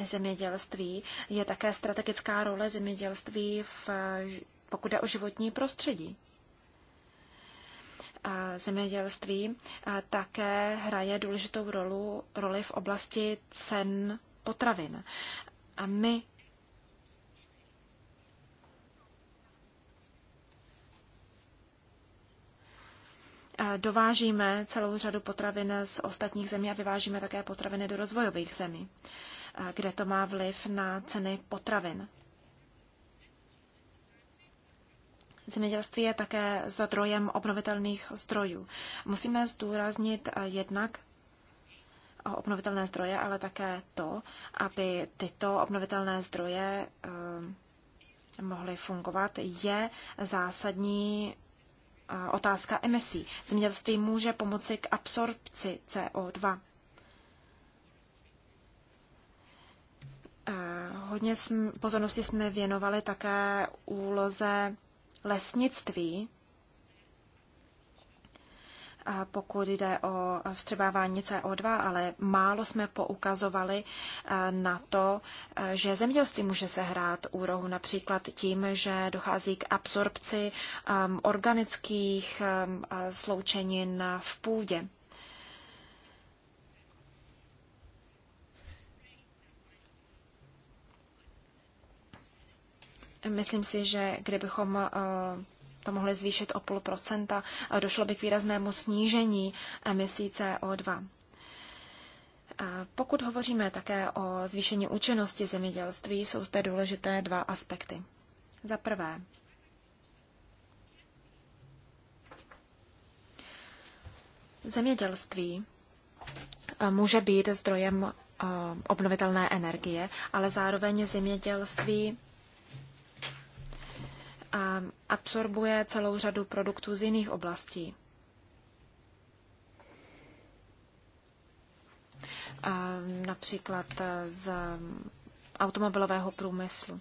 zemědělství je také strategická role zemědělství, v, pokud jde o životní prostředí zemědělství také hraje důležitou rolu, roli v oblasti cen potravin. A my dovážíme celou řadu potravin z ostatních zemí a vyvážíme také potraviny do rozvojových zemí, kde to má vliv na ceny potravin. Zemědělství je také zdrojem obnovitelných zdrojů. Musíme zdůraznit eh, jednak obnovitelné zdroje, ale také to, aby tyto obnovitelné zdroje eh, mohly fungovat, je zásadní eh, otázka emisí. Zemědělství může pomoci k absorpci CO2. Hodně pozornosti jsme věnovali také úloze lesnictví, a pokud jde o vstřebávání CO2, ale málo jsme poukazovali eh, na to, eh, že zemědělství může sehrát úrohu například tím, že dochází k absorpci ehm, organických ehm, sloučenin v půdě. Myslím si, že kdybychom eh, to mohli zvýšit o půl procenta, eh, došlo by k výraznému snížení emisí CO2. Eh, pokud hovoříme také o zvýšení účinnosti zemědělství, jsou zde důležité dva aspekty. Za prvé, zemědělství může být zdrojem obnovitelné energie, ale zároveň zemědělství a absorbuje celou řadu produktů z jiných oblastí. Například eh, z automobilového průmyslu.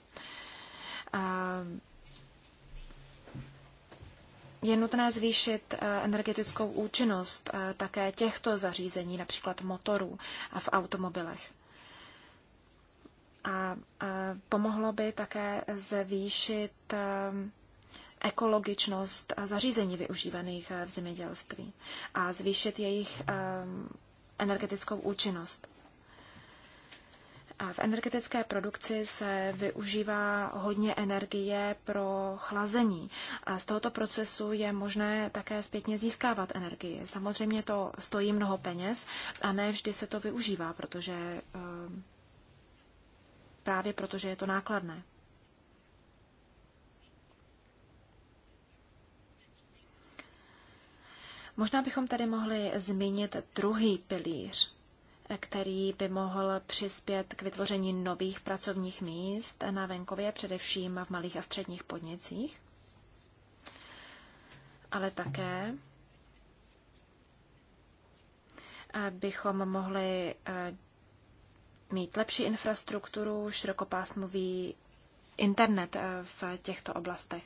Je nutné zvýšit eh, energetickou účinnost eh, také těchto zařízení, například motorů v automobilech. A pomohlo by také zvýšit eh, ekologičnost zařízení využívaných eh, v zemědělství a zvýšit jejich eh, energetickou účinnost. A v energetické produkci se využívá hodně energie pro chlazení. A z tohoto procesu je možné také zpětně získávat energii. Samozřejmě to stojí mnoho peněz a ne vždy se to využívá, protože právě proto, že je to nákladné. Možná bychom tady mohli zmínit druhý pilíř, který by mohl přispět k vytvoření nových pracovních míst na venkově, především v malých a středních podnicích, ale také bychom mohli eh, mít lepší infrastrukturu, širokopásmový internet eh, v těchto oblastech.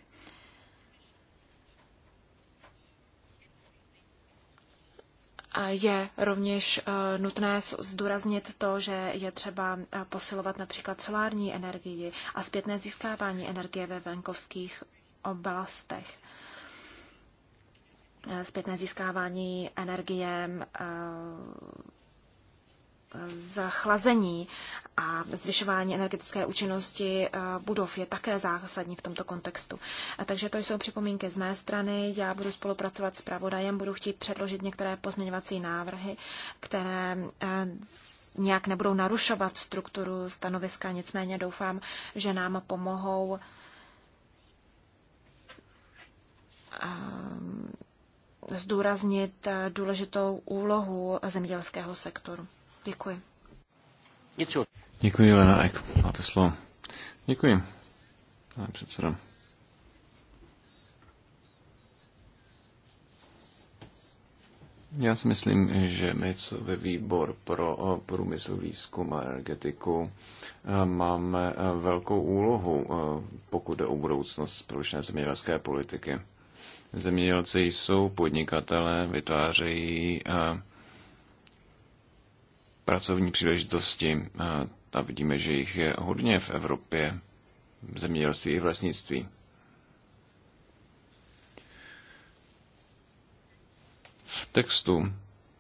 Je rovněž eh, nutné zdůraznit to, že je třeba eh, posilovat například solární energii a zpětné získávání energie ve venkovských oblastech. Zpětné získávání energie zachlazení a zvyšování energetické účinnosti eh, budov je také zásadní v tomto kontextu. A takže to jsou připomínky z mé strany. Já budu spolupracovat s pravodajem, budu chtít předložit některé pozměňovací návrhy, které eh, nějak nebudou narušovat strukturu stanoviska, nicméně doufám, že nám pomohou ehm, zdůraznit eh, důležitou úlohu zemědělského sektoru. Děkuji. Děkuji, Lena Ek. Máte slovo. Děkuji, pane předsedo. Já si myslím, že my, co ve výbor pro průmysl, výzkum a energetiku, eh, máme eh, velkou úlohu, eh, pokud jde o budoucnost společné zemědělské politiky. Zemědělci jsou podnikatelé, vytvářejí pracovní příležitosti eh, a vidíme, že jich je hodně v Evropě v zemědělství i v lesnictví. V textu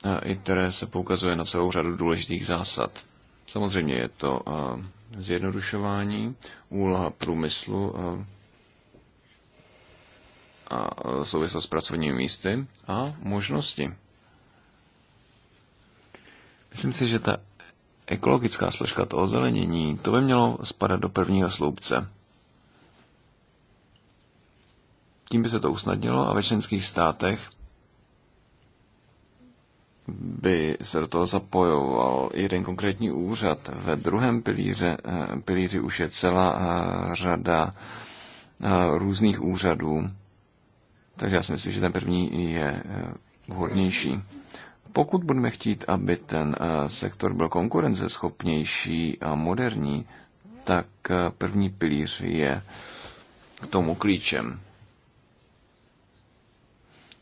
eh, i které se poukazuje na celou řadu důležitých zásad. Samozřejmě je to eh, zjednodušování, úloha průmyslu a souvislost s pracovními místy a možnosti. Myslím si, že ta ekologická složka, toho zelenění to by mělo spadat do prvního sloupce. Tím by se to usnadnilo a ve členských státech by se do toho zapojoval jeden konkrétní úřad. Ve druhém pilíře, eh, pilíři už je celá eh, řada eh, různých úřadů, takže já si myslím, že ten první je vhodnější. Pokud budeme chtít, aby ten eh, sektor byl konkurenceschopnější a moderní, tak eh, první pilíř je k tomu klíčem.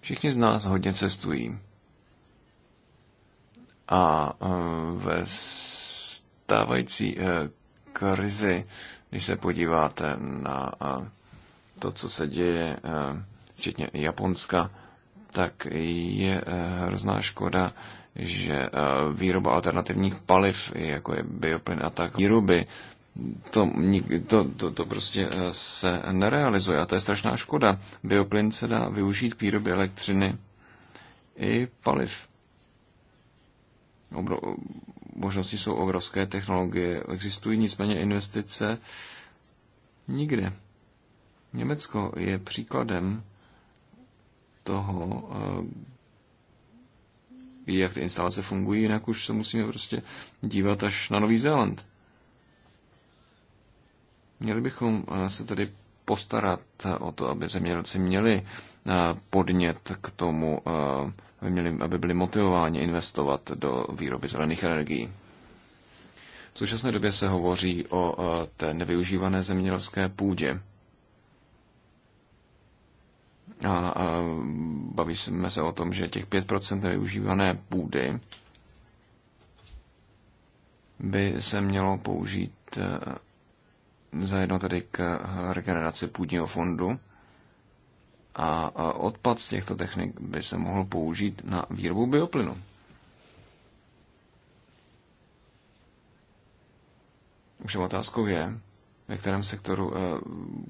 Všichni z nás hodně cestují. A eh, ve stávající krizi, když se podíváte na to, co se děje, včetně Japonska, tak je eh, hrozná škoda, že eh, výroba alternativních paliv, jako je bioplyn a tak, výroby, to, to, to, to prostě eh, se nerealizuje a to je strašná škoda. Bioplyn se dá využít k výrobě elektřiny i paliv. Obro, možnosti jsou obrovské, technologie existují, nicméně investice nikde. Německo je příkladem toho, eh, jak ty instalace fungují, jinak už se musíme prostě dívat až na Nový Zéland. Měli bychom eh, se tedy postarat eh, o to, aby zemědělci měli podnět k tomu, aby, měli, aby byli motivováni investovat do výroby zelených energií. V současné době se hovoří o té nevyužívané zemědělské půdě. A, a bavíme se o tom, že těch 5% nevyužívané půdy by se mělo použít e, zajedno tedy k regeneraci půdního fondu a odpad z těchto technik by se mohl použít na výrobu bioplynu. Už otázkou je, ve kterém sektoru, eh,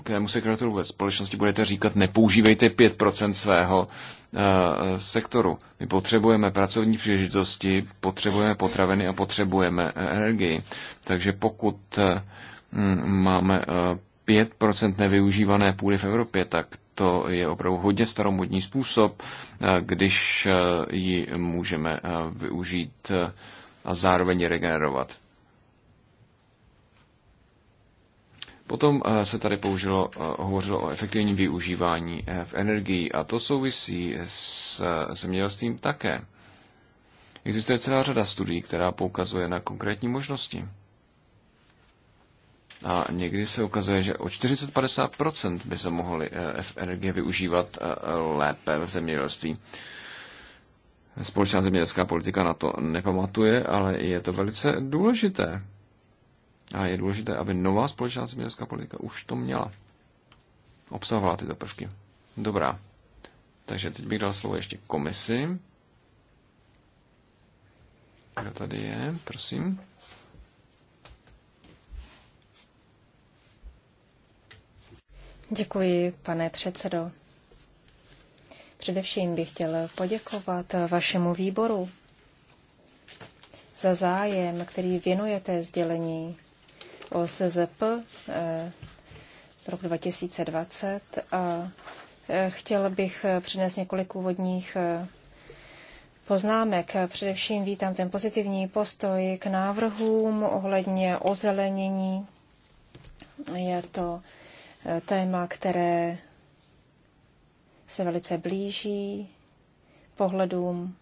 kterému sektoru ve společnosti budete říkat, nepoužívejte 5% svého eh, sektoru. My potřebujeme pracovní příležitosti, potřebujeme potraviny a potřebujeme eh, energii. Takže pokud hm, máme 5% nevyužívané půdy v Evropě, tak to je opravdu hodně staromodní způsob, když ji můžeme využít a zároveň regenerovat. Potom eh, se tady použilo, eh, hovořilo o efektivním využívání eh, v energii a to souvisí s zemědělstvím také. Existuje celá řada studií, která poukazuje na konkrétní možnosti. A někdy se ukazuje, že o 40-50% by se mohly energie využívat lépe v zemědělství. Společná zemědělská politika na to nepamatuje, ale je to velice důležité. A je důležité, aby nová společná zemědělská politika už to měla. Obsahovala tyto prvky. Dobrá. Takže teď bych dal slovo ještě komisi. Kdo tady je, prosím? Děkuji, pane předsedo. Především bych chtěl poděkovat vašemu výboru za zájem, který věnujete sdělení OSZP SZP eh, z roku 2020 a eh, chtěl bych eh, přinést několik úvodních poznámek. Především vítám ten pozitivní postoj k návrhům ohledně ozelenění. Je to téma, které se velice blíží pohledům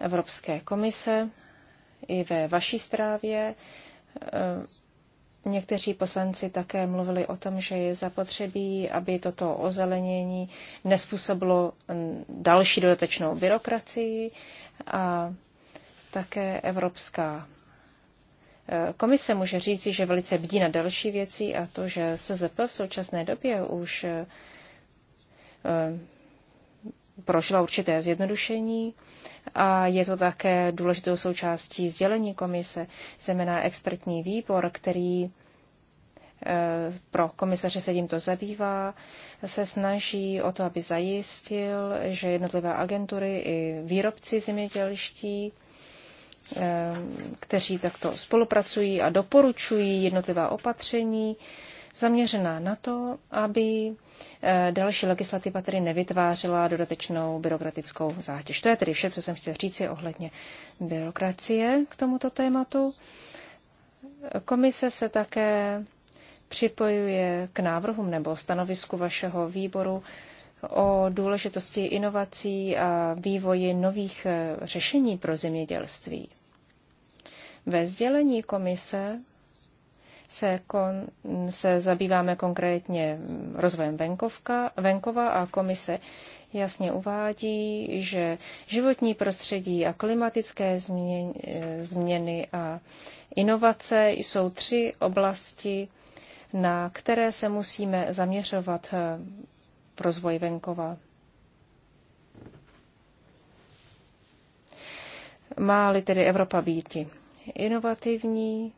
Evropské komise i ve vaší zprávě Někteří poslanci také mluvili o tom, že je zapotřebí, aby toto ozelenění nespůsobilo další dodatečnou byrokracii a také Evropská e, komise může říci, že velice bdí na další věci a to, že SZP v současné době už e, prošla určité zjednodušení a je to také důležitou součástí sdělení komise, zejména expertní výbor, který eh, pro komisaře se tímto zabývá, se snaží o to, aby zajistil, že jednotlivé agentury i výrobci zemědělští, eh, kteří takto spolupracují a doporučují jednotlivá opatření, zaměřená na to, aby eh, další legislativa tedy nevytvářela dodatečnou byrokratickou zátěž. To je tedy vše, co jsem chtěl říct je ohledně byrokracie k tomuto tématu. Komise se také připojuje k návrhům nebo stanovisku vašeho výboru o důležitosti inovací a vývoji nových eh, řešení pro zemědělství. Ve sdělení komise se, kon, se zabýváme konkrétně rozvojem venkovka, venkova a komise jasně uvádí, že životní prostředí a klimatické změny, eh, změny a inovace jsou tři oblasti, na které se musíme zaměřovat eh, v rozvoji venkova. Má-li tedy Evropa býti inovativní,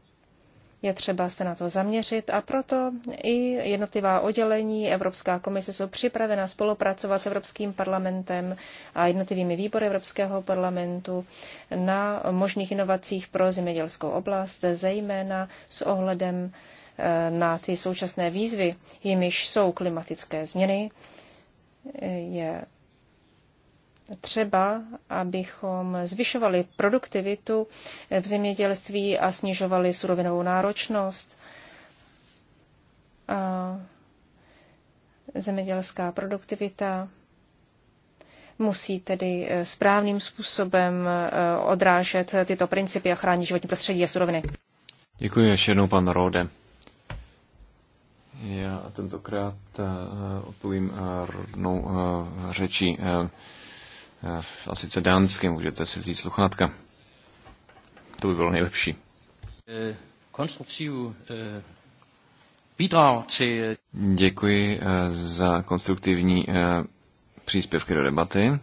je třeba se na to zaměřit a proto i jednotlivá oddělení Evropská komise jsou připravena spolupracovat s Evropským parlamentem a jednotlivými výbory Evropského parlamentu na možných inovacích pro zemědělskou oblast, zejména s ohledem eh, na ty současné výzvy, jimiž jsou klimatické změny, je třeba, abychom zvyšovali produktivitu v zemědělství a snižovali surovinovou náročnost. A zemědělská produktivita musí tedy eh, správným způsobem eh, odrážet tyto principy a chránit životní prostředí a suroviny. Děkuji ještě jednou, pan Rode. Já tentokrát eh, odpovím rovnou řeči a sice dánsky, můžete si vzít sluchátka. To by bylo nejlepší. Eh, eh, Děkuji eh, za konstruktivní příspěvky do debaty.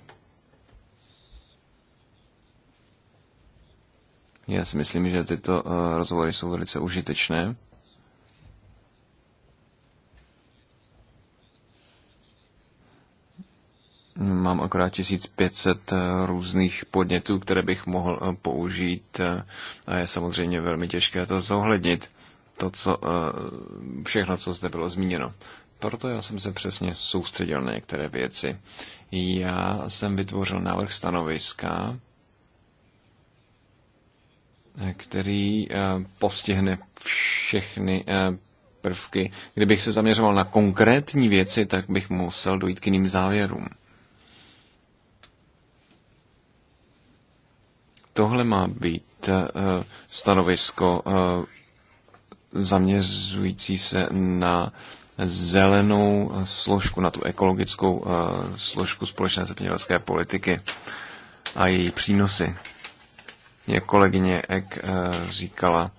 Já si myslím, že tyto rozhovory jsou velice užitečné. Mám akorát 1500 eh, různých podnětů, které bych mohl eh, použít eh, a je samozřejmě velmi těžké to zohlednit, to, co, všechno, co zde bylo zmíněno. Proto já jsem se přesně soustředil na některé věci. Já jsem vytvořil návrh stanoviska, který postihne všechny prvky. Kdybych se zaměřoval na konkrétní věci, tak bych musel dojít k jiným závěrům. Tohle má být eh, stanovisko eh, zaměřující se na zelenou složku, na tu ekologickou eh, složku společné zemědělské politiky a její přínosy. Jak kolegyně Ek říkala,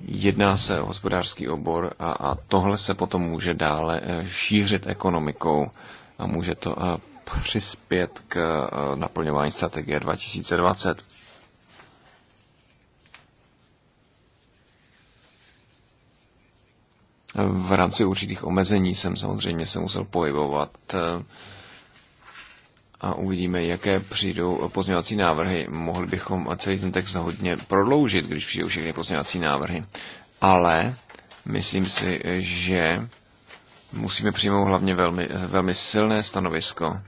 jedná se o hospodářský obor a, a tohle se potom může dále šířit ekonomikou a může to přispět k eh, naplňování strategie 2020. V rámci určitých omezení jsem samozřejmě se musel pohybovat eh, a uvidíme, jaké přijdou pozměňovací návrhy. Mohli bychom celý ten text hodně prodloužit, když přijdou všechny pozměňovací návrhy. Ale myslím si, že musíme přijmout hlavně velmi, eh, velmi silné stanovisko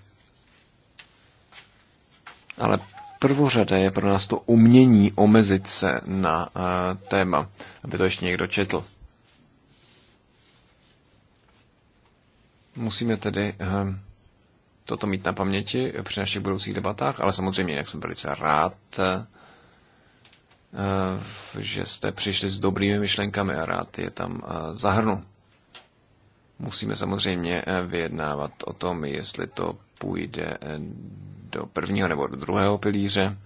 ale prvořadé je pro nás to umění omezit se na eh, téma, aby to ještě někdo četl. Musíme tedy eh, toto mít na paměti při našich budoucích debatách, ale samozřejmě jinak jsem velice rád, eh, že jste přišli s dobrými myšlenkami a rád je tam zahrnu. Musíme samozřejmě vyjednávat o tom, jestli to půjde do prvního nebo do druhého pilíře.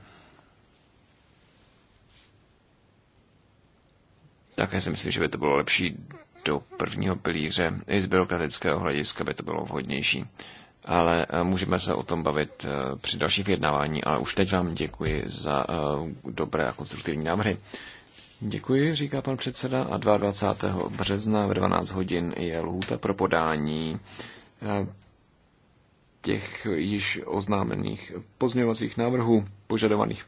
Také si myslím, že by to bylo lepší do prvního pilíře. I z byrokratického hlediska by to bylo vhodnější. Ale eh, můžeme se o tom bavit eh, při dalších vyjednávání, ale už teď vám děkuji za eh, dobré a konstruktivní návrhy. Děkuji, říká pan předseda. A 22. března v 12 hodin je lhůta pro podání těch již oznámených pozměňovacích návrhů požadovaných.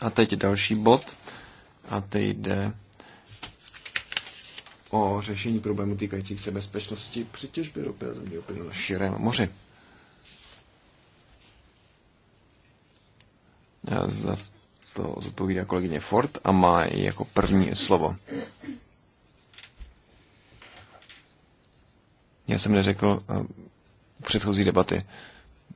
A teď další bod. A teď jde o řešení problémů týkajících se bezpečnosti při těžbě ropy a zemního plynu na širém moři. Za to zodpovídá kolegyně Ford a má jako první slovo. Já jsem neřekl, eh, předchozí debaty.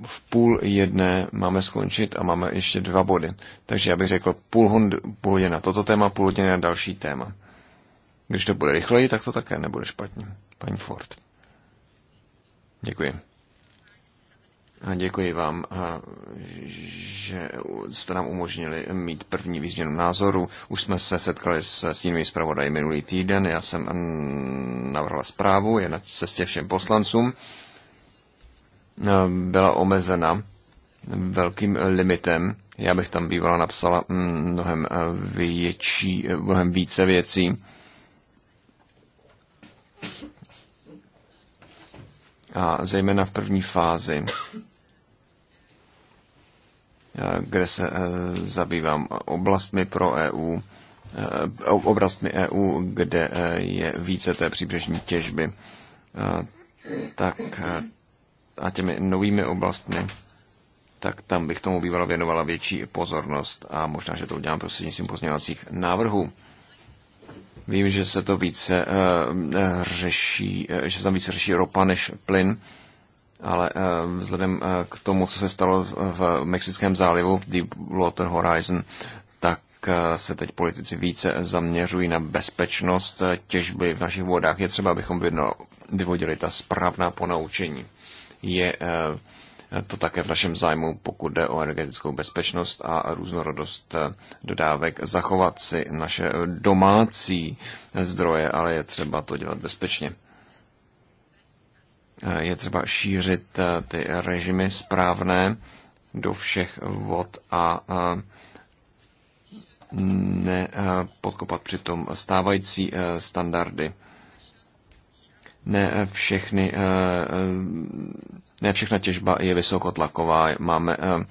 V půl jedné máme skončit a máme ještě dva body. Takže já bych řekl půl, hodiny na toto téma, půl hodiny na další téma. Když to bude rychleji, tak to také nebude špatně. Paní Ford. Děkuji. A děkuji vám, že jste nám umožnili mít první výzměnu názoru. Už jsme se setkali s stínovými zpravodaji minulý týden. Já jsem navrhla zprávu, je na cestě všem poslancům. Eh, byla omezena velkým limitem. Já bych tam bývala napsala mm, mnohem, eh, větší, eh, mnohem více věcí. A zejména v první fázi, kde se zabývám oblastmi pro EU, oblastmi EU, kde je více té příbřežní těžby, tak a těmi novými oblastmi, tak tam bych tomu bývala věnovala větší pozornost a možná, že to udělám prostřednictvím pozměňovacích návrhů. Vím, že se to více uh, řeší, eh, že se tam více řeší ropa než plyn, ale uh, vzhledem k tomu, co se stalo v Mexickém zálivu, Deepwater Horizon, tak se teď politici více zaměřují na bezpečnost těžby v našich vodách. Je třeba, abychom vyvodili ta správná ponaučení je eh, to také v našem zájmu, pokud jde o energetickou bezpečnost a různorodost eh, dodávek, zachovat si naše domácí zdroje, ale je třeba to dělat bezpečně. Eh, je třeba šířit ty režimy správné do všech vod a nepodkopat přitom stávající standardy ne všechny, eh, eh, ne všechna těžba je vysokotlaková. Máme eh,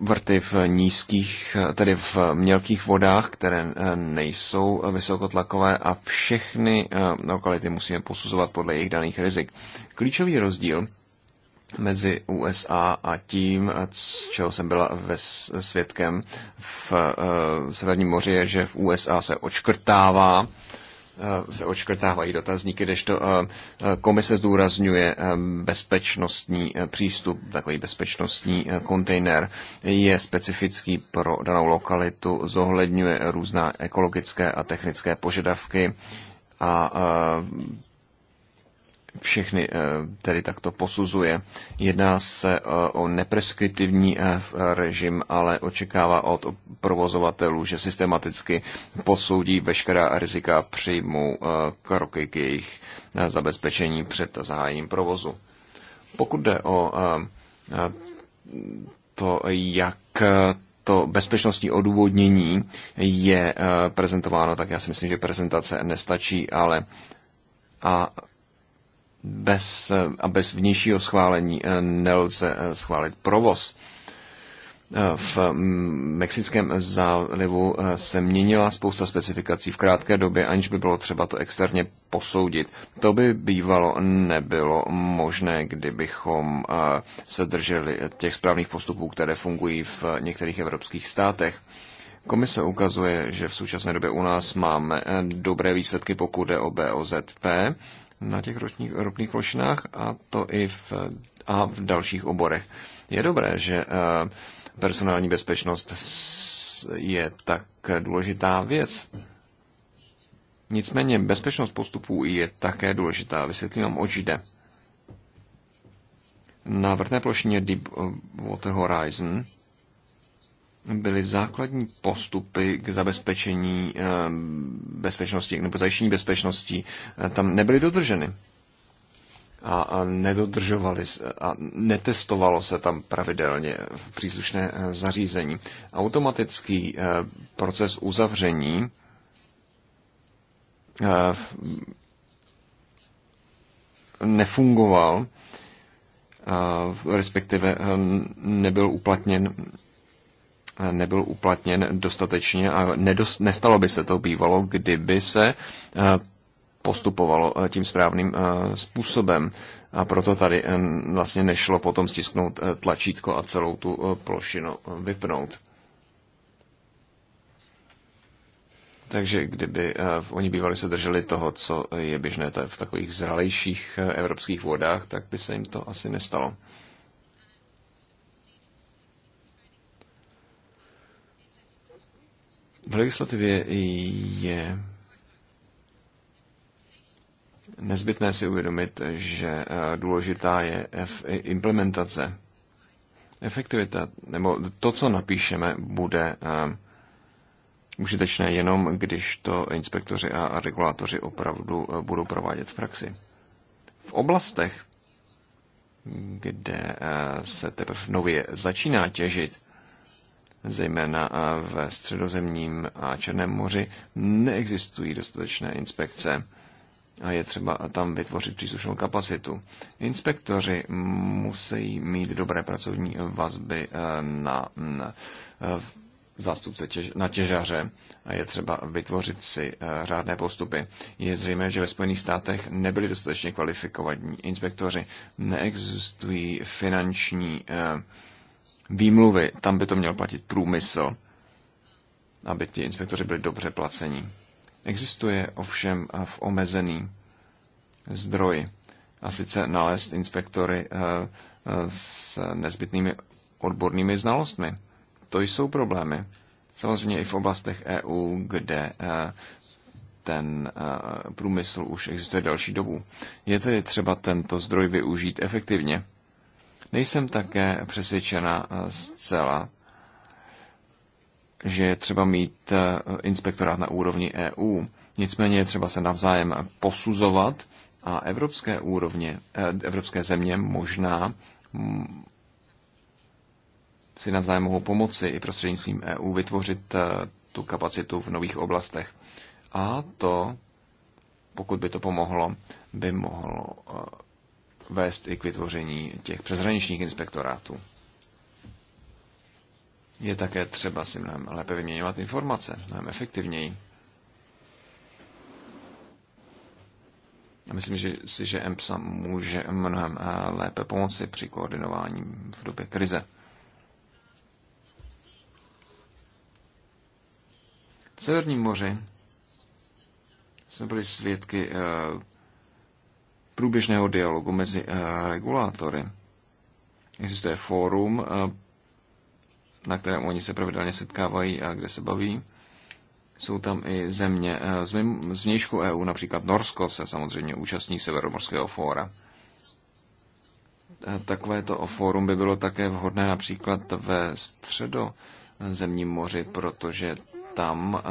vrty v nízkých, tedy v mělkých vodách, které nejsou vysokotlakové a všechny lokality musíme posuzovat podle jejich daných rizik. Klíčový rozdíl mezi USA a tím, z čeho jsem byla ve svědkem v Severním moři, je, že v USA se očkrtává Eh, se očkrtávají dotazníky, kdežto eh, eh, komise zdůrazňuje bezpečnostní přístup, takový bezpečnostní kontejner je specifický pro danou lokalitu, zohledňuje různá ekologické a technické požadavky a všechny eh, tedy takto posuzuje. Jedná se eh, o nepreskriptivní eh, režim, ale očekává od provozovatelů, že systematicky posoudí veškerá rizika, přijmou kroky k jejich zabezpečení před zahájením provozu. Pokud jde o to, jak to bezpečnostní odůvodnění je prezentováno, tak já si myslím, že prezentace nestačí, ale a bez, eh, a bez vnějšího schválení eh, nelze eh, schválit provoz. V mm, Mexickém zálivu se měnila spousta specifikací v krátké době, aniž by bylo třeba to externě posoudit. To by bývalo nebylo možné, kdybychom se drželi těch správných postupů, které fungují v některých evropských státech. Komise ukazuje, že v současné době u nás máme dobré výsledky, pokud jde o BOZP na těch ročních ropných plošinách a to i v, a v dalších oborech. Je dobré, že eh, personální bezpečnost je tak důležitá věc. Nicméně bezpečnost postupů je také důležitá. Vysvětlím vám, oč jde. Na vrtné plošině Deep Water Horizon byly základní postupy k zabezpečení eh, bezpečnosti nebo zajištění bezpečnosti, eh, tam nebyly dodrženy. A, a nedodržovali a netestovalo se tam pravidelně v příslušné eh, zařízení. Automatický proces uzavření nefungoval, respektive nebyl uplatněn nebyl uplatněn dostatečně a nedost, nestalo by se to bývalo, kdyby se eh, postupovalo eh, tím správným eh, způsobem. A proto tady vlastně nešlo potom stisknout tlačítko a celou tu plošinu vypnout. Takže kdyby oni bývali se drželi toho, co je běžné v takových zralejších evropských vodách, tak by se jim to asi nestalo. V legislativě je nezbytné si uvědomit, že eh, důležitá je implementace. Efektivita, nebo to, co napíšeme, bude eh, užitečné jenom, když to inspektoři a regulátoři opravdu eh, budou provádět v praxi. V oblastech, kde se teprve nově začíná těžit, zejména ve středozemním a Černém moři, neexistují dostatečné inspekce a je třeba tam vytvořit příslušnou kapacitu. Inspektoři musí mít dobré pracovní vazby eh, na, na zástupce těž, na těžaře a je třeba vytvořit si eh, řádné postupy. Je zřejmé, že ve Spojených státech nebyli dostatečně kvalifikovaní inspektoři, neexistují finanční uh, výmluvy. Tam by to měl platit průmysl, aby ti inspektoři byli dobře placení. Existuje ovšem v omezený zdroj, a sice nalézt inspektory eh, eh, s nezbytnými odbornými znalostmi. To jsou problémy. Samozřejmě i v oblastech EU, kde eh, ten průmysl už existuje další dobu. Je tedy třeba tento zdroj využít efektivně. Nejsem také přesvědčena eh, zcela, že je třeba mít eh, inspektorát na úrovni EU. Nicméně je třeba se navzájem posuzovat a evropské úrovně, eh, evropské země možná mm, si navzájem mohou pomoci i prostřednictvím EU vytvořit tu kapacitu v nových oblastech. A to, pokud by to pomohlo, by mohlo vést i k vytvoření těch přeshraničních inspektorátů. Je také třeba si mnohem lépe vyměňovat informace, mnohem efektivněji. A myslím že si, že EMPSA může mnohem eh, lépe pomoci při koordinování v době krize. V Severním moři jsme byli svědky eh, průběžného dialogu mezi eh, regulátory. Existuje fórum, eh, na kterém oni se pravidelně setkávají a kde se baví. Jsou tam i země eh, z vnějšku EU, například Norsko se samozřejmě účastní Severomorského fóra. Takovéto fórum by bylo také vhodné například ve středozemním moři, protože tam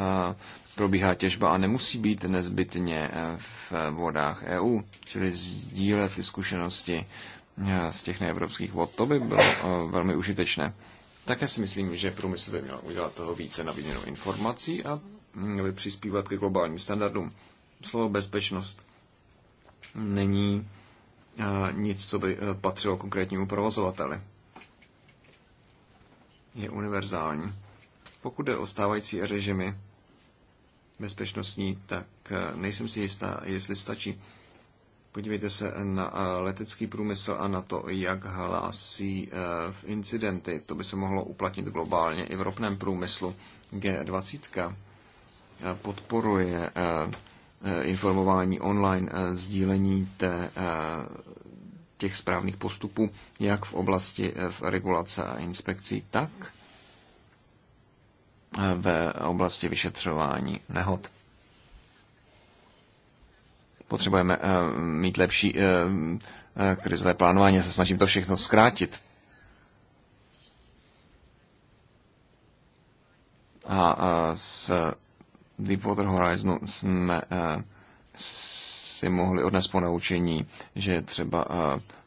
probíhá těžba a nemusí být nezbytně eh, v vodách EU, čili sdílet ty zkušenosti eh, z těch neevropských vod. To by bylo eh, velmi užitečné. Také si myslím, že průmysl by měl udělat toho více na výměnu informací a měl přispívat ke globálním standardům. Slovo bezpečnost není nic, co by patřilo konkrétnímu provozovateli. Je univerzální. Pokud jde o stávající režimy, bezpečnostní, tak eh, nejsem si jistá, jestli stačí. Podívejte se na eh, letecký průmysl a na to, jak hlásí eh, v incidenty. To by se mohlo uplatnit globálně i v ropném průmyslu. G20 podporuje informování online, sdílení té, těch správných postupů, jak v oblasti v regulace a inspekcí, tak v oblasti vyšetřování nehod. Potřebujeme eh, mít lepší eh, eh, krizové plánování, se snažím to všechno zkrátit. A z Deepwater Horizonu jsme si mohli odnes po naučení, že je třeba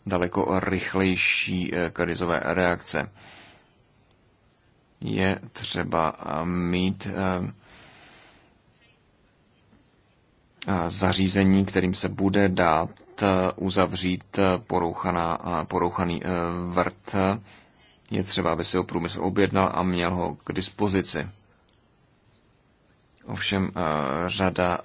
daleko rychlejší krizové reakce je třeba eh, mít eh, eh, zařízení, kterým se bude dát uzavřít porouchaná, porouchaný vrt. Je třeba, aby si ho průmysl objednal a měl ho k dispozici. Ovšem řada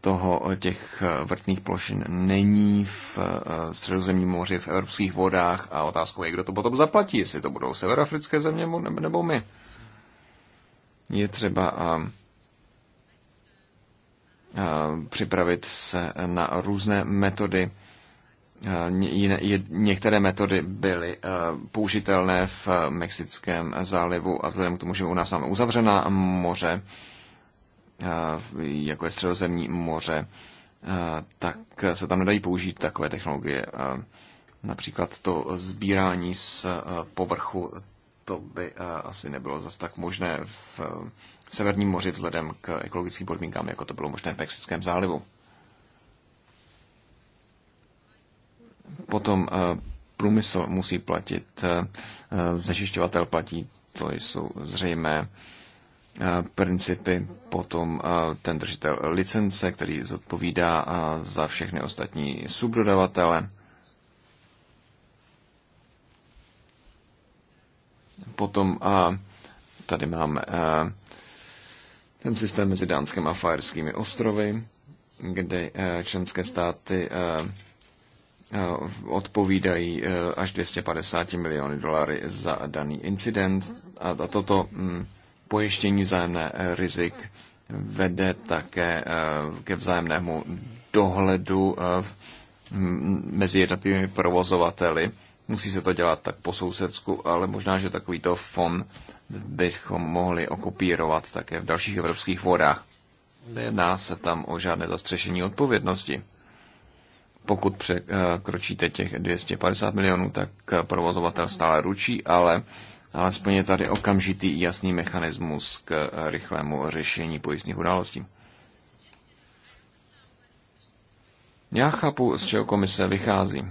toho eh, těch eh, vrtných plošin není v eh, středozemním moři, v evropských vodách a otázkou je, kdo to potom zaplatí, jestli to budou severoafrické země nebo my. Je třeba ehm, ehm, připravit se na různé metody. Ehm, některé metody byly použitelné v Mexickém zálivu a vzhledem k tomu, že u nás máme uzavřená moře, jako je středozemní moře, tak se tam nedají použít takové technologie. Například to sbírání z povrchu, to by asi nebylo zas tak možné v Severním moři vzhledem k ekologickým podmínkám, jako to bylo možné v Mexickém zálivu. Potom průmysl musí platit, znečišťovatel platí, to jsou zřejmé principy, potom ten držitel licence, který zodpovídá za všechny ostatní subdodavatele, potom tady máme ten systém mezi Dánskem a Fajerskými ostrovy, kde členské státy odpovídají až 250 miliony dolary za daný incident. A toto mm, pojištění vzájemné eh, rizik vede také eh, ke vzájemnému dohledu eh, mezi jednotlivými provozovateli. Musí se to dělat tak po sousedsku, ale možná, že takovýto fond bychom mohli okopírovat také v dalších evropských vodách. Nejedná se tam o žádné zastřešení odpovědnosti. Pokud překročíte těch 250 milionů, tak provozovatel stále ručí, ale alespoň je tady okamžitý jasný mechanismus k eh, rychlému řešení pojistných událostí. Já chápu, z čeho komise vychází.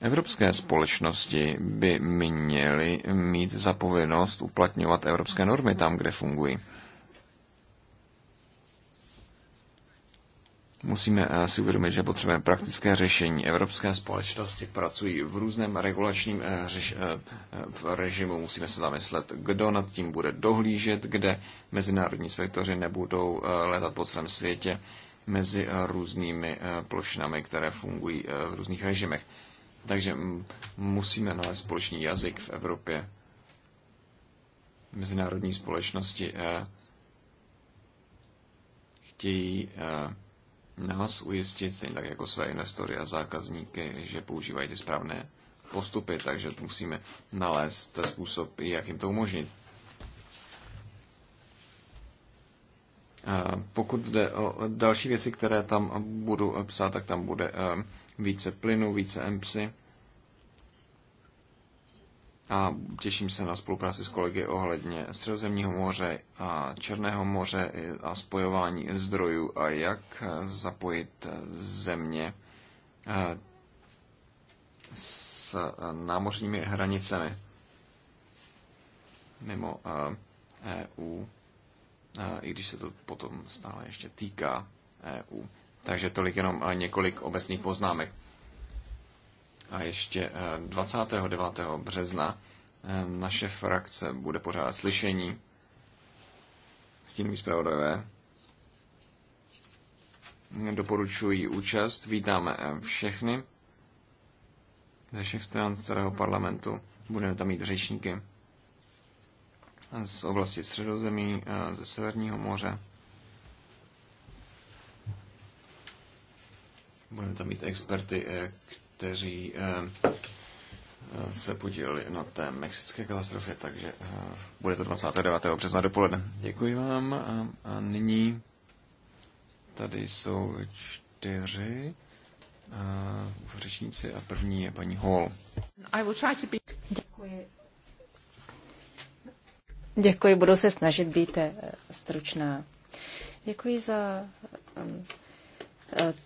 Evropské společnosti by měly mít zapovinnost uplatňovat evropské normy tam, kde fungují. Musíme eh, si uvědomit, že potřebujeme praktické řešení. Evropské společnosti pracují v různém regulačním eh, řeš, eh, v režimu. Musíme se zamyslet, kdo nad tím bude dohlížet, kde mezinárodní spektoři nebudou letat po celém světě mezi různými plošinami, které fungují v různých režimech. Takže musíme nalézt společný jazyk v Evropě. Mezinárodní společnosti chtějí nás ujistit, stejně tak jako své investory a zákazníky, že používají ty správné postupy, takže musíme nalézt způsob, jak jim to umožnit. Pokud jde o další věci, které tam budu psát, tak tam bude eh, více plynu, více mpsy a těším se na spolupráci s kolegy ohledně Středozemního moře a Černého moře a spojování zdrojů a jak zapojit země eh, s námořními hranicemi mimo EU, eh, e eh, i když se to potom stále ještě týká EU. Takže tolik jenom několik obecných poznámek. A ještě 29. Eh, března eh, naše frakce bude pořádat slyšení tím zpravodajové. Doporučuji účast. Vítáme eh, všechny ze všech stran celého parlamentu. Budeme tam mít řečníky z oblasti Středozemí, ze Severního moře. Budeme tam mít experty, kteří eh, se podíleli na té mexické katastrofě, takže eh, bude to 29. března dopoledne. Děkuji vám a nyní tady jsou čtyři eh, řečníci a první je paní Hall. I will try to be... Děkuji. Děkuji, budu se snažit být stručná. Děkuji za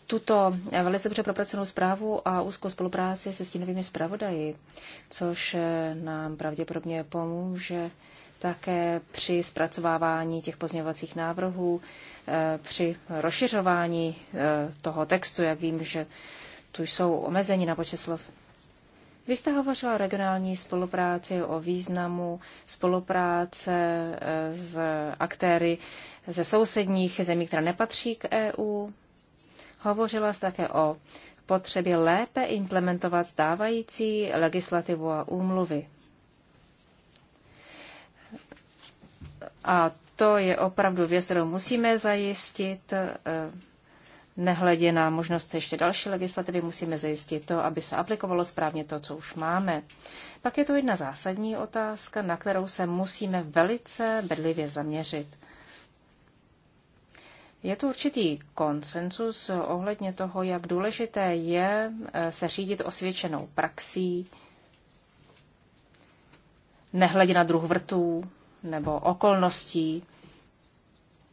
tuto velice dobře propracovanou zprávu a úzkou spolupráci se stínovými zpravodaji, což nám pravděpodobně pomůže také při zpracovávání těch pozměňovacích návrhů, eh, při rozšiřování eh, toho textu, jak vím, že tu jsou omezení na počet slov. Vy jste hovořila o regionální spolupráci, o významu spolupráce eh, s aktéry ze sousedních zemí, které nepatří k EU, Hovořila se také o potřebě lépe implementovat stávající legislativu a úmluvy. A to je opravdu věc, kterou musíme zajistit. Eh, nehledě na možnost ještě další legislativy, musíme zajistit to, aby se aplikovalo správně to, co už máme. Pak je to jedna zásadní otázka, na kterou se musíme velice bedlivě zaměřit. Je tu určitý konsensus ohledně toho, jak důležité je eh, se řídit osvědčenou praxí, nehledě na druh vrtů nebo okolností.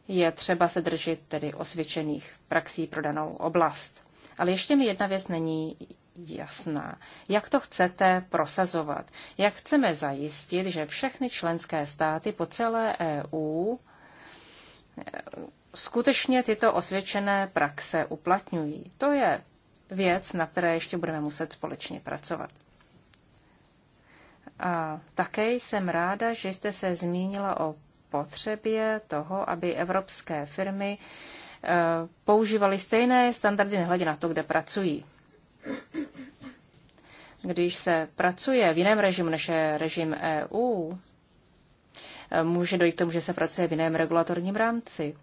Je třeba se držet tedy osvědčených praxí pro danou oblast. Ale ještě mi jedna věc není jasná. Jak to chcete prosazovat? Jak chceme zajistit, že všechny členské státy po celé EU skutečně tyto osvědčené praxe uplatňují. To je věc, na které ještě budeme muset společně pracovat. A také jsem ráda, že jste se zmínila o potřebě toho, aby evropské firmy e, používaly stejné standardy nehledě na to, kde pracují. Když se pracuje v jiném režimu než je režim EU, může dojít k tomu, že se pracuje v jiném regulatorním rámci.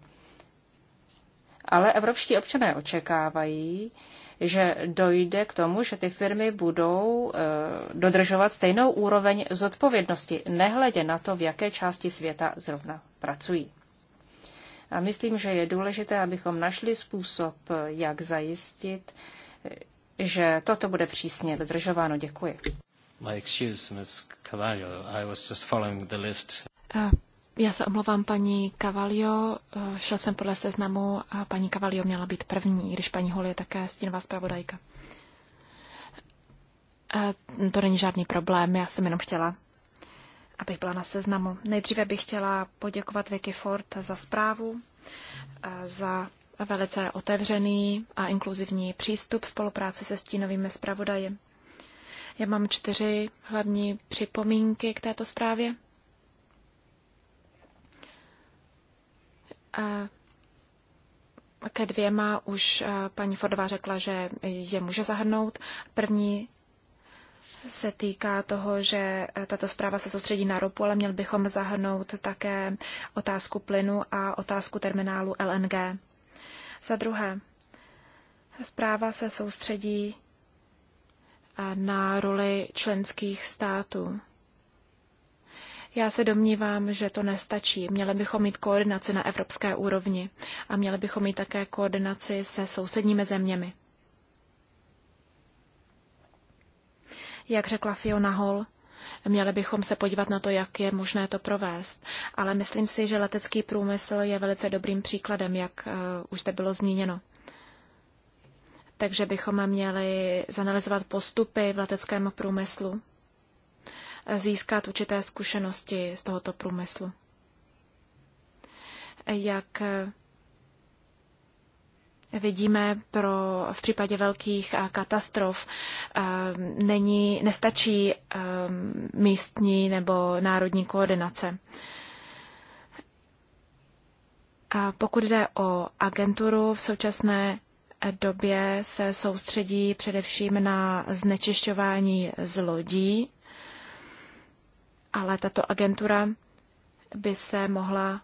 Ale evropští občané očekávají, že dojde k tomu, že ty firmy budou eh, dodržovat stejnou úroveň zodpovědnosti, nehledě na to, v jaké části světa zrovna pracují. A myslím, že je důležité, abychom našli způsob, jak zajistit, eh, že toto bude přísně dodržováno. Děkuji. My excuse, Ms. Cavallo. I was just following the list. Já se omlouvám paní Cavalio, e, šel jsem podle seznamu a paní Cavalio měla být první, když paní Hol je také stínová zpravodajka. E, to není žádný problém, já jsem jenom chtěla, abych byla na seznamu. Nejdříve bych chtěla poděkovat Vicky Ford za zprávu, e, za velice otevřený a inkluzivní přístup spolupráce se stínovými zpravodaji. Já mám čtyři hlavní připomínky k této zprávě. Ke dvěma už paní Fordová řekla, že je může zahrnout. První se týká toho, že tato zpráva se soustředí na ropu, ale měl bychom zahrnout také otázku plynu a otázku terminálu LNG. Za druhé, zpráva se soustředí na roli členských států. Já se domnívám, že to nestačí. Měli bychom mít koordinaci na evropské úrovni a měli bychom mít také koordinaci se sousedními zeměmi. Jak řekla Fiona Hall, Měli bychom se podívat na to, jak je možné to provést. Ale myslím si, že letecký průmysl je velice dobrým příkladem, jak eh, už zde bylo zmíněno. Takže bychom měli zanalizovat postupy v leteckém průmyslu získat určité zkušenosti z tohoto průmyslu. Jak vidíme pro, v případě velkých eh, katastrof eh, není, nestačí eh, místní nebo národní koordinace. A pokud jde o agenturu, v současné době se soustředí především na znečišťování z lodí ale tato agentura by se mohla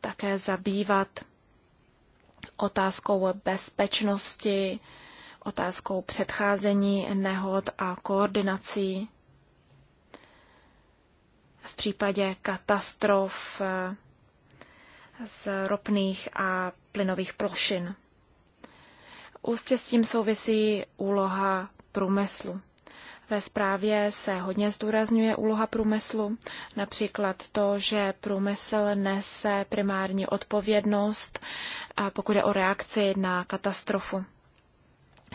také zabývat otázkou bezpečnosti, otázkou předcházení nehod a koordinací. V případě katastrof eh, z ropných a plynových plošin. Ústě s tím souvisí úloha průmyslu. Ve zprávě se hodně zdůrazňuje úloha průmyslu, například to, že průmysl nese primární odpovědnost, pokud je o reakci na katastrofu.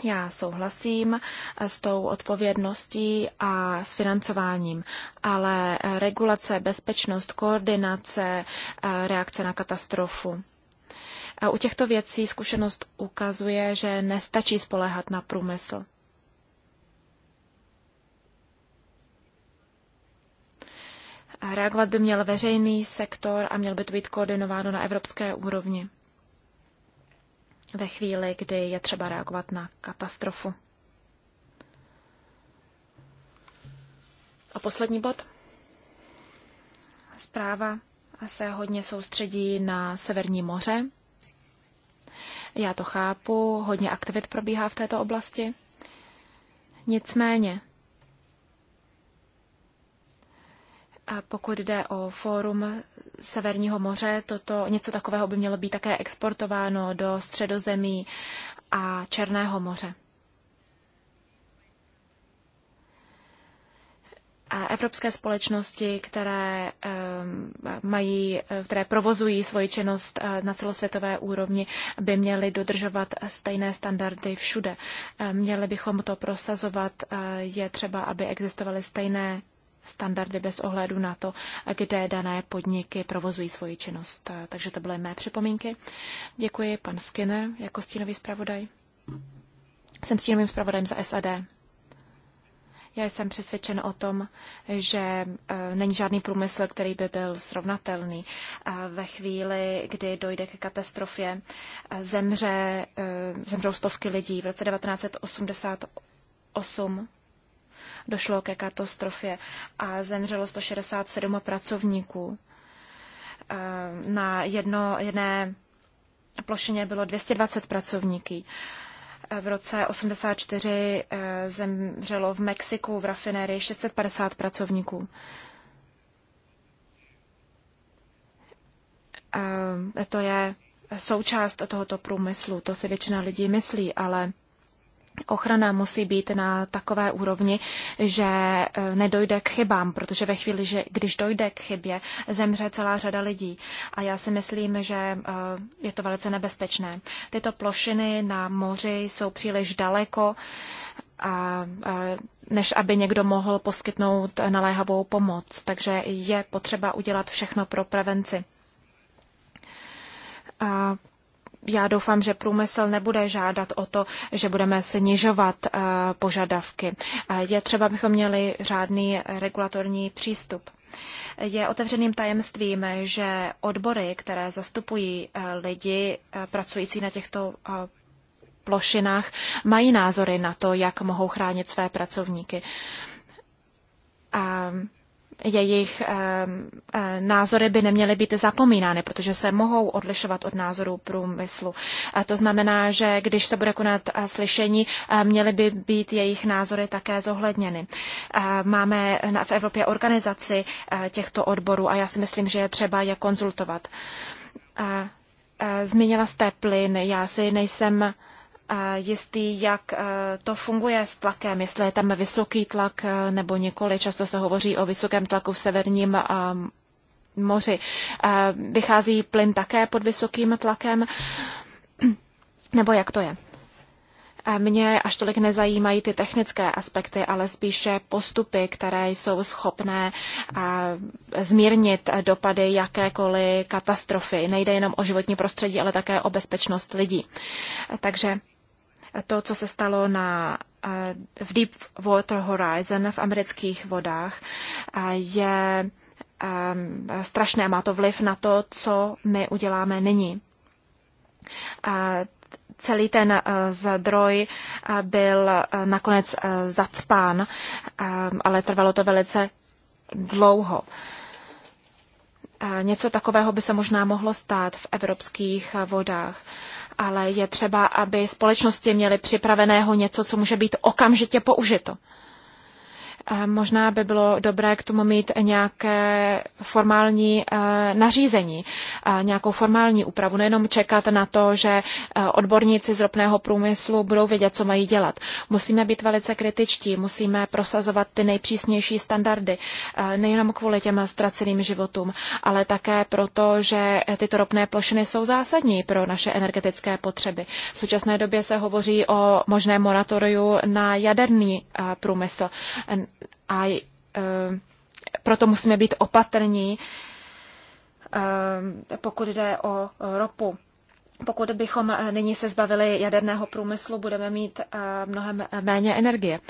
Já souhlasím s tou odpovědností a s financováním, ale regulace, bezpečnost, koordinace, reakce na katastrofu. A u těchto věcí zkušenost ukazuje, že nestačí spolehat na průmysl. Reagovat by měl veřejný sektor a měl by to být koordinováno na evropské úrovni ve chvíli, kdy je třeba reagovat na katastrofu. A poslední bod. Zpráva se hodně soustředí na Severní moře. Já to chápu, hodně aktivit probíhá v této oblasti. Nicméně, Pokud jde o fórum Severního moře, toto, něco takového by mělo být také exportováno do Středozemí a Černého moře. A evropské společnosti, které, mají, které provozují svoji činnost eh, na celosvětové úrovni, by měly dodržovat stejné standardy všude. Eh, měli bychom to prosazovat. Eh, je třeba, aby existovaly stejné standardy bez ohledu na to, kde dané podniky provozují svoji činnost. Takže to byly mé připomínky. Děkuji, pan Skinner, jako stínový zpravodaj. Jsem stínovým zpravodajem za SAD. Já jsem přesvědčen o tom, že e, není žádný průmysl, který by byl srovnatelný. Ve chvíli, kdy dojde ke katastrofě, e, zemře, e, zemřou stovky lidí. V roce 1988 došlo ke katastrofě a zemřelo 167 pracovníků. Eh, na jedno, jedné plošině bylo 220 pracovníků. Eh, v roce 84 eh, zemřelo v Mexiku v rafinérii 650 pracovníků. To je součást tohoto průmyslu, to si většina lidí myslí, ale Ochrana musí být na takové úrovni, že e, nedojde k chybám, protože ve chvíli, že když dojde k chybě, zemře celá řada lidí. A já si myslím, že e, je to velice nebezpečné. Tyto plošiny na moři jsou příliš daleko, a, než aby někdo mohl poskytnout naléhavou pomoc. Takže je potřeba udělat všechno pro prevenci. A já doufám, že průmysl nebude žádat o to, že budeme snižovat eh, požadavky. Je třeba, bychom měli řádný regulatorní přístup. Je otevřeným tajemstvím, že odbory, které zastupují eh, lidi eh, pracující na těchto plošinách, mají názory na to, jak mohou chránit své pracovníky. A jejich eh, eh, názory by neměly být zapomínány, protože se mohou odlišovat od názorů průmyslu. A to znamená, že když se bude konat eh, slyšení, měly by být jejich názory také zohledněny. Máme v Evropě organizaci těchto odborů a já si myslím, že je třeba je konzultovat. Zmínila jste plyn, já si nejsem jistý, jak e, to funguje s tlakem, jestli je tam vysoký tlak e, nebo nikoli. Často se hovoří o vysokém tlaku v severním moři. Vychází plyn také pod vysokým tlakem? Nebo jak to je? Mě až tolik nezajímají ty technické aspekty, ale spíše postupy, které jsou schopné zmírnit dopady jakékoliv katastrofy. Nejde jenom o životní prostředí, ale také o bezpečnost lidí. Takže to, co se stalo na, eh, v Deep Water Horizon v amerických vodách, eh, je eh, strašné. Má to vliv na to, co my uděláme nyní. Celý ten zdroj byl nakonec zacpán, ale trvalo to velice dlouho. Něco takového by se možná mohlo stát v evropských vodách ale je třeba, aby společnosti měly připraveného něco, co může být okamžitě použito. Možná by bylo dobré k tomu mít nějaké formální eh, nařízení, eh, nějakou formální úpravu, nejenom čekat na to, že eh, odborníci z ropného průmyslu budou vědět, co mají dělat. Musíme být velice kritičtí, musíme prosazovat ty nejpřísnější standardy, nejenom kvůli těm ztraceným životům, ale také proto, že tyto ropné plošiny jsou zásadní pro naše energetické potřeby. V současné době se hovoří o možné moratoriu na jaderný průmysl a e, proto musíme být opatrní, e, pokud jde o ropu. Pokud bychom e, nyní se zbavili jaderného průmyslu, budeme mít e, mnohem méně energie.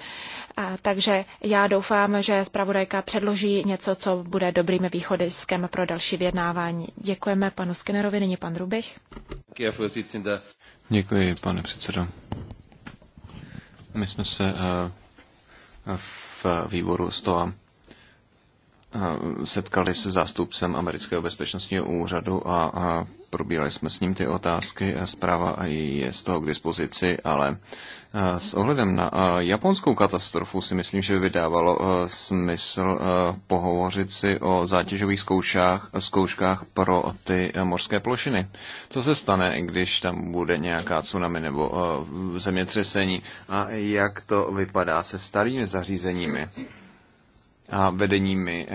E, takže já doufám, že zpravodajka předloží něco, co bude dobrým východiskem pro další vyjednávání. Děkujeme panu Skinnerovi, nyní pan Rubich. Děkuji, pane předsedo. My jsme se v v výboru STOA eh, setkali se zástupcem amerického bezpečnostního úřadu a probírali jsme s ním ty otázky. Eh, zpráva je z toho k dispozici, ale eh, s ohledem na eh, japonskou katastrofu si myslím, že by vydávalo smysl pohovořit si o zátěžových zkouškách, zkouškách pro ty mořské plošiny. Co se stane, když tam bude nějaká tsunami nebo zemětřesení a jak to vypadá se starými zařízeními? a vedeními,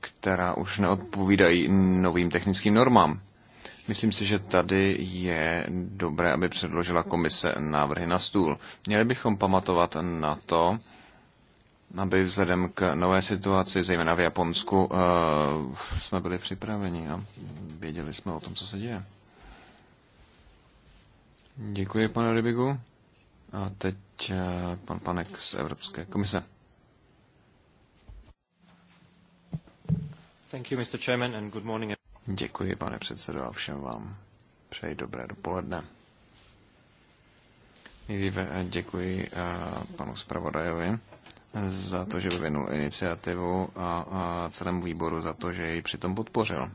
která už neodpovídají novým technickým normám. Myslím si, že tady je dobré, aby předložila komise návrhy na stůl. Měli bychom pamatovat na to, aby vzhledem k nové situaci, zejména v Japonsku, eh, jsme byli připraveni a věděli jsme o tom, co se děje. Děkuji, pane Rybigu. A teď eh, pan Panek z Evropské komise. Thank you, Mr. Chairman, and good morning. Děkuji, pane předsedo, a všem vám přeji dobré dopoledne. Nejdříve eh, děkuji eh, panu zpravodajovi za to, že vyvinul iniciativu a celému výboru za to, že ji přitom podpořil.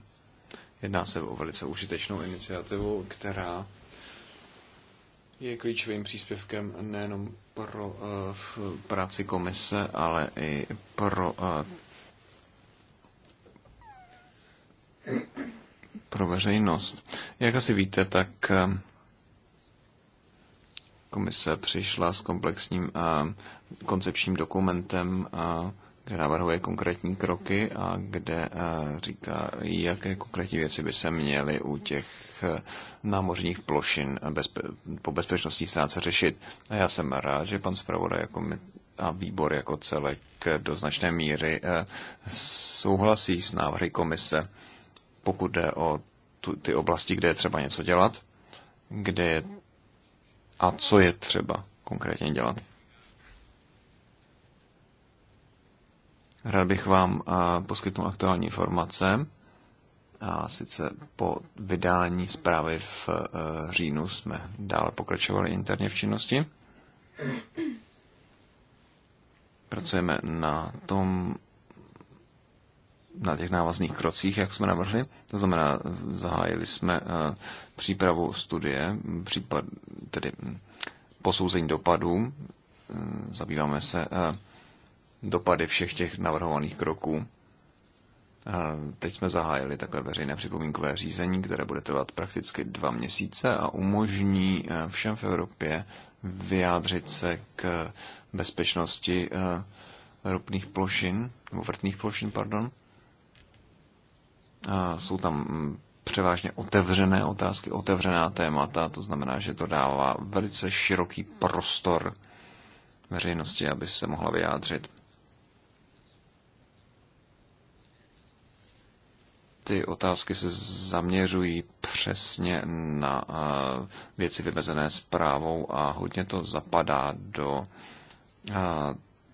Jedná se o velice užitečnou iniciativu, která je klíčovým příspěvkem nejenom pro eh, práci komise, ale i pro pro veřejnost. Jak asi víte, tak eh, komise přišla s komplexním eh, koncepčním dokumentem, eh, kde navrhuje konkrétní kroky a kde říká, jaké konkrétní věci by se měly u těch námořních plošin bezpe- po bezpečnostní stránce řešit. A já jsem rád, že pan zpravodaj jako my a výbor jako celek do značné míry souhlasí s návrhy komise pokud jde o tu, ty oblasti, kde je třeba něco dělat, kde je, a co je třeba konkrétně dělat. Rád bych vám eh, poskytnul aktuální informace. A sice po vydání zprávy v eh, říjnu jsme dále pokračovali interně v činnosti. Pracujeme na tom, na těch návazných krocích, jak jsme navrhli. To znamená, zahájili jsme eh, přípravu studie, případ, tedy posouzení dopadů. Eh, zabýváme se eh, dopady všech těch navrhovaných kroků. Teď jsme zahájili takové veřejné připomínkové řízení, které bude trvat prakticky dva měsíce a umožní všem v Evropě vyjádřit se k bezpečnosti ropných plošin, nebo vrtných plošin, pardon, a jsou tam mm, převážně otevřené otázky, otevřená témata, to znamená, že to dává velice široký prostor veřejnosti, aby se mohla vyjádřit. Ty otázky se zaměřují přesně na věci vymezené zprávou a hodně to zapadá do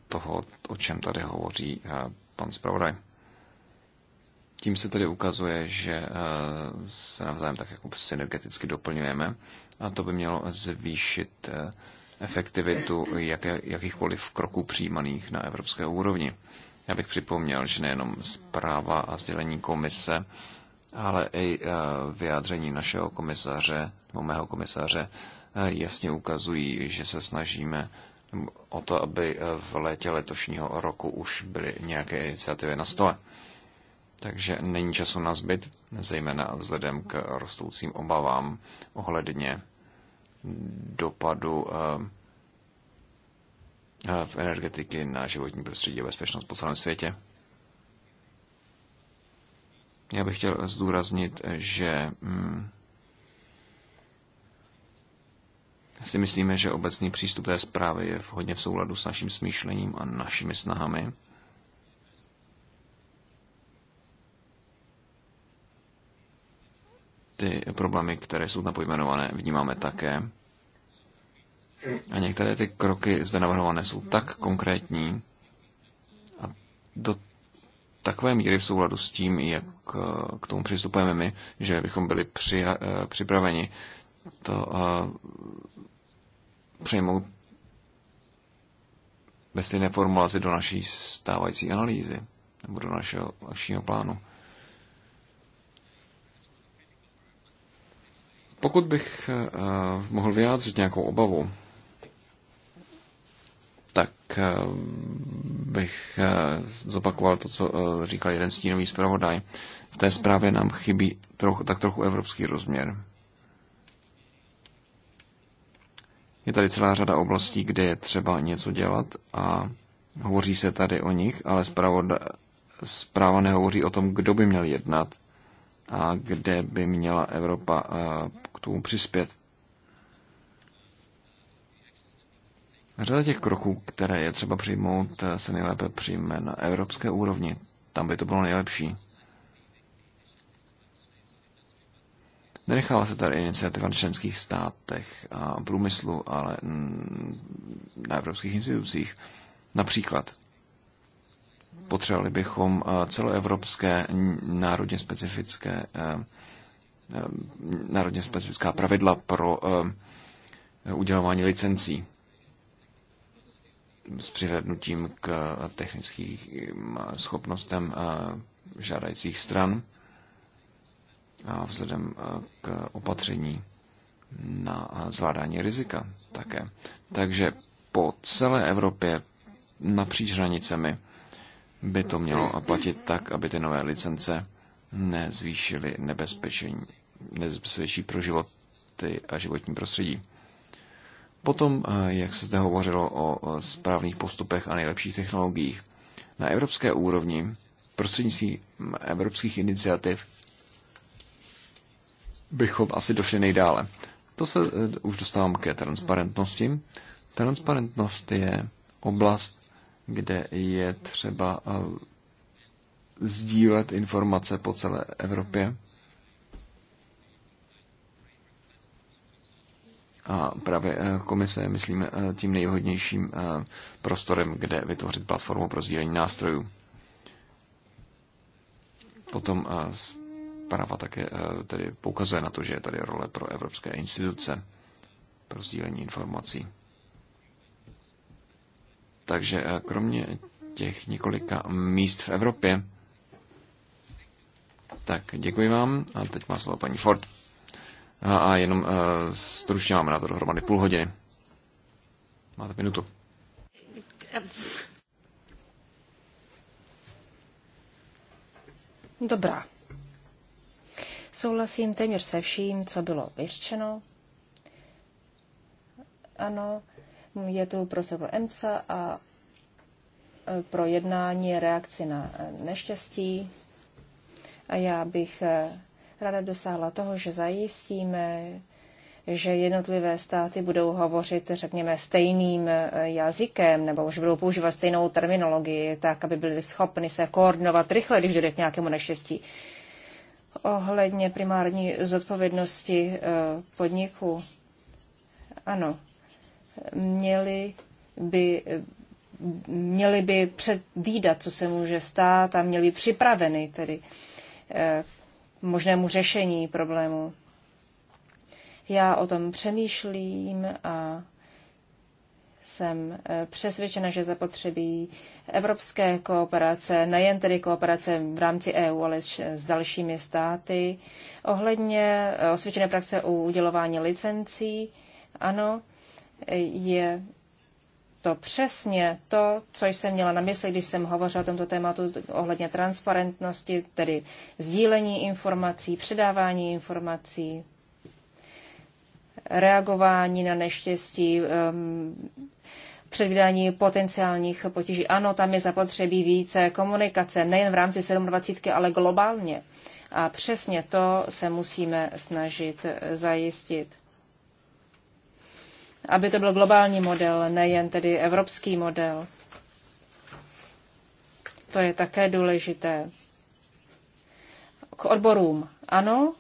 toho, o čem tady hovoří pan zpravodaj. Tím se tedy ukazuje, že eh, se navzájem tak jako synergeticky doplňujeme a to by mělo zvýšit eh, efektivitu jaké, jakýchkoliv kroků přijímaných na evropské úrovni. Já bych připomněl, že nejenom zpráva a sdělení komise, ale i eh, vyjádření našeho komisaře, nebo mého komisaře, jasně ukazují, že se snažíme o to, aby v létě letošního roku už byly nějaké iniciativy na stole takže není času na zbyt, zejména vzhledem k rostoucím obavám ohledně dopadu eh, eh, v energetiky na životní prostředí a bezpečnost po celém světě. Já bych chtěl zdůraznit, že mm, si myslíme, že obecný přístup té zprávy je hodně v souladu s naším smýšlením a našimi snahami ty problémy, které jsou tam pojmenované, vnímáme také. A některé ty kroky zde navrhované jsou tak konkrétní a do takové míry v souladu s tím, jak eh, k tomu přistupujeme my, že bychom byli při, eh, připraveni to eh, přejmout ve stejné formulaci do naší stávající analýzy nebo do našeho akčního plánu. Pokud bych eh, eh, mohl vyjádřit nějakou obavu, tak eh, bych zopakoval to, co říkal jeden stínový zpravodaj. V té zprávě nám chybí trochu, tak trochu evropský rozměr. Je tady celá řada oblastí, kde je třeba něco dělat a hovoří se tady o nich, ale zpráva nehovoří o tom, kdo by měl jednat a kde by měla Evropa tomu přispět. Řada těch kroků, které je třeba přijmout, se nejlépe přijme na evropské úrovni. Tam by to bylo nejlepší. Nenechává se tady iniciativa na členských státech a průmyslu, ale na evropských institucích. Například potřebovali bychom eh, celoevropské národně specifické eh, Ehm, národně specifická pravidla pro ehm, udělování licencí s přihlednutím k technickým schopnostem eh, žádajících stran a vzhledem eh, k opatření na eh, zvládání rizika také. Takže po celé Evropě napříč hranicemi by to mělo platit tak, aby ty nové licence nezvýšily nebezpečení nebezpečí pro životy a životní prostředí. Potom, eh, jak se zde hovořilo o správných postupech a nejlepších technologiích, na evropské úrovni prostřednictvím evropských iniciativ bychom asi došli nejdále. To se eh, už dostávám ke transparentnosti. Transparentnost je oblast, kde je třeba eh, sdílet informace po celé Evropě A právě eh, komise je, myslím, eh, tím nejvhodnějším eh, prostorem, kde vytvořit platformu pro sdílení nástrojů. Potom zpráva také tedy poukazuje na to, že je tady role pro evropské instituce pro sdílení informací. Takže kromě těch několika míst v Evropě, tak děkuji vám a teď má slovo paní Ford. A, a jenom uh, stručně máme na to dohromady půl hodiny. Máte minutu. Dobrá. Souhlasím téměř se vším, co bylo vyřčeno. Ano, je tu pro sebe EMSA a eh, pro jednání reakci na eh, neštěstí. A já bych Rada dosáhla toho, že zajistíme, že jednotlivé státy budou hovořit, řekněme, stejným eh, jazykem nebo že budou používat stejnou terminologii, tak aby byli schopni se koordinovat rychle, když dojde k nějakému neštěstí. Ohledně primární zodpovědnosti eh, podniku, ano, měli by měli by předvídat, co se může stát a měli by připraveny tedy eh, možnému řešení problému. Já o tom přemýšlím a jsem eh, přesvědčena, že zapotřebí evropské kooperace, nejen tedy kooperace v rámci EU, ale s dalšími státy. Ohledně eh, osvědčené praxe u udělování licencí, ano, je to přesně to, co jsem měla na mysli, když jsem hovořila o tomto tématu ohledně transparentnosti, tedy sdílení informací, předávání informací, reagování na neštěstí, ehm, předvídání potenciálních potíží. Ano, tam je zapotřebí více komunikace, nejen v rámci 27, ale globálně. A přesně to se musíme snažit zajistit aby to byl globální model, nejen tedy evropský model. To je také důležité. K odborům. Ano,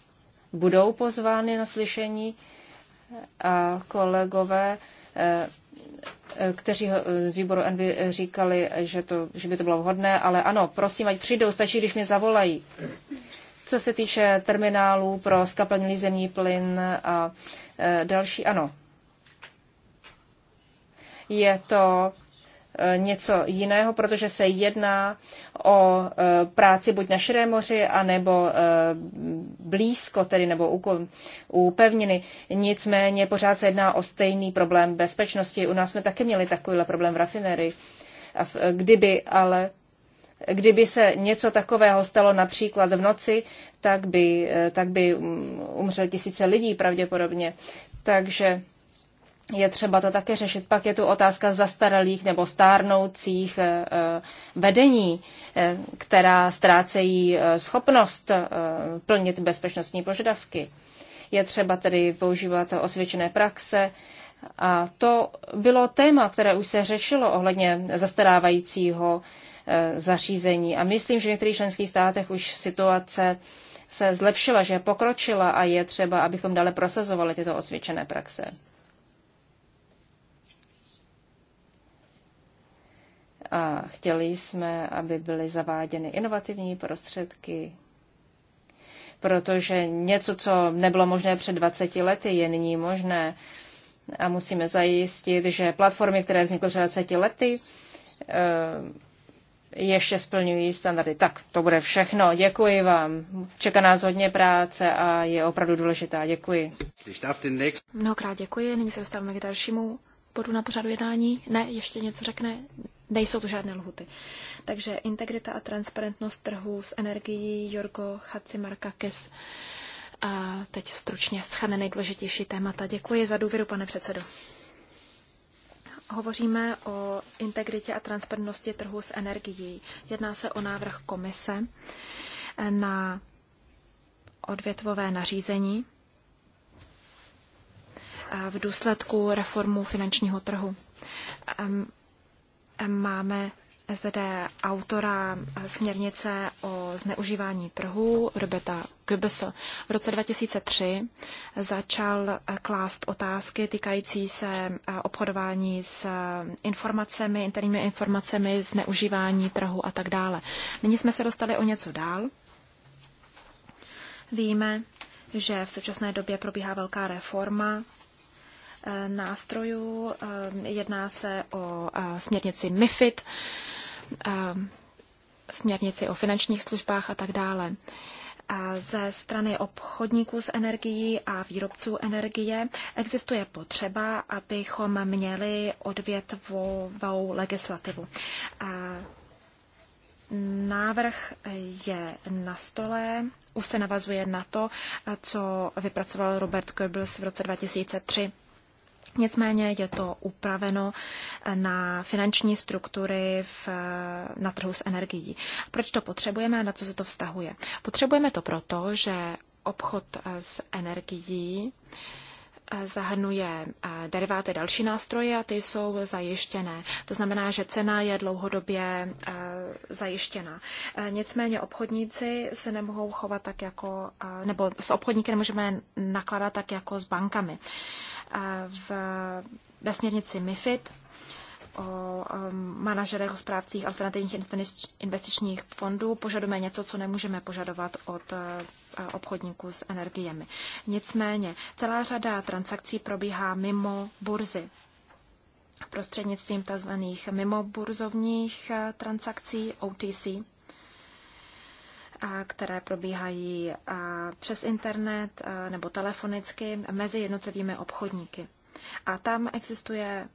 budou pozvány na slyšení a kolegové, eh, kteří z výboru Envy říkali, že, to, že by to bylo vhodné, ale ano, prosím, ať přijdou, stačí, když mě zavolají. Co se týče terminálů pro skapalnělý zemní plyn a eh, další, ano, je to e, něco jiného, protože se jedná o e, práci buď na širém moři, anebo e, blízko, tedy nebo u, pevniny. Nicméně pořád se jedná o stejný problém bezpečnosti. U nás jsme taky měli takovýhle problém v rafinerii. Kdyby ale kdyby se něco takového stalo například v noci, tak by, tak by mm, umřel tisíce lidí pravděpodobně. Takže je třeba to také řešit. Pak je tu otázka zastaralých nebo stárnoucích eh, eh, vedení, eh, která ztrácejí schopnost plnit bezpečnostní požadavky. Je třeba tedy používat osvědčené praxe. A to bylo téma, které už se řešilo ohledně zastarávajícího zařízení. A myslím, že v některých členských státech už situace se zlepšila, že pokročila a je třeba, abychom dále prosazovali tyto osvědčené praxe. a chtěli jsme, aby byly zaváděny inovativní prostředky, protože něco, co nebylo možné před 20 lety, je nyní možné a musíme zajistit, že platformy, které vznikly před 20 lety, eh, ještě splňují standardy. Tak, to bude všechno. Děkuji vám. Čeká nás hodně práce a je opravdu důležitá. Děkuji. Mnohokrát děkuji. Nyní se dostáváme k dalšímu bodu na pořadu jednání. Ne, ještě něco řekne nejsou tu žádné lhuty. Takže integrita a transparentnost trhu s energií Jorgo Chacimarkakis. A teď stručně schrne nejdůležitější témata. Děkuji za důvěru, pane předsedo. Hovoříme o integritě a transparentnosti trhu s energií. Jedná se o návrh komise na odvětvové nařízení v důsledku reformu finančního trhu. Ehm, Máme zde autora směrnice o zneužívání trhu Roberta Goebbels. V roce 2003 začal klást otázky týkající se eh, obchodování s eh, informacemi, interními informacemi, zneužívání trhu a tak dále. Nyní jsme se dostali o něco dál. Víme, že v současné době probíhá velká reforma Eh, nástrojů. Eh, jedná se o eh, směrnici MIFID, směrnici o finančních službách a tak dále. A ze strany obchodníků s energií a výrobců energie existuje potřeba, abychom měli odvětvovou legislativu. A návrh je na stole, už se navazuje na to, co vypracoval Robert Goebbels v roce 2003. Nicméně je to upraveno eh, na finanční struktury v, eh, na trhu s energií. Proč to potřebujeme a na co se to vztahuje? Potřebujeme to proto, že obchod eh, s energií zahrnuje deriváty další nástroje a ty jsou zajištěné. To znamená, že cena je dlouhodobě zajištěna. Nicméně obchodníci se nemohou chovat tak jako, nebo s obchodníky nemůžeme nakládat tak jako s bankami v, ve směrnici MIFID o um, manažerech, o správcích alternativních investičních fondů. Požadujeme něco, co nemůžeme požadovat od uh, obchodníků s energiemi. Nicméně celá řada transakcí probíhá mimo burzy prostřednictvím tzv. mimoburzovních uh, transakcí OTC které probíhají přes internet nebo telefonicky mezi jednotlivými obchodníky. A tam existuje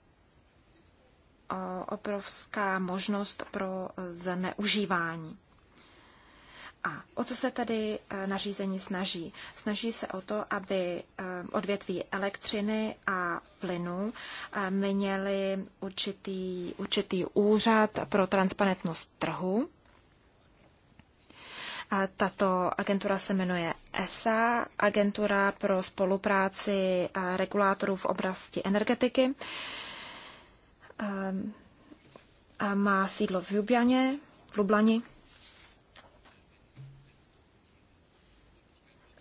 obrovská možnost pro zneužívání. A o co se tedy nařízení snaží? Snaží se o to, aby odvětví elektřiny a plynu měli určitý, určitý úřad pro transparentnost trhu, tato agentura se jmenuje ESA, agentura pro spolupráci regulátorů v oblasti energetiky. Ehm, a má sídlo v Ljubljaně, v Lublani.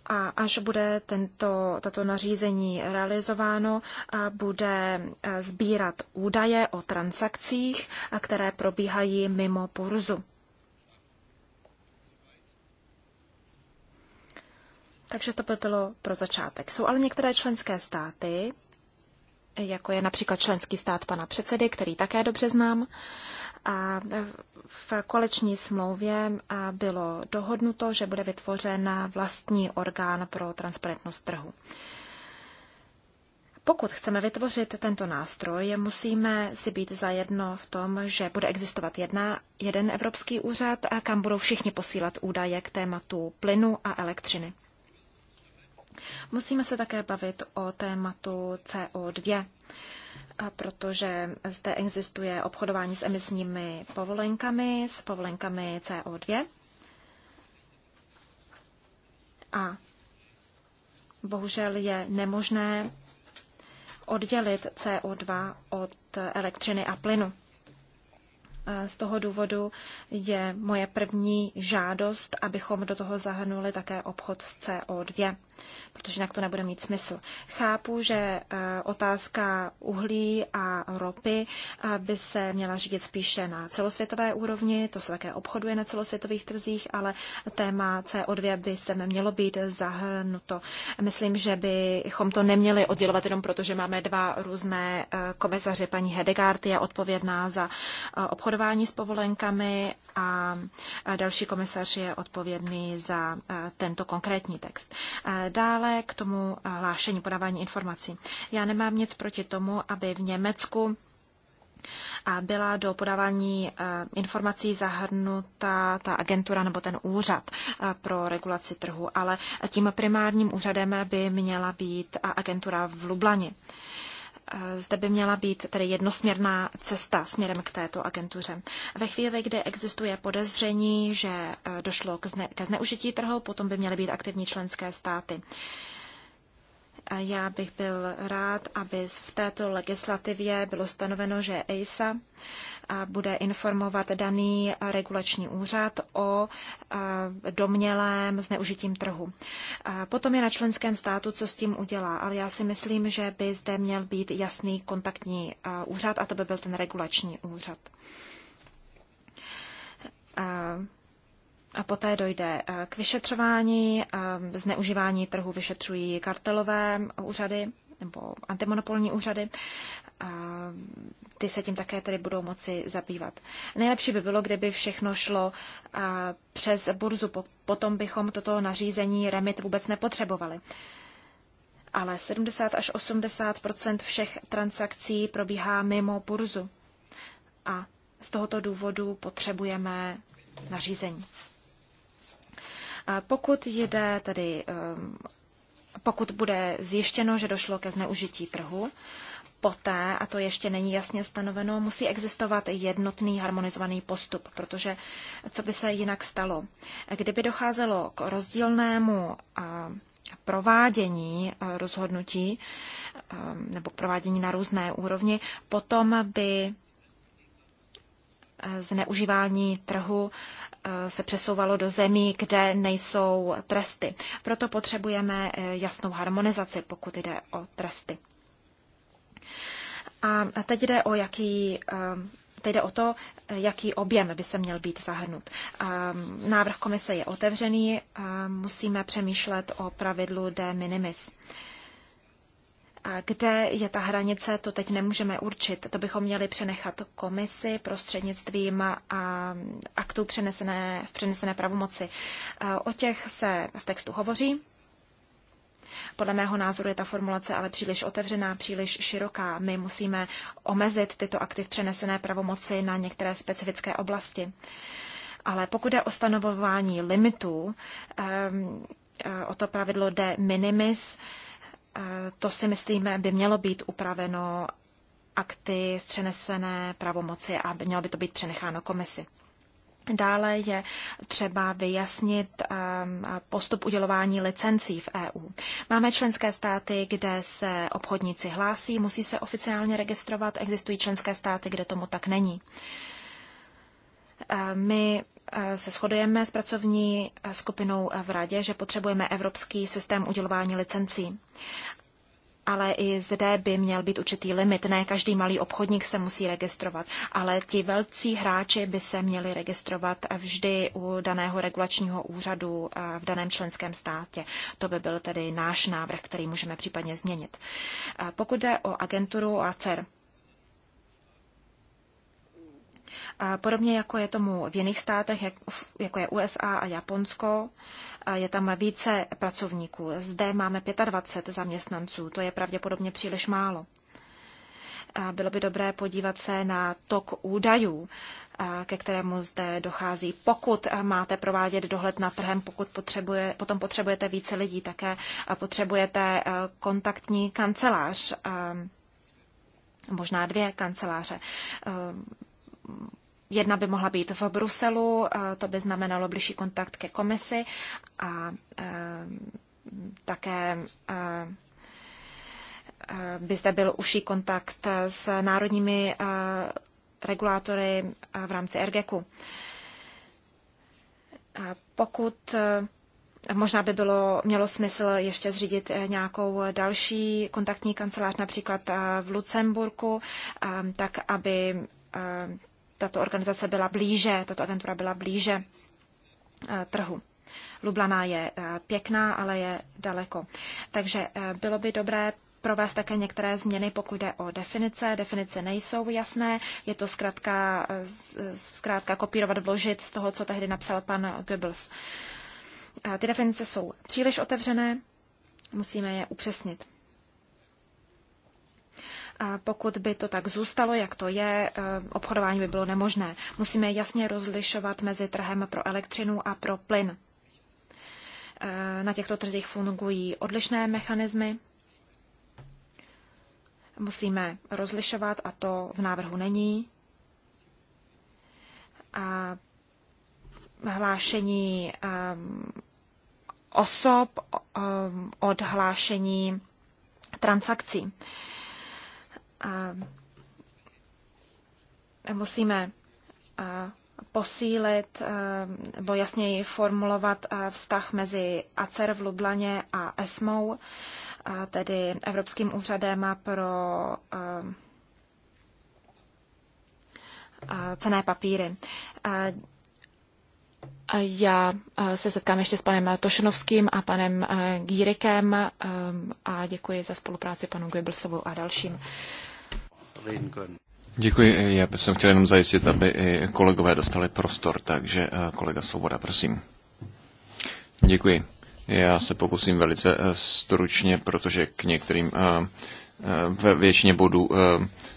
A až bude tento, tato nařízení realizováno, a bude eh, sbírat údaje o transakcích, které probíhají mimo burzu. Takže to by bylo pro začátek. Jsou ale některé členské státy, jako je například členský stát pana předsedy, který také dobře znám. A v koleční smlouvě bylo dohodnuto, že bude vytvořen vlastní orgán pro transparentnost trhu. Pokud chceme vytvořit tento nástroj, musíme si být zajedno v tom, že bude existovat jedna, jeden evropský úřad, kam budou všichni posílat údaje k tématu plynu a elektřiny. Musíme se také bavit o tématu CO2, protože zde existuje obchodování s emisními povolenkami, s povolenkami CO2. A bohužel je nemožné oddělit CO2 od elektřiny a plynu. Z toho důvodu je moje první žádost, abychom do toho zahrnuli také obchod s CO2 protože jinak to nebude mít smysl. Chápu, že eh, otázka uhlí a ropy eh, by se měla řídit spíše na celosvětové úrovni, to se také obchoduje na celosvětových trzích, ale téma CO2 by se mělo být zahrnuto. Myslím, že bychom to neměli oddělovat jenom proto, že máme dva různé eh, komisaře. Paní Hedegaard je odpovědná za obchodování s povolenkami a další komisař je odpovědný za tento konkrétní text. Dále k tomu eh, hlášení podávání informací. Já nemám nic proti tomu, aby v Německu a eh, byla do podávání eh, informací zahrnuta ta agentura nebo ten úřad pro regulaci trhu, ale tím primárním úřadem by měla být agentura v Lublani zde by měla být tedy jednosměrná cesta směrem k této agentuře. Ve chvíli, kdy existuje podezření, že e, došlo k zne, ke zneužití trhu, potom by měly být aktivní členské státy. Já bych byl rád, aby v této legislativě bylo stanoveno, že ESA bude informovat daný regulační úřad o domnělém zneužitím trhu. Potom je na členském státu, co s tím udělá, ale já si myslím, že by zde měl být jasný kontaktní úřad a to by byl ten regulační úřad. A poté dojde k vyšetřování, zneužívání trhu vyšetřují kartelové úřady nebo antimonopolní úřady, a ty se tím také tedy budou moci zabývat. Nejlepší by bylo, kdyby všechno šlo přes burzu, potom bychom toto nařízení remit vůbec nepotřebovali. Ale 70 až 80 všech transakcí probíhá mimo burzu. A z tohoto důvodu potřebujeme nařízení. Pokud jde tedy um, pokud bude zjištěno, že došlo ke zneužití trhu, poté, a to ještě není jasně stanoveno, musí existovat jednotný harmonizovaný postup, protože co by se jinak stalo? Kdyby docházelo k rozdílnému provádění rozhodnutí nebo k provádění na různé úrovni, potom by e, zneužívání trhu Eh, se přesouvalo do zemí, kde nejsou tresty. Proto potřebujeme eh, jasnou harmonizaci, pokud jde o tresty. A teď jde o jaký eh, Teď jde o to, jaký objem by se měl být zahrnut. Návrh komise je otevřený, musíme přemýšlet o pravidlu de minimis. Kde je ta hranice, to teď nemůžeme určit. To bychom měli přenechat komisi prostřednictvím aktů přenesené, v přenesené pravomoci. O těch se v textu hovoří. Podle mého názoru je ta formulace ale příliš otevřená, příliš široká. My musíme omezit tyto akty v přenesené pravomoci na některé specifické oblasti. Ale pokud je o stanovování limitů, ehm, e, o to pravidlo de minimis, to si myslíme, by mělo být upraveno akty v přenesené pravomoci a mělo by to být přenecháno komisi. Dále je třeba vyjasnit ehm, postup udělování licencí v EU. Máme členské státy, kde se obchodníci hlásí, musí se oficiálně registrovat, existují členské státy, kde tomu tak není. Ehm, my Eh, se shodujeme s pracovní eh, skupinou eh, v Radě, že potřebujeme evropský systém udělování licencí. Ale i zde by měl být určitý limit. Ne každý malý obchodník se musí registrovat, ale ti velcí hráči by se měli registrovat vždy u daného regulačního úřadu v daném členském státě. To by byl tedy náš návrh, který můžeme případně změnit. Pokud jde o agenturu a CER, Podobně jako je tomu v jiných státech, jako je USA a Japonsko, je tam více pracovníků. Zde máme 25 zaměstnanců, to je pravděpodobně příliš málo. Bylo by dobré podívat se na tok údajů, ke kterému zde dochází. Pokud máte provádět dohled na trhem, pokud potřebuje, potom potřebujete více lidí, také potřebujete e, kontaktní kancelář, možná dvě kanceláře e, Jedna by mohla být v Bruselu, eh, to by znamenalo blížší kontakt ke komisi a eh, také eh, by zde byl užší kontakt s národními regulátory v rámci RGECu. Pokud možná by bylo, mělo smysl ještě zřídit nějakou další kontaktní kancelář, například v Lucemburku, tak aby tato organizace byla blíže, tato agentura byla blíže eh, trhu. Lublana je eh, pěkná, ale je daleko. Takže eh, bylo by dobré provést také některé změny, pokud jde o definice. Definice nejsou jasné, je to zkrátka, zkrátka kopírovat, vložit z toho, co tehdy napsal pan Goebbels. Ty definice jsou příliš otevřené, musíme je upřesnit. Pokud by to tak zůstalo, jak to je, eh, obchodování by bylo nemožné. Musíme jasně rozlišovat mezi trhem pro elektřinu a pro plyn. Eh, na těchto trzích fungují odlišné mechanismy. Musíme rozlišovat, a to v návrhu není. A hlášení eh, osob, odhlášení transakcí musíme posílit nebo jasněji formulovat vztah mezi ACER v Lublaně a ESMou, tedy Evropským úřadem pro cené papíry. Já se setkám ještě s panem Tošenovským a panem e, Gírikem a děkuji za spolupráci panu Goebbelsovu a dalším. Děkuji, já bych chtěl jenom zajistit, aby i kolegové dostali prostor, takže eh, kolega Svoboda, prosím. Děkuji. Já se pokusím velice eh, stručně, protože k některým eh, ve většině bodů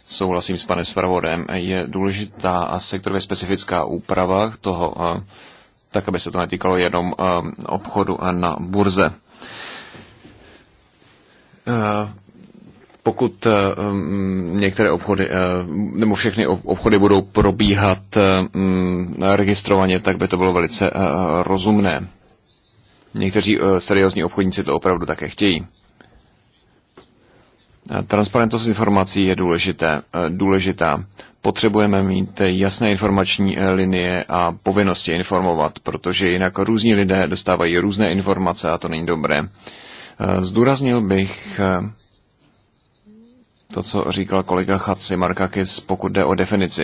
souhlasím s panem Spravodem. Je důležitá a sektorově specifická úprava toho, tak aby se to netýkalo jenom obchodu na burze pokud eh, mm, některé obchody, eh, nebo všechny obchody budou probíhat eh, mm, registrovaně, tak by to bylo velice rozumné. Někteří seriózní obchodníci to opravdu také chtějí. Transparentnost informací je důležité, důležitá. Potřebujeme mít jasné informační linie a povinnosti informovat, protože jinak různí lidé dostávají různé informace a to není dobré. Zdůraznil bych to, co říkal kolega Chaci Markakis, pokud jde o definici.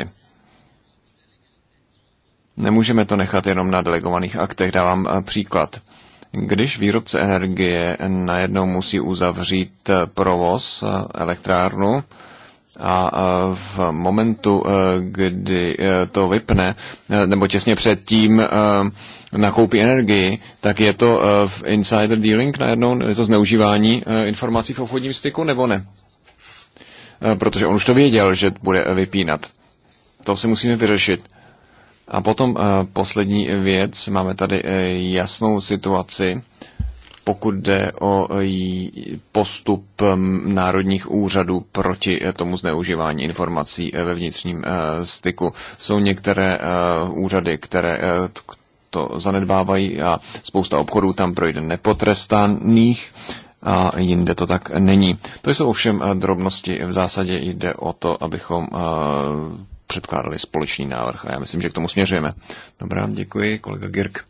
Nemůžeme to nechat jenom na delegovaných aktech. Dávám eh, příklad. Když výrobce energie najednou musí uzavřít eh, provoz eh, elektrárnu, a v momentu, kdy to vypne, nebo těsně předtím nakoupí energii, tak je to v insider dealing najednou, je to zneužívání informací v obchodním styku, nebo ne? Eh, protože on už to věděl, že bude eh, vypínat. To si musíme vyřešit. A potom eh, poslední věc, máme tady jasnou situaci, pokud jde o postup mm, národních úřadů proti tomu zneužívání informací ve vnitřním styku. Jsou některé úřady, které to zanedbávají a spousta obchodů tam projde nepotrestaných a jinde to tak není. To jsou ovšem eh, drobnosti. V zásadě jde o to, abychom eh, předkládali společný návrh a já myslím, že k tomu směřujeme. Dobrá, děkuji, kolega Girk.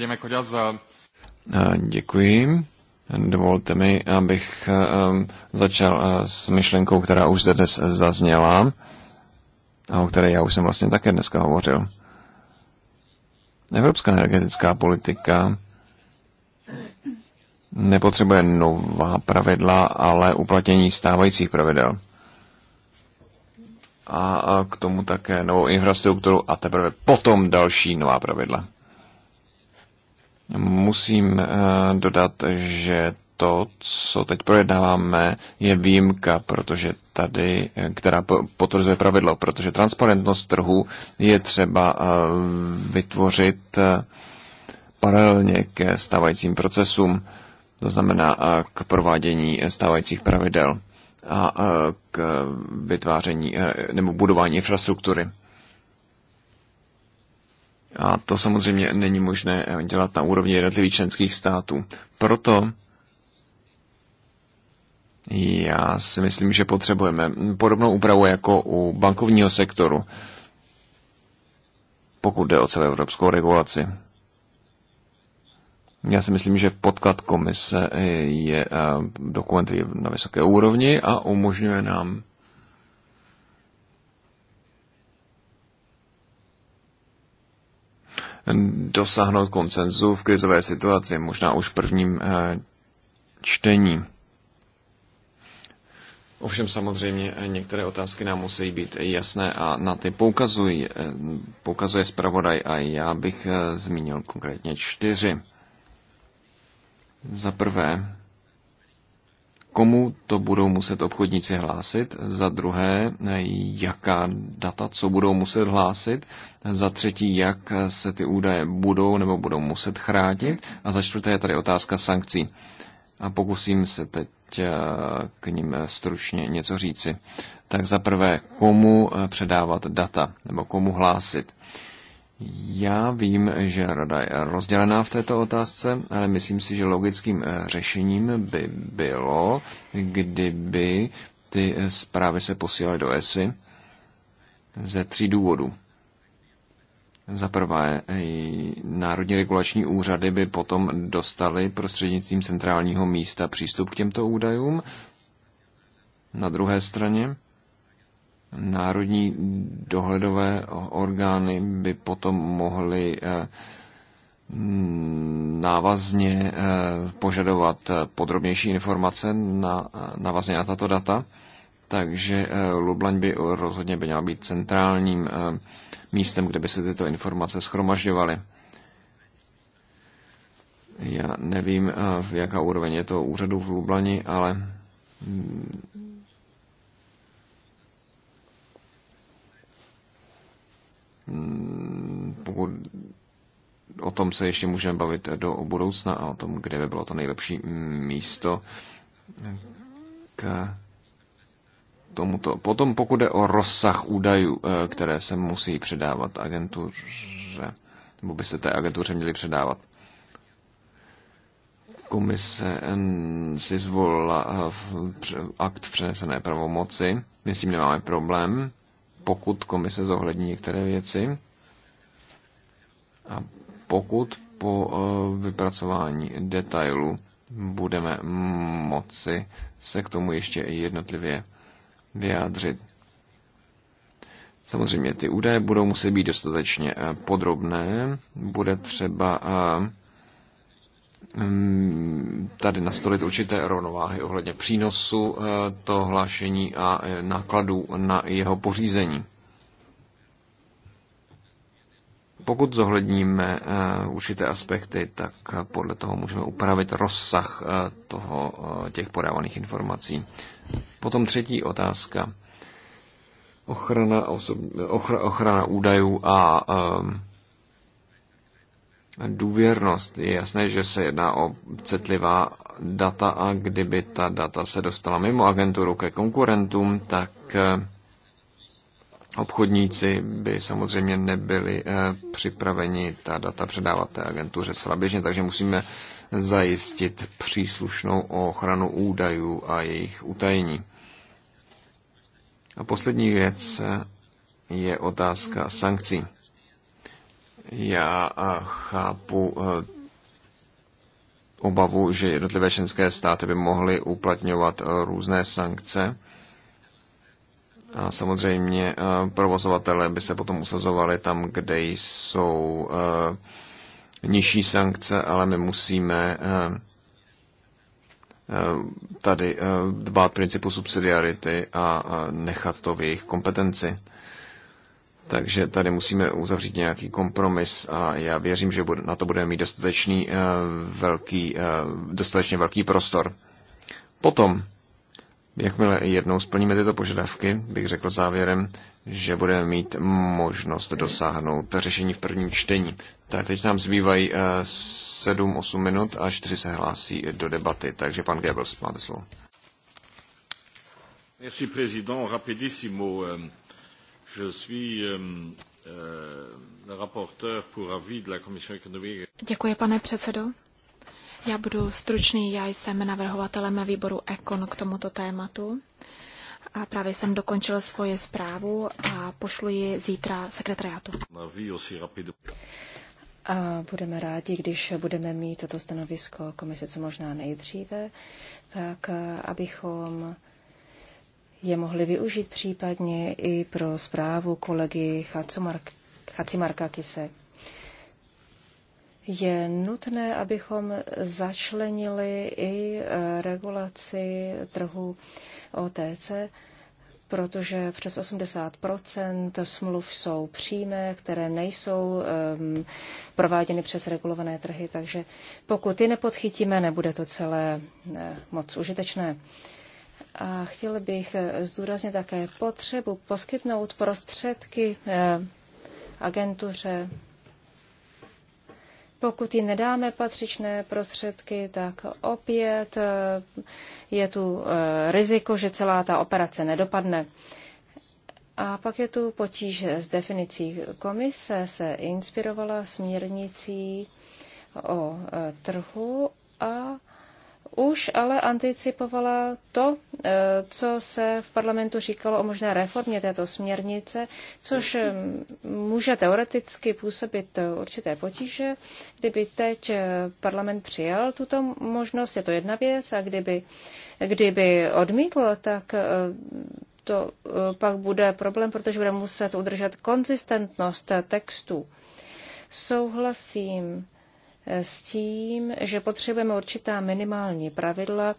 Jako eh, děkuji. Dovolte mi, abych ehm, začal s myšlenkou, která už zde dnes zazněla a o které já už jsem vlastně také dneska hovořil. Evropská energetická politika nepotřebuje nová pravidla, ale uplatnění stávajících pravidel. A k tomu také novou infrastrukturu a teprve potom další nová pravidla. Musím eh, dodat, že to, co teď projednáváme, je výjimka, protože tady, eh, která potvrzuje pravidlo, protože transparentnost trhu je třeba eh, vytvořit paralelně ke stávajícím procesům to znamená k provádění stávajících pravidel a k vytváření e, nebo budování infrastruktury. A to samozřejmě není možné dělat na úrovni jednotlivých členských států. Proto já si myslím, že potřebujeme podobnou úpravu jako u bankovního sektoru, pokud jde o celou evropskou regulaci. Já si myslím, že podklad komise je eh, dokument je na vysoké úrovni a umožňuje nám dosáhnout koncenzu v krizové situaci, možná už v prvním eh, čtení. Ovšem samozřejmě eh, některé otázky nám musí být jasné a na ty poukazují, poukazuje zpravodaj a já bych zmínil konkrétně čtyři. Za prvé, komu to budou muset obchodníci hlásit, za druhé, jaká data, co budou muset hlásit, za třetí, jak se ty údaje budou nebo budou muset chránit a za čtvrté je tady otázka sankcí. A pokusím se teď eh, k ním stručně něco říci. Tak za prvé, komu eh, předávat data nebo komu hlásit. Já vím, že rada je rozdělená v této otázce, ale myslím si, že logickým eh, řešením by bylo, kdyby ty eh, zprávy se posílaly do ESI ze tří důvodů. Za prvé, eh, národní regulační úřady by potom dostaly prostřednictvím centrálního místa přístup k těmto údajům. Na druhé straně, národní dohledové orgány by potom mohly eh, návazně eh, požadovat eh, podrobnější informace na, návazně na tato data. Takže Lublaň by rozhodně by měla být centrálním místem, kde by se tyto informace schromažďovaly. Já nevím, v jaká úroveň je to úřadu v Lublani, ale mm, Mm, pokud o tom se ještě můžeme bavit do budoucna a o tom, kde by bylo to nejlepší místo k tomuto. Potom pokud jde o rozsah údajů, eh, které se musí předávat agentuře, nebo by se té agentuře měly předávat. Komise eh, si zvolila eh, akt přenesené pravomoci, my s tím nemáme problém pokud komise zohlední některé věci a pokud po eh, vypracování detailu budeme moci se k tomu ještě jednotlivě vyjádřit. Samozřejmě ty údaje budou muset být dostatečně eh, podrobné, bude třeba eh, tady nastolit určité rovnováhy ohledně přínosu eh, toho hlášení a eh, nákladů na jeho pořízení. Pokud zohledníme eh, určité aspekty, tak podle toho můžeme upravit rozsah toho, těch podávaných informací. Potom třetí otázka. Ochrana, osob, ochra, ochrana údajů a um, důvěrnost. Je jasné, že se jedná o citlivá data a kdyby ta data se dostala mimo agenturu ke konkurentům, tak eh, obchodníci by samozřejmě nebyli eh, připraveni ta data předávat té agentuře slaběžně, takže musíme zajistit příslušnou ochranu údajů a jejich utajení. A poslední věc eh, je otázka sankcí. Já eh, chápu eh, obavu, že jednotlivé členské státy by mohly uplatňovat eh, různé sankce. A samozřejmě provozovatele by se potom usazovali tam, kde jsou nižší sankce, ale my musíme tady dbát principu subsidiarity a nechat to v jejich kompetenci. Takže tady musíme uzavřít nějaký kompromis a já věřím, že na to budeme mít dostatečný, eh, velký, eh, dostatečně velký prostor. Potom, jakmile jednou splníme tyto požadavky, bych řekl závěrem, že budeme mít možnost dosáhnout řešení v prvním čtení. Tak teď nám zbývají 7-8 eh, minut a 4 se hlásí do debaty. Takže pan Goebbels, máte slovo. Merci, président. Rapidissimo. Euh, Euh, euh, Děkuji, pane předsedo. Já budu stručný, já jsem navrhovatelem výboru EKON k tomuto tématu. A právě jsem dokončil svoji zprávu a pošlu ji zítra sekretariátu. A budeme rádi, když budeme mít toto stanovisko komise co možná nejdříve, tak eh, abychom je mohli využít případně i pro zprávu kolegy Chacimarka Kise. Je nutné, abychom začlenili i e, regulaci trhu OTC, protože přes 80 smluv jsou přímé, které nejsou um, prováděny přes regulované trhy, takže pokud ty nepodchytíme, nebude to celé ne, moc užitečné. Uh, a chtěl bych zdůraznit také potřebu poskytnout prostředky eh, agentuře. Pokud ji nedáme patřičné prostředky, tak opět eh, je tu eh, riziko, že celá ta operace nedopadne. A pak je tu potíž s definicí. Komise se inspirovala směrnicí o trhu a už ale anticipovala to, eh, co se v parlamentu říkalo o možné reformě této směrnice, což eh, může teoreticky působit eh, určité potíže. Kdyby teď parlament přijal tuto možnost, je to jedna věc, a kdyby, kdyby odmítl, tak to pak bude problém, protože bude muset udržet konzistentnost textů. Souhlasím s tím, že potřebujeme určitá minimální pravidla,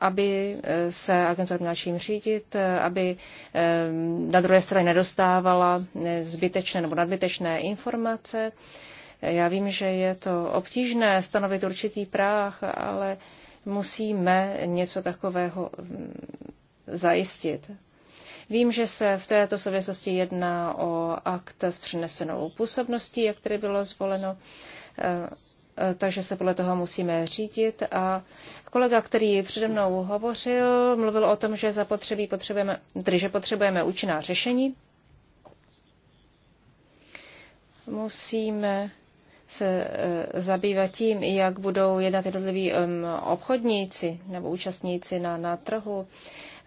aby e, se agentura měla čím řídit, e, aby e, na druhé straně nedostávala zbytečné nebo nadbytečné informace. Já vím, že je to obtížné stanovit určitý práh, ale musíme něco takového zajistit. Vím, že se v této souvislosti jedná o akt s přenesenou působností, jak tedy bylo zvoleno. Eh, eh, takže se podle toho musíme řídit. A kolega, který přede mnou hovořil, mluvil o tom, že zapotřebí potřebujeme, tedy že potřebujeme účinná řešení. Musíme se eh, zabývat tím, jak budou jednat jednotliví obchodníci nebo účastníci na, na trhu,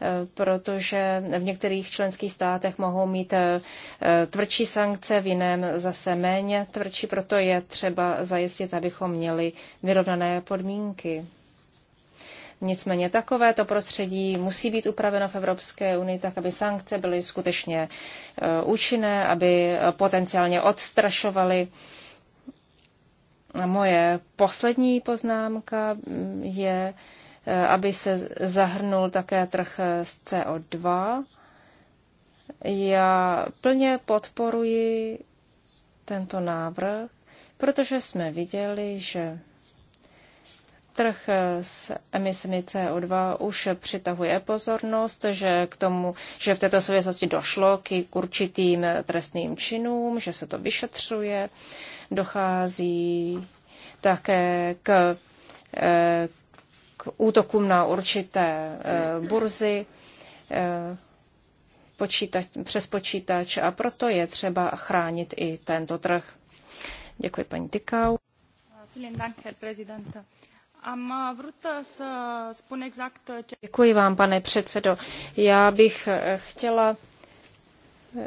eh, protože v některých členských státech mohou mít eh, tvrdší sankce, v jiném zase méně tvrdší, proto je třeba zajistit, abychom měli vyrovnané podmínky. Nicméně takovéto prostředí musí být upraveno v Evropské unii tak, aby sankce byly skutečně účinné, aby potenciálně odstrašovaly moje poslední poznámka je, eh, aby se zahrnul také trh z CO2. Já plně podporuji tento návrh, protože jsme viděli, že trh s emisemi CO2 už přitahuje pozornost, že k tomu, že v této souvislosti došlo k určitým trestným činům, že se to vyšetřuje Dochází také k, eh, k útokům na určité eh, burzy eh, počítač, přes počítač a proto je třeba chránit i tento trh. Děkuji paní Tykau. Děkuji vám, pane předsedo. Já bych chtěla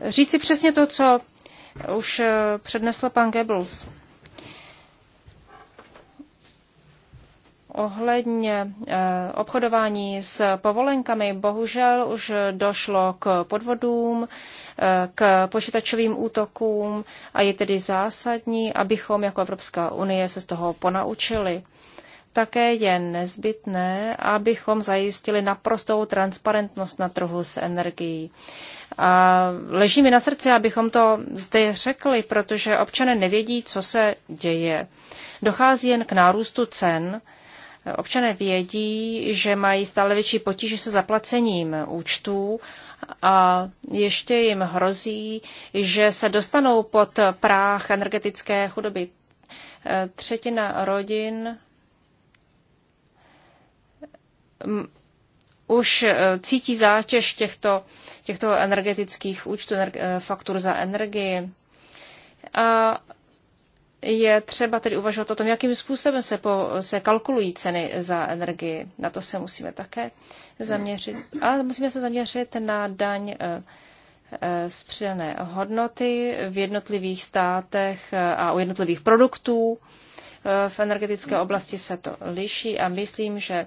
říci přesně to, co už eh, přednesl pan Goebbels. Ohledně eh, obchodování s povolenkami bohužel už došlo k podvodům, eh, k počítačovým útokům a je tedy zásadní, abychom jako Evropská unie se z toho ponaučili. Také je nezbytné, abychom zajistili naprostou transparentnost na trhu s energií. A leží mi na srdci, abychom to zde řekli, protože občané nevědí, co se děje. Dochází jen k nárůstu cen. Občané vědí, že mají stále větší potíže se zaplacením účtů a ještě jim hrozí, že se dostanou pod práh energetické chudoby. Eh, třetina rodin už e, cítí zátěž těchto, těchto energetických účtů, e, faktur za energii. A je třeba tedy uvažovat o tom, jakým způsobem se, po, se kalkulují ceny za energii. Na to se musíme také zaměřit. A musíme se zaměřit na daň e, z přidané hodnoty v jednotlivých státech a u jednotlivých produktů. V energetické oblasti se to liší a myslím, že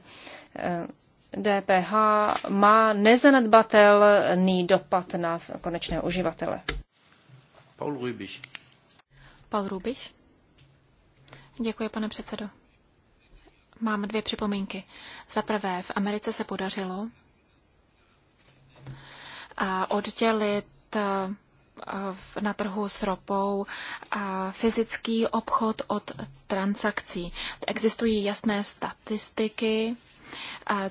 DPH eh, má nezanedbatelný dopad na konečné uživatele. Paul Rubiš. Paul Rubiš. Děkuji, pane předsedo. Mám dvě připomínky. Za prvé, v Americe se podařilo a eh, oddělit eh, na trhu s ropou a fyzický obchod od transakcí. Existují jasné statistiky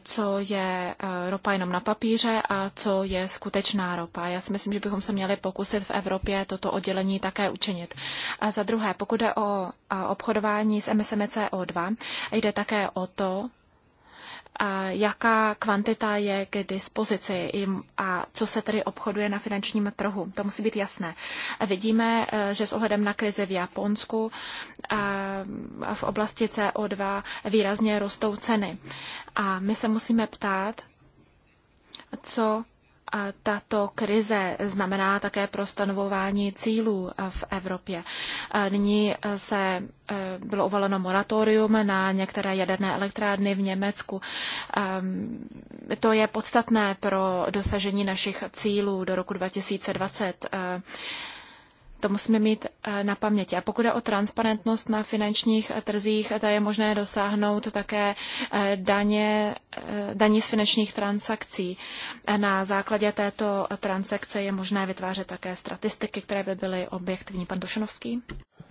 co je e, ropa jenom na papíře a co je skutečná ropa. Já si myslím, že bychom se měli pokusit v Evropě toto oddělení také učinit. A za druhé, pokud jde o obchodování s emisemi CO2, jde také o to, jaká kvantita je k dispozici a co se tedy obchoduje na finančním trhu. To musí být jasné. Vidíme, eh, že s ohledem na krizi v Japonsku a eh, v oblasti CO2 výrazně rostou ceny. A my se musíme ptát, co tato krize znamená také pro stanovování cílů eh, v Evropě. Eh, nyní eh, se bylo uvaleno moratorium na některé jaderné elektrárny v Německu. Ehm, to je podstatné pro dosažení našich cílů do roku 2020 to musíme mít eh, na paměti. A pokud je o transparentnost na finančních eh, trzích, eh, ta je možné dosáhnout také daně, daní z finančních transakcí. Na základě této transakce je možné vytvářet také statistiky, které by byly objektivní. Pan Došanovský.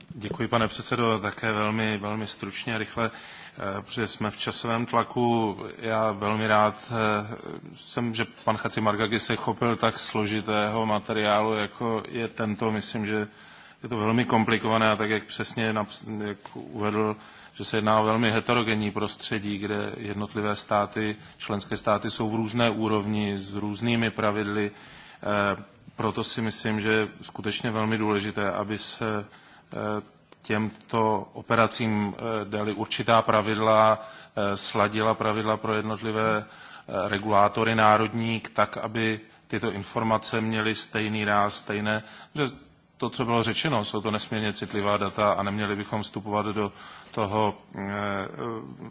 Děkuji, pane předsedo, také velmi, velmi stručně a rychle. Eh, protože jsme v časovém tlaku. Já velmi rád eh, jsem, že pan Chaci Margagi se chopil tak složitého materiálu, jako je tento. Myslím, že je to velmi komplikované a tak, jak přesně jak uvedl, že se jedná o velmi heterogenní prostředí, kde jednotlivé státy, členské státy jsou v různé úrovni, s různými pravidly. Eh, proto si myslím, že je skutečně velmi důležité, aby se těmto operacím eh, dali určitá pravidla, eh, sladila pravidla pro jednotlivé eh, regulátory národní, tak, aby tyto informace měly stejný ráz, stejné, že to, co bylo řečeno, jsou to nesmírně citlivá data a neměli bychom vstupovat do toho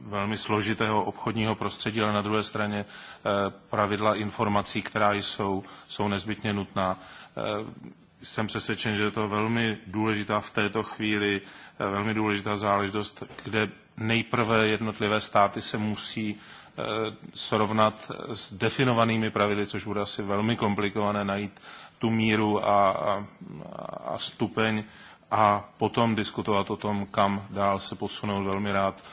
velmi složitého obchodního prostředí, ale na druhé straně pravidla informací, která jsou, jsou nezbytně nutná jsem přesvědčen, že je to velmi důležitá v této chvíli, eh, velmi důležitá záležitost, kde nejprve jednotlivé státy se musí eh, srovnat eh, s definovanými pravidly, což bude asi velmi komplikované najít tu míru a, a, a stupeň a potom diskutovat o tom, kam dál se posunout. Velmi rád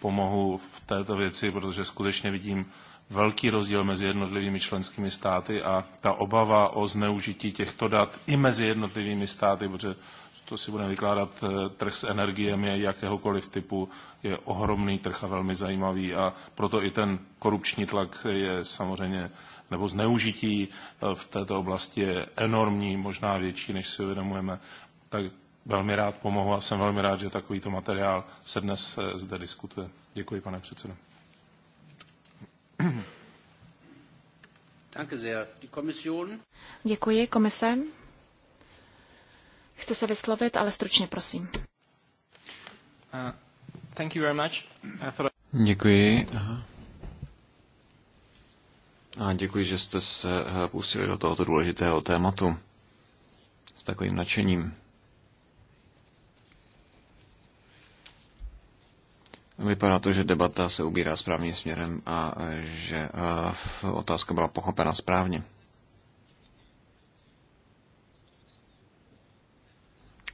pomohu v této věci, protože skutečně vidím velký rozdíl mezi jednotlivými členskými státy a ta obava o zneužití těchto dat i mezi jednotlivými státy, protože to si budeme vykládat, eh, trh s energiemi jakéhokoliv typu je ohromný trh a velmi zajímavý a proto i ten korupční tlak je samozřejmě, nebo zneužití eh, v této oblasti je enormní, možná větší, než si uvědomujeme. Tak velmi rád pomohu a jsem velmi rád, že takovýto materiál se dnes eh, zde diskutuje. Děkuji, pane předsedo. Děkuji, komise. Chce se vyslovit, ale stručně, prosím. Uh, uh, děkuji. A děkuji, že jste se uh, pustili do tohoto důležitého tématu s takovým nadšením. Vypadá to, že debata se ubírá správným směrem a e, že e, otázka byla pochopena správně.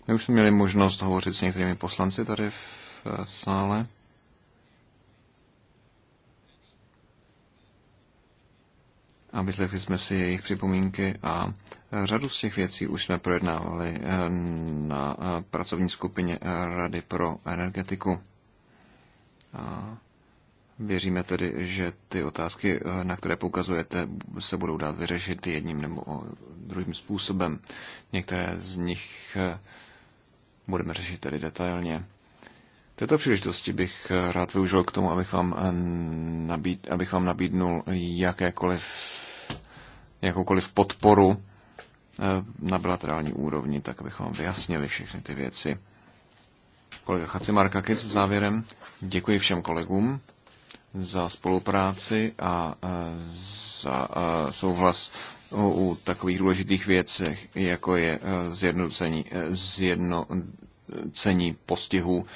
My už jsme měli možnost hovořit s některými poslanci tady v e, sále. A vyslechli jsme si jejich připomínky a řadu z těch věcí už jsme projednávali na pracovní skupině Rady pro energetiku. A věříme tedy, že ty otázky, eh, na které poukazujete, se budou dát vyřešit jedním nebo eh, druhým způsobem. Některé z nich eh, budeme řešit tedy detailně. Této příležitosti bych rád využil k tomu, abych vám, nabíd, abych vám nabídnul jakékoliv, jakoukoliv podporu na bilaterální úrovni, tak abychom vyjasnili všechny ty věci. Kolega Chacimarka s závěrem. Děkuji všem kolegům za spolupráci a za souhlas u takových důležitých věcech, jako je e, zjednocení, e, zjednocení postihů.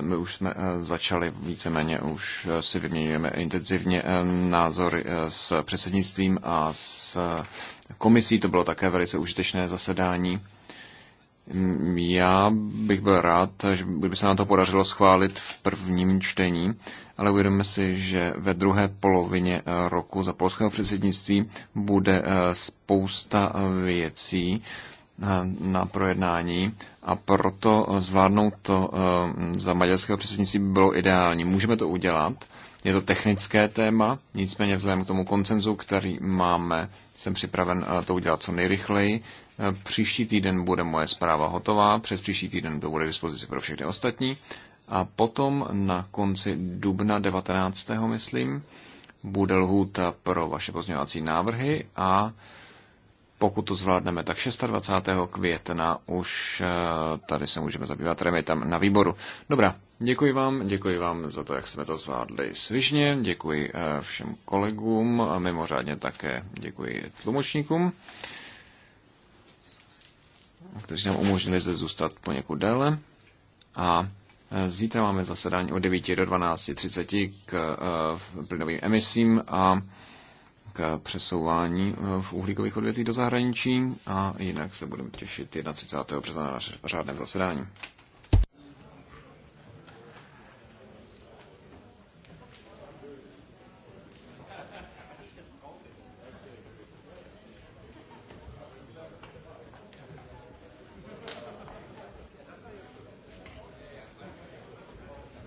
My už jsme e, začali víceméně, už si vyměňujeme intenzivně názory s předsednictvím a s komisí. To bylo také velice užitečné zasedání. Mm, já bych byl rád, že by se nám to podařilo schválit v prvním čtení, ale uvědomíme si, že ve druhé polovině eh, roku za polského předsednictví bude eh, spousta eh, věcí na projednání a proto zvládnout to za maďarského předsednictví by bylo ideální. Můžeme to udělat, je to technické téma, nicméně vzhledem k tomu koncenzu, který máme, jsem připraven to udělat co nejrychleji. Příští týden bude moje zpráva hotová, přes příští týden to bude k dispozici pro všechny ostatní. A potom na konci dubna 19. myslím, bude lhůta pro vaše pozměňovací návrhy a pokud to zvládneme, tak 26. května už eh, tady se můžeme zabývat tam na výboru. Dobrá, děkuji vám, děkuji vám za to, jak jsme to zvládli svižně, děkuji eh, všem kolegům a mimořádně také děkuji tlumočníkům kteří nám umožnili zde zůstat poněkud déle. A e, zítra máme zasedání od 9 do 12.30 k e, plynovým emisím a k přesouvání e, v uhlíkových odvětví do zahraničí a jinak se budeme těšit 31. března na řádném zasedání.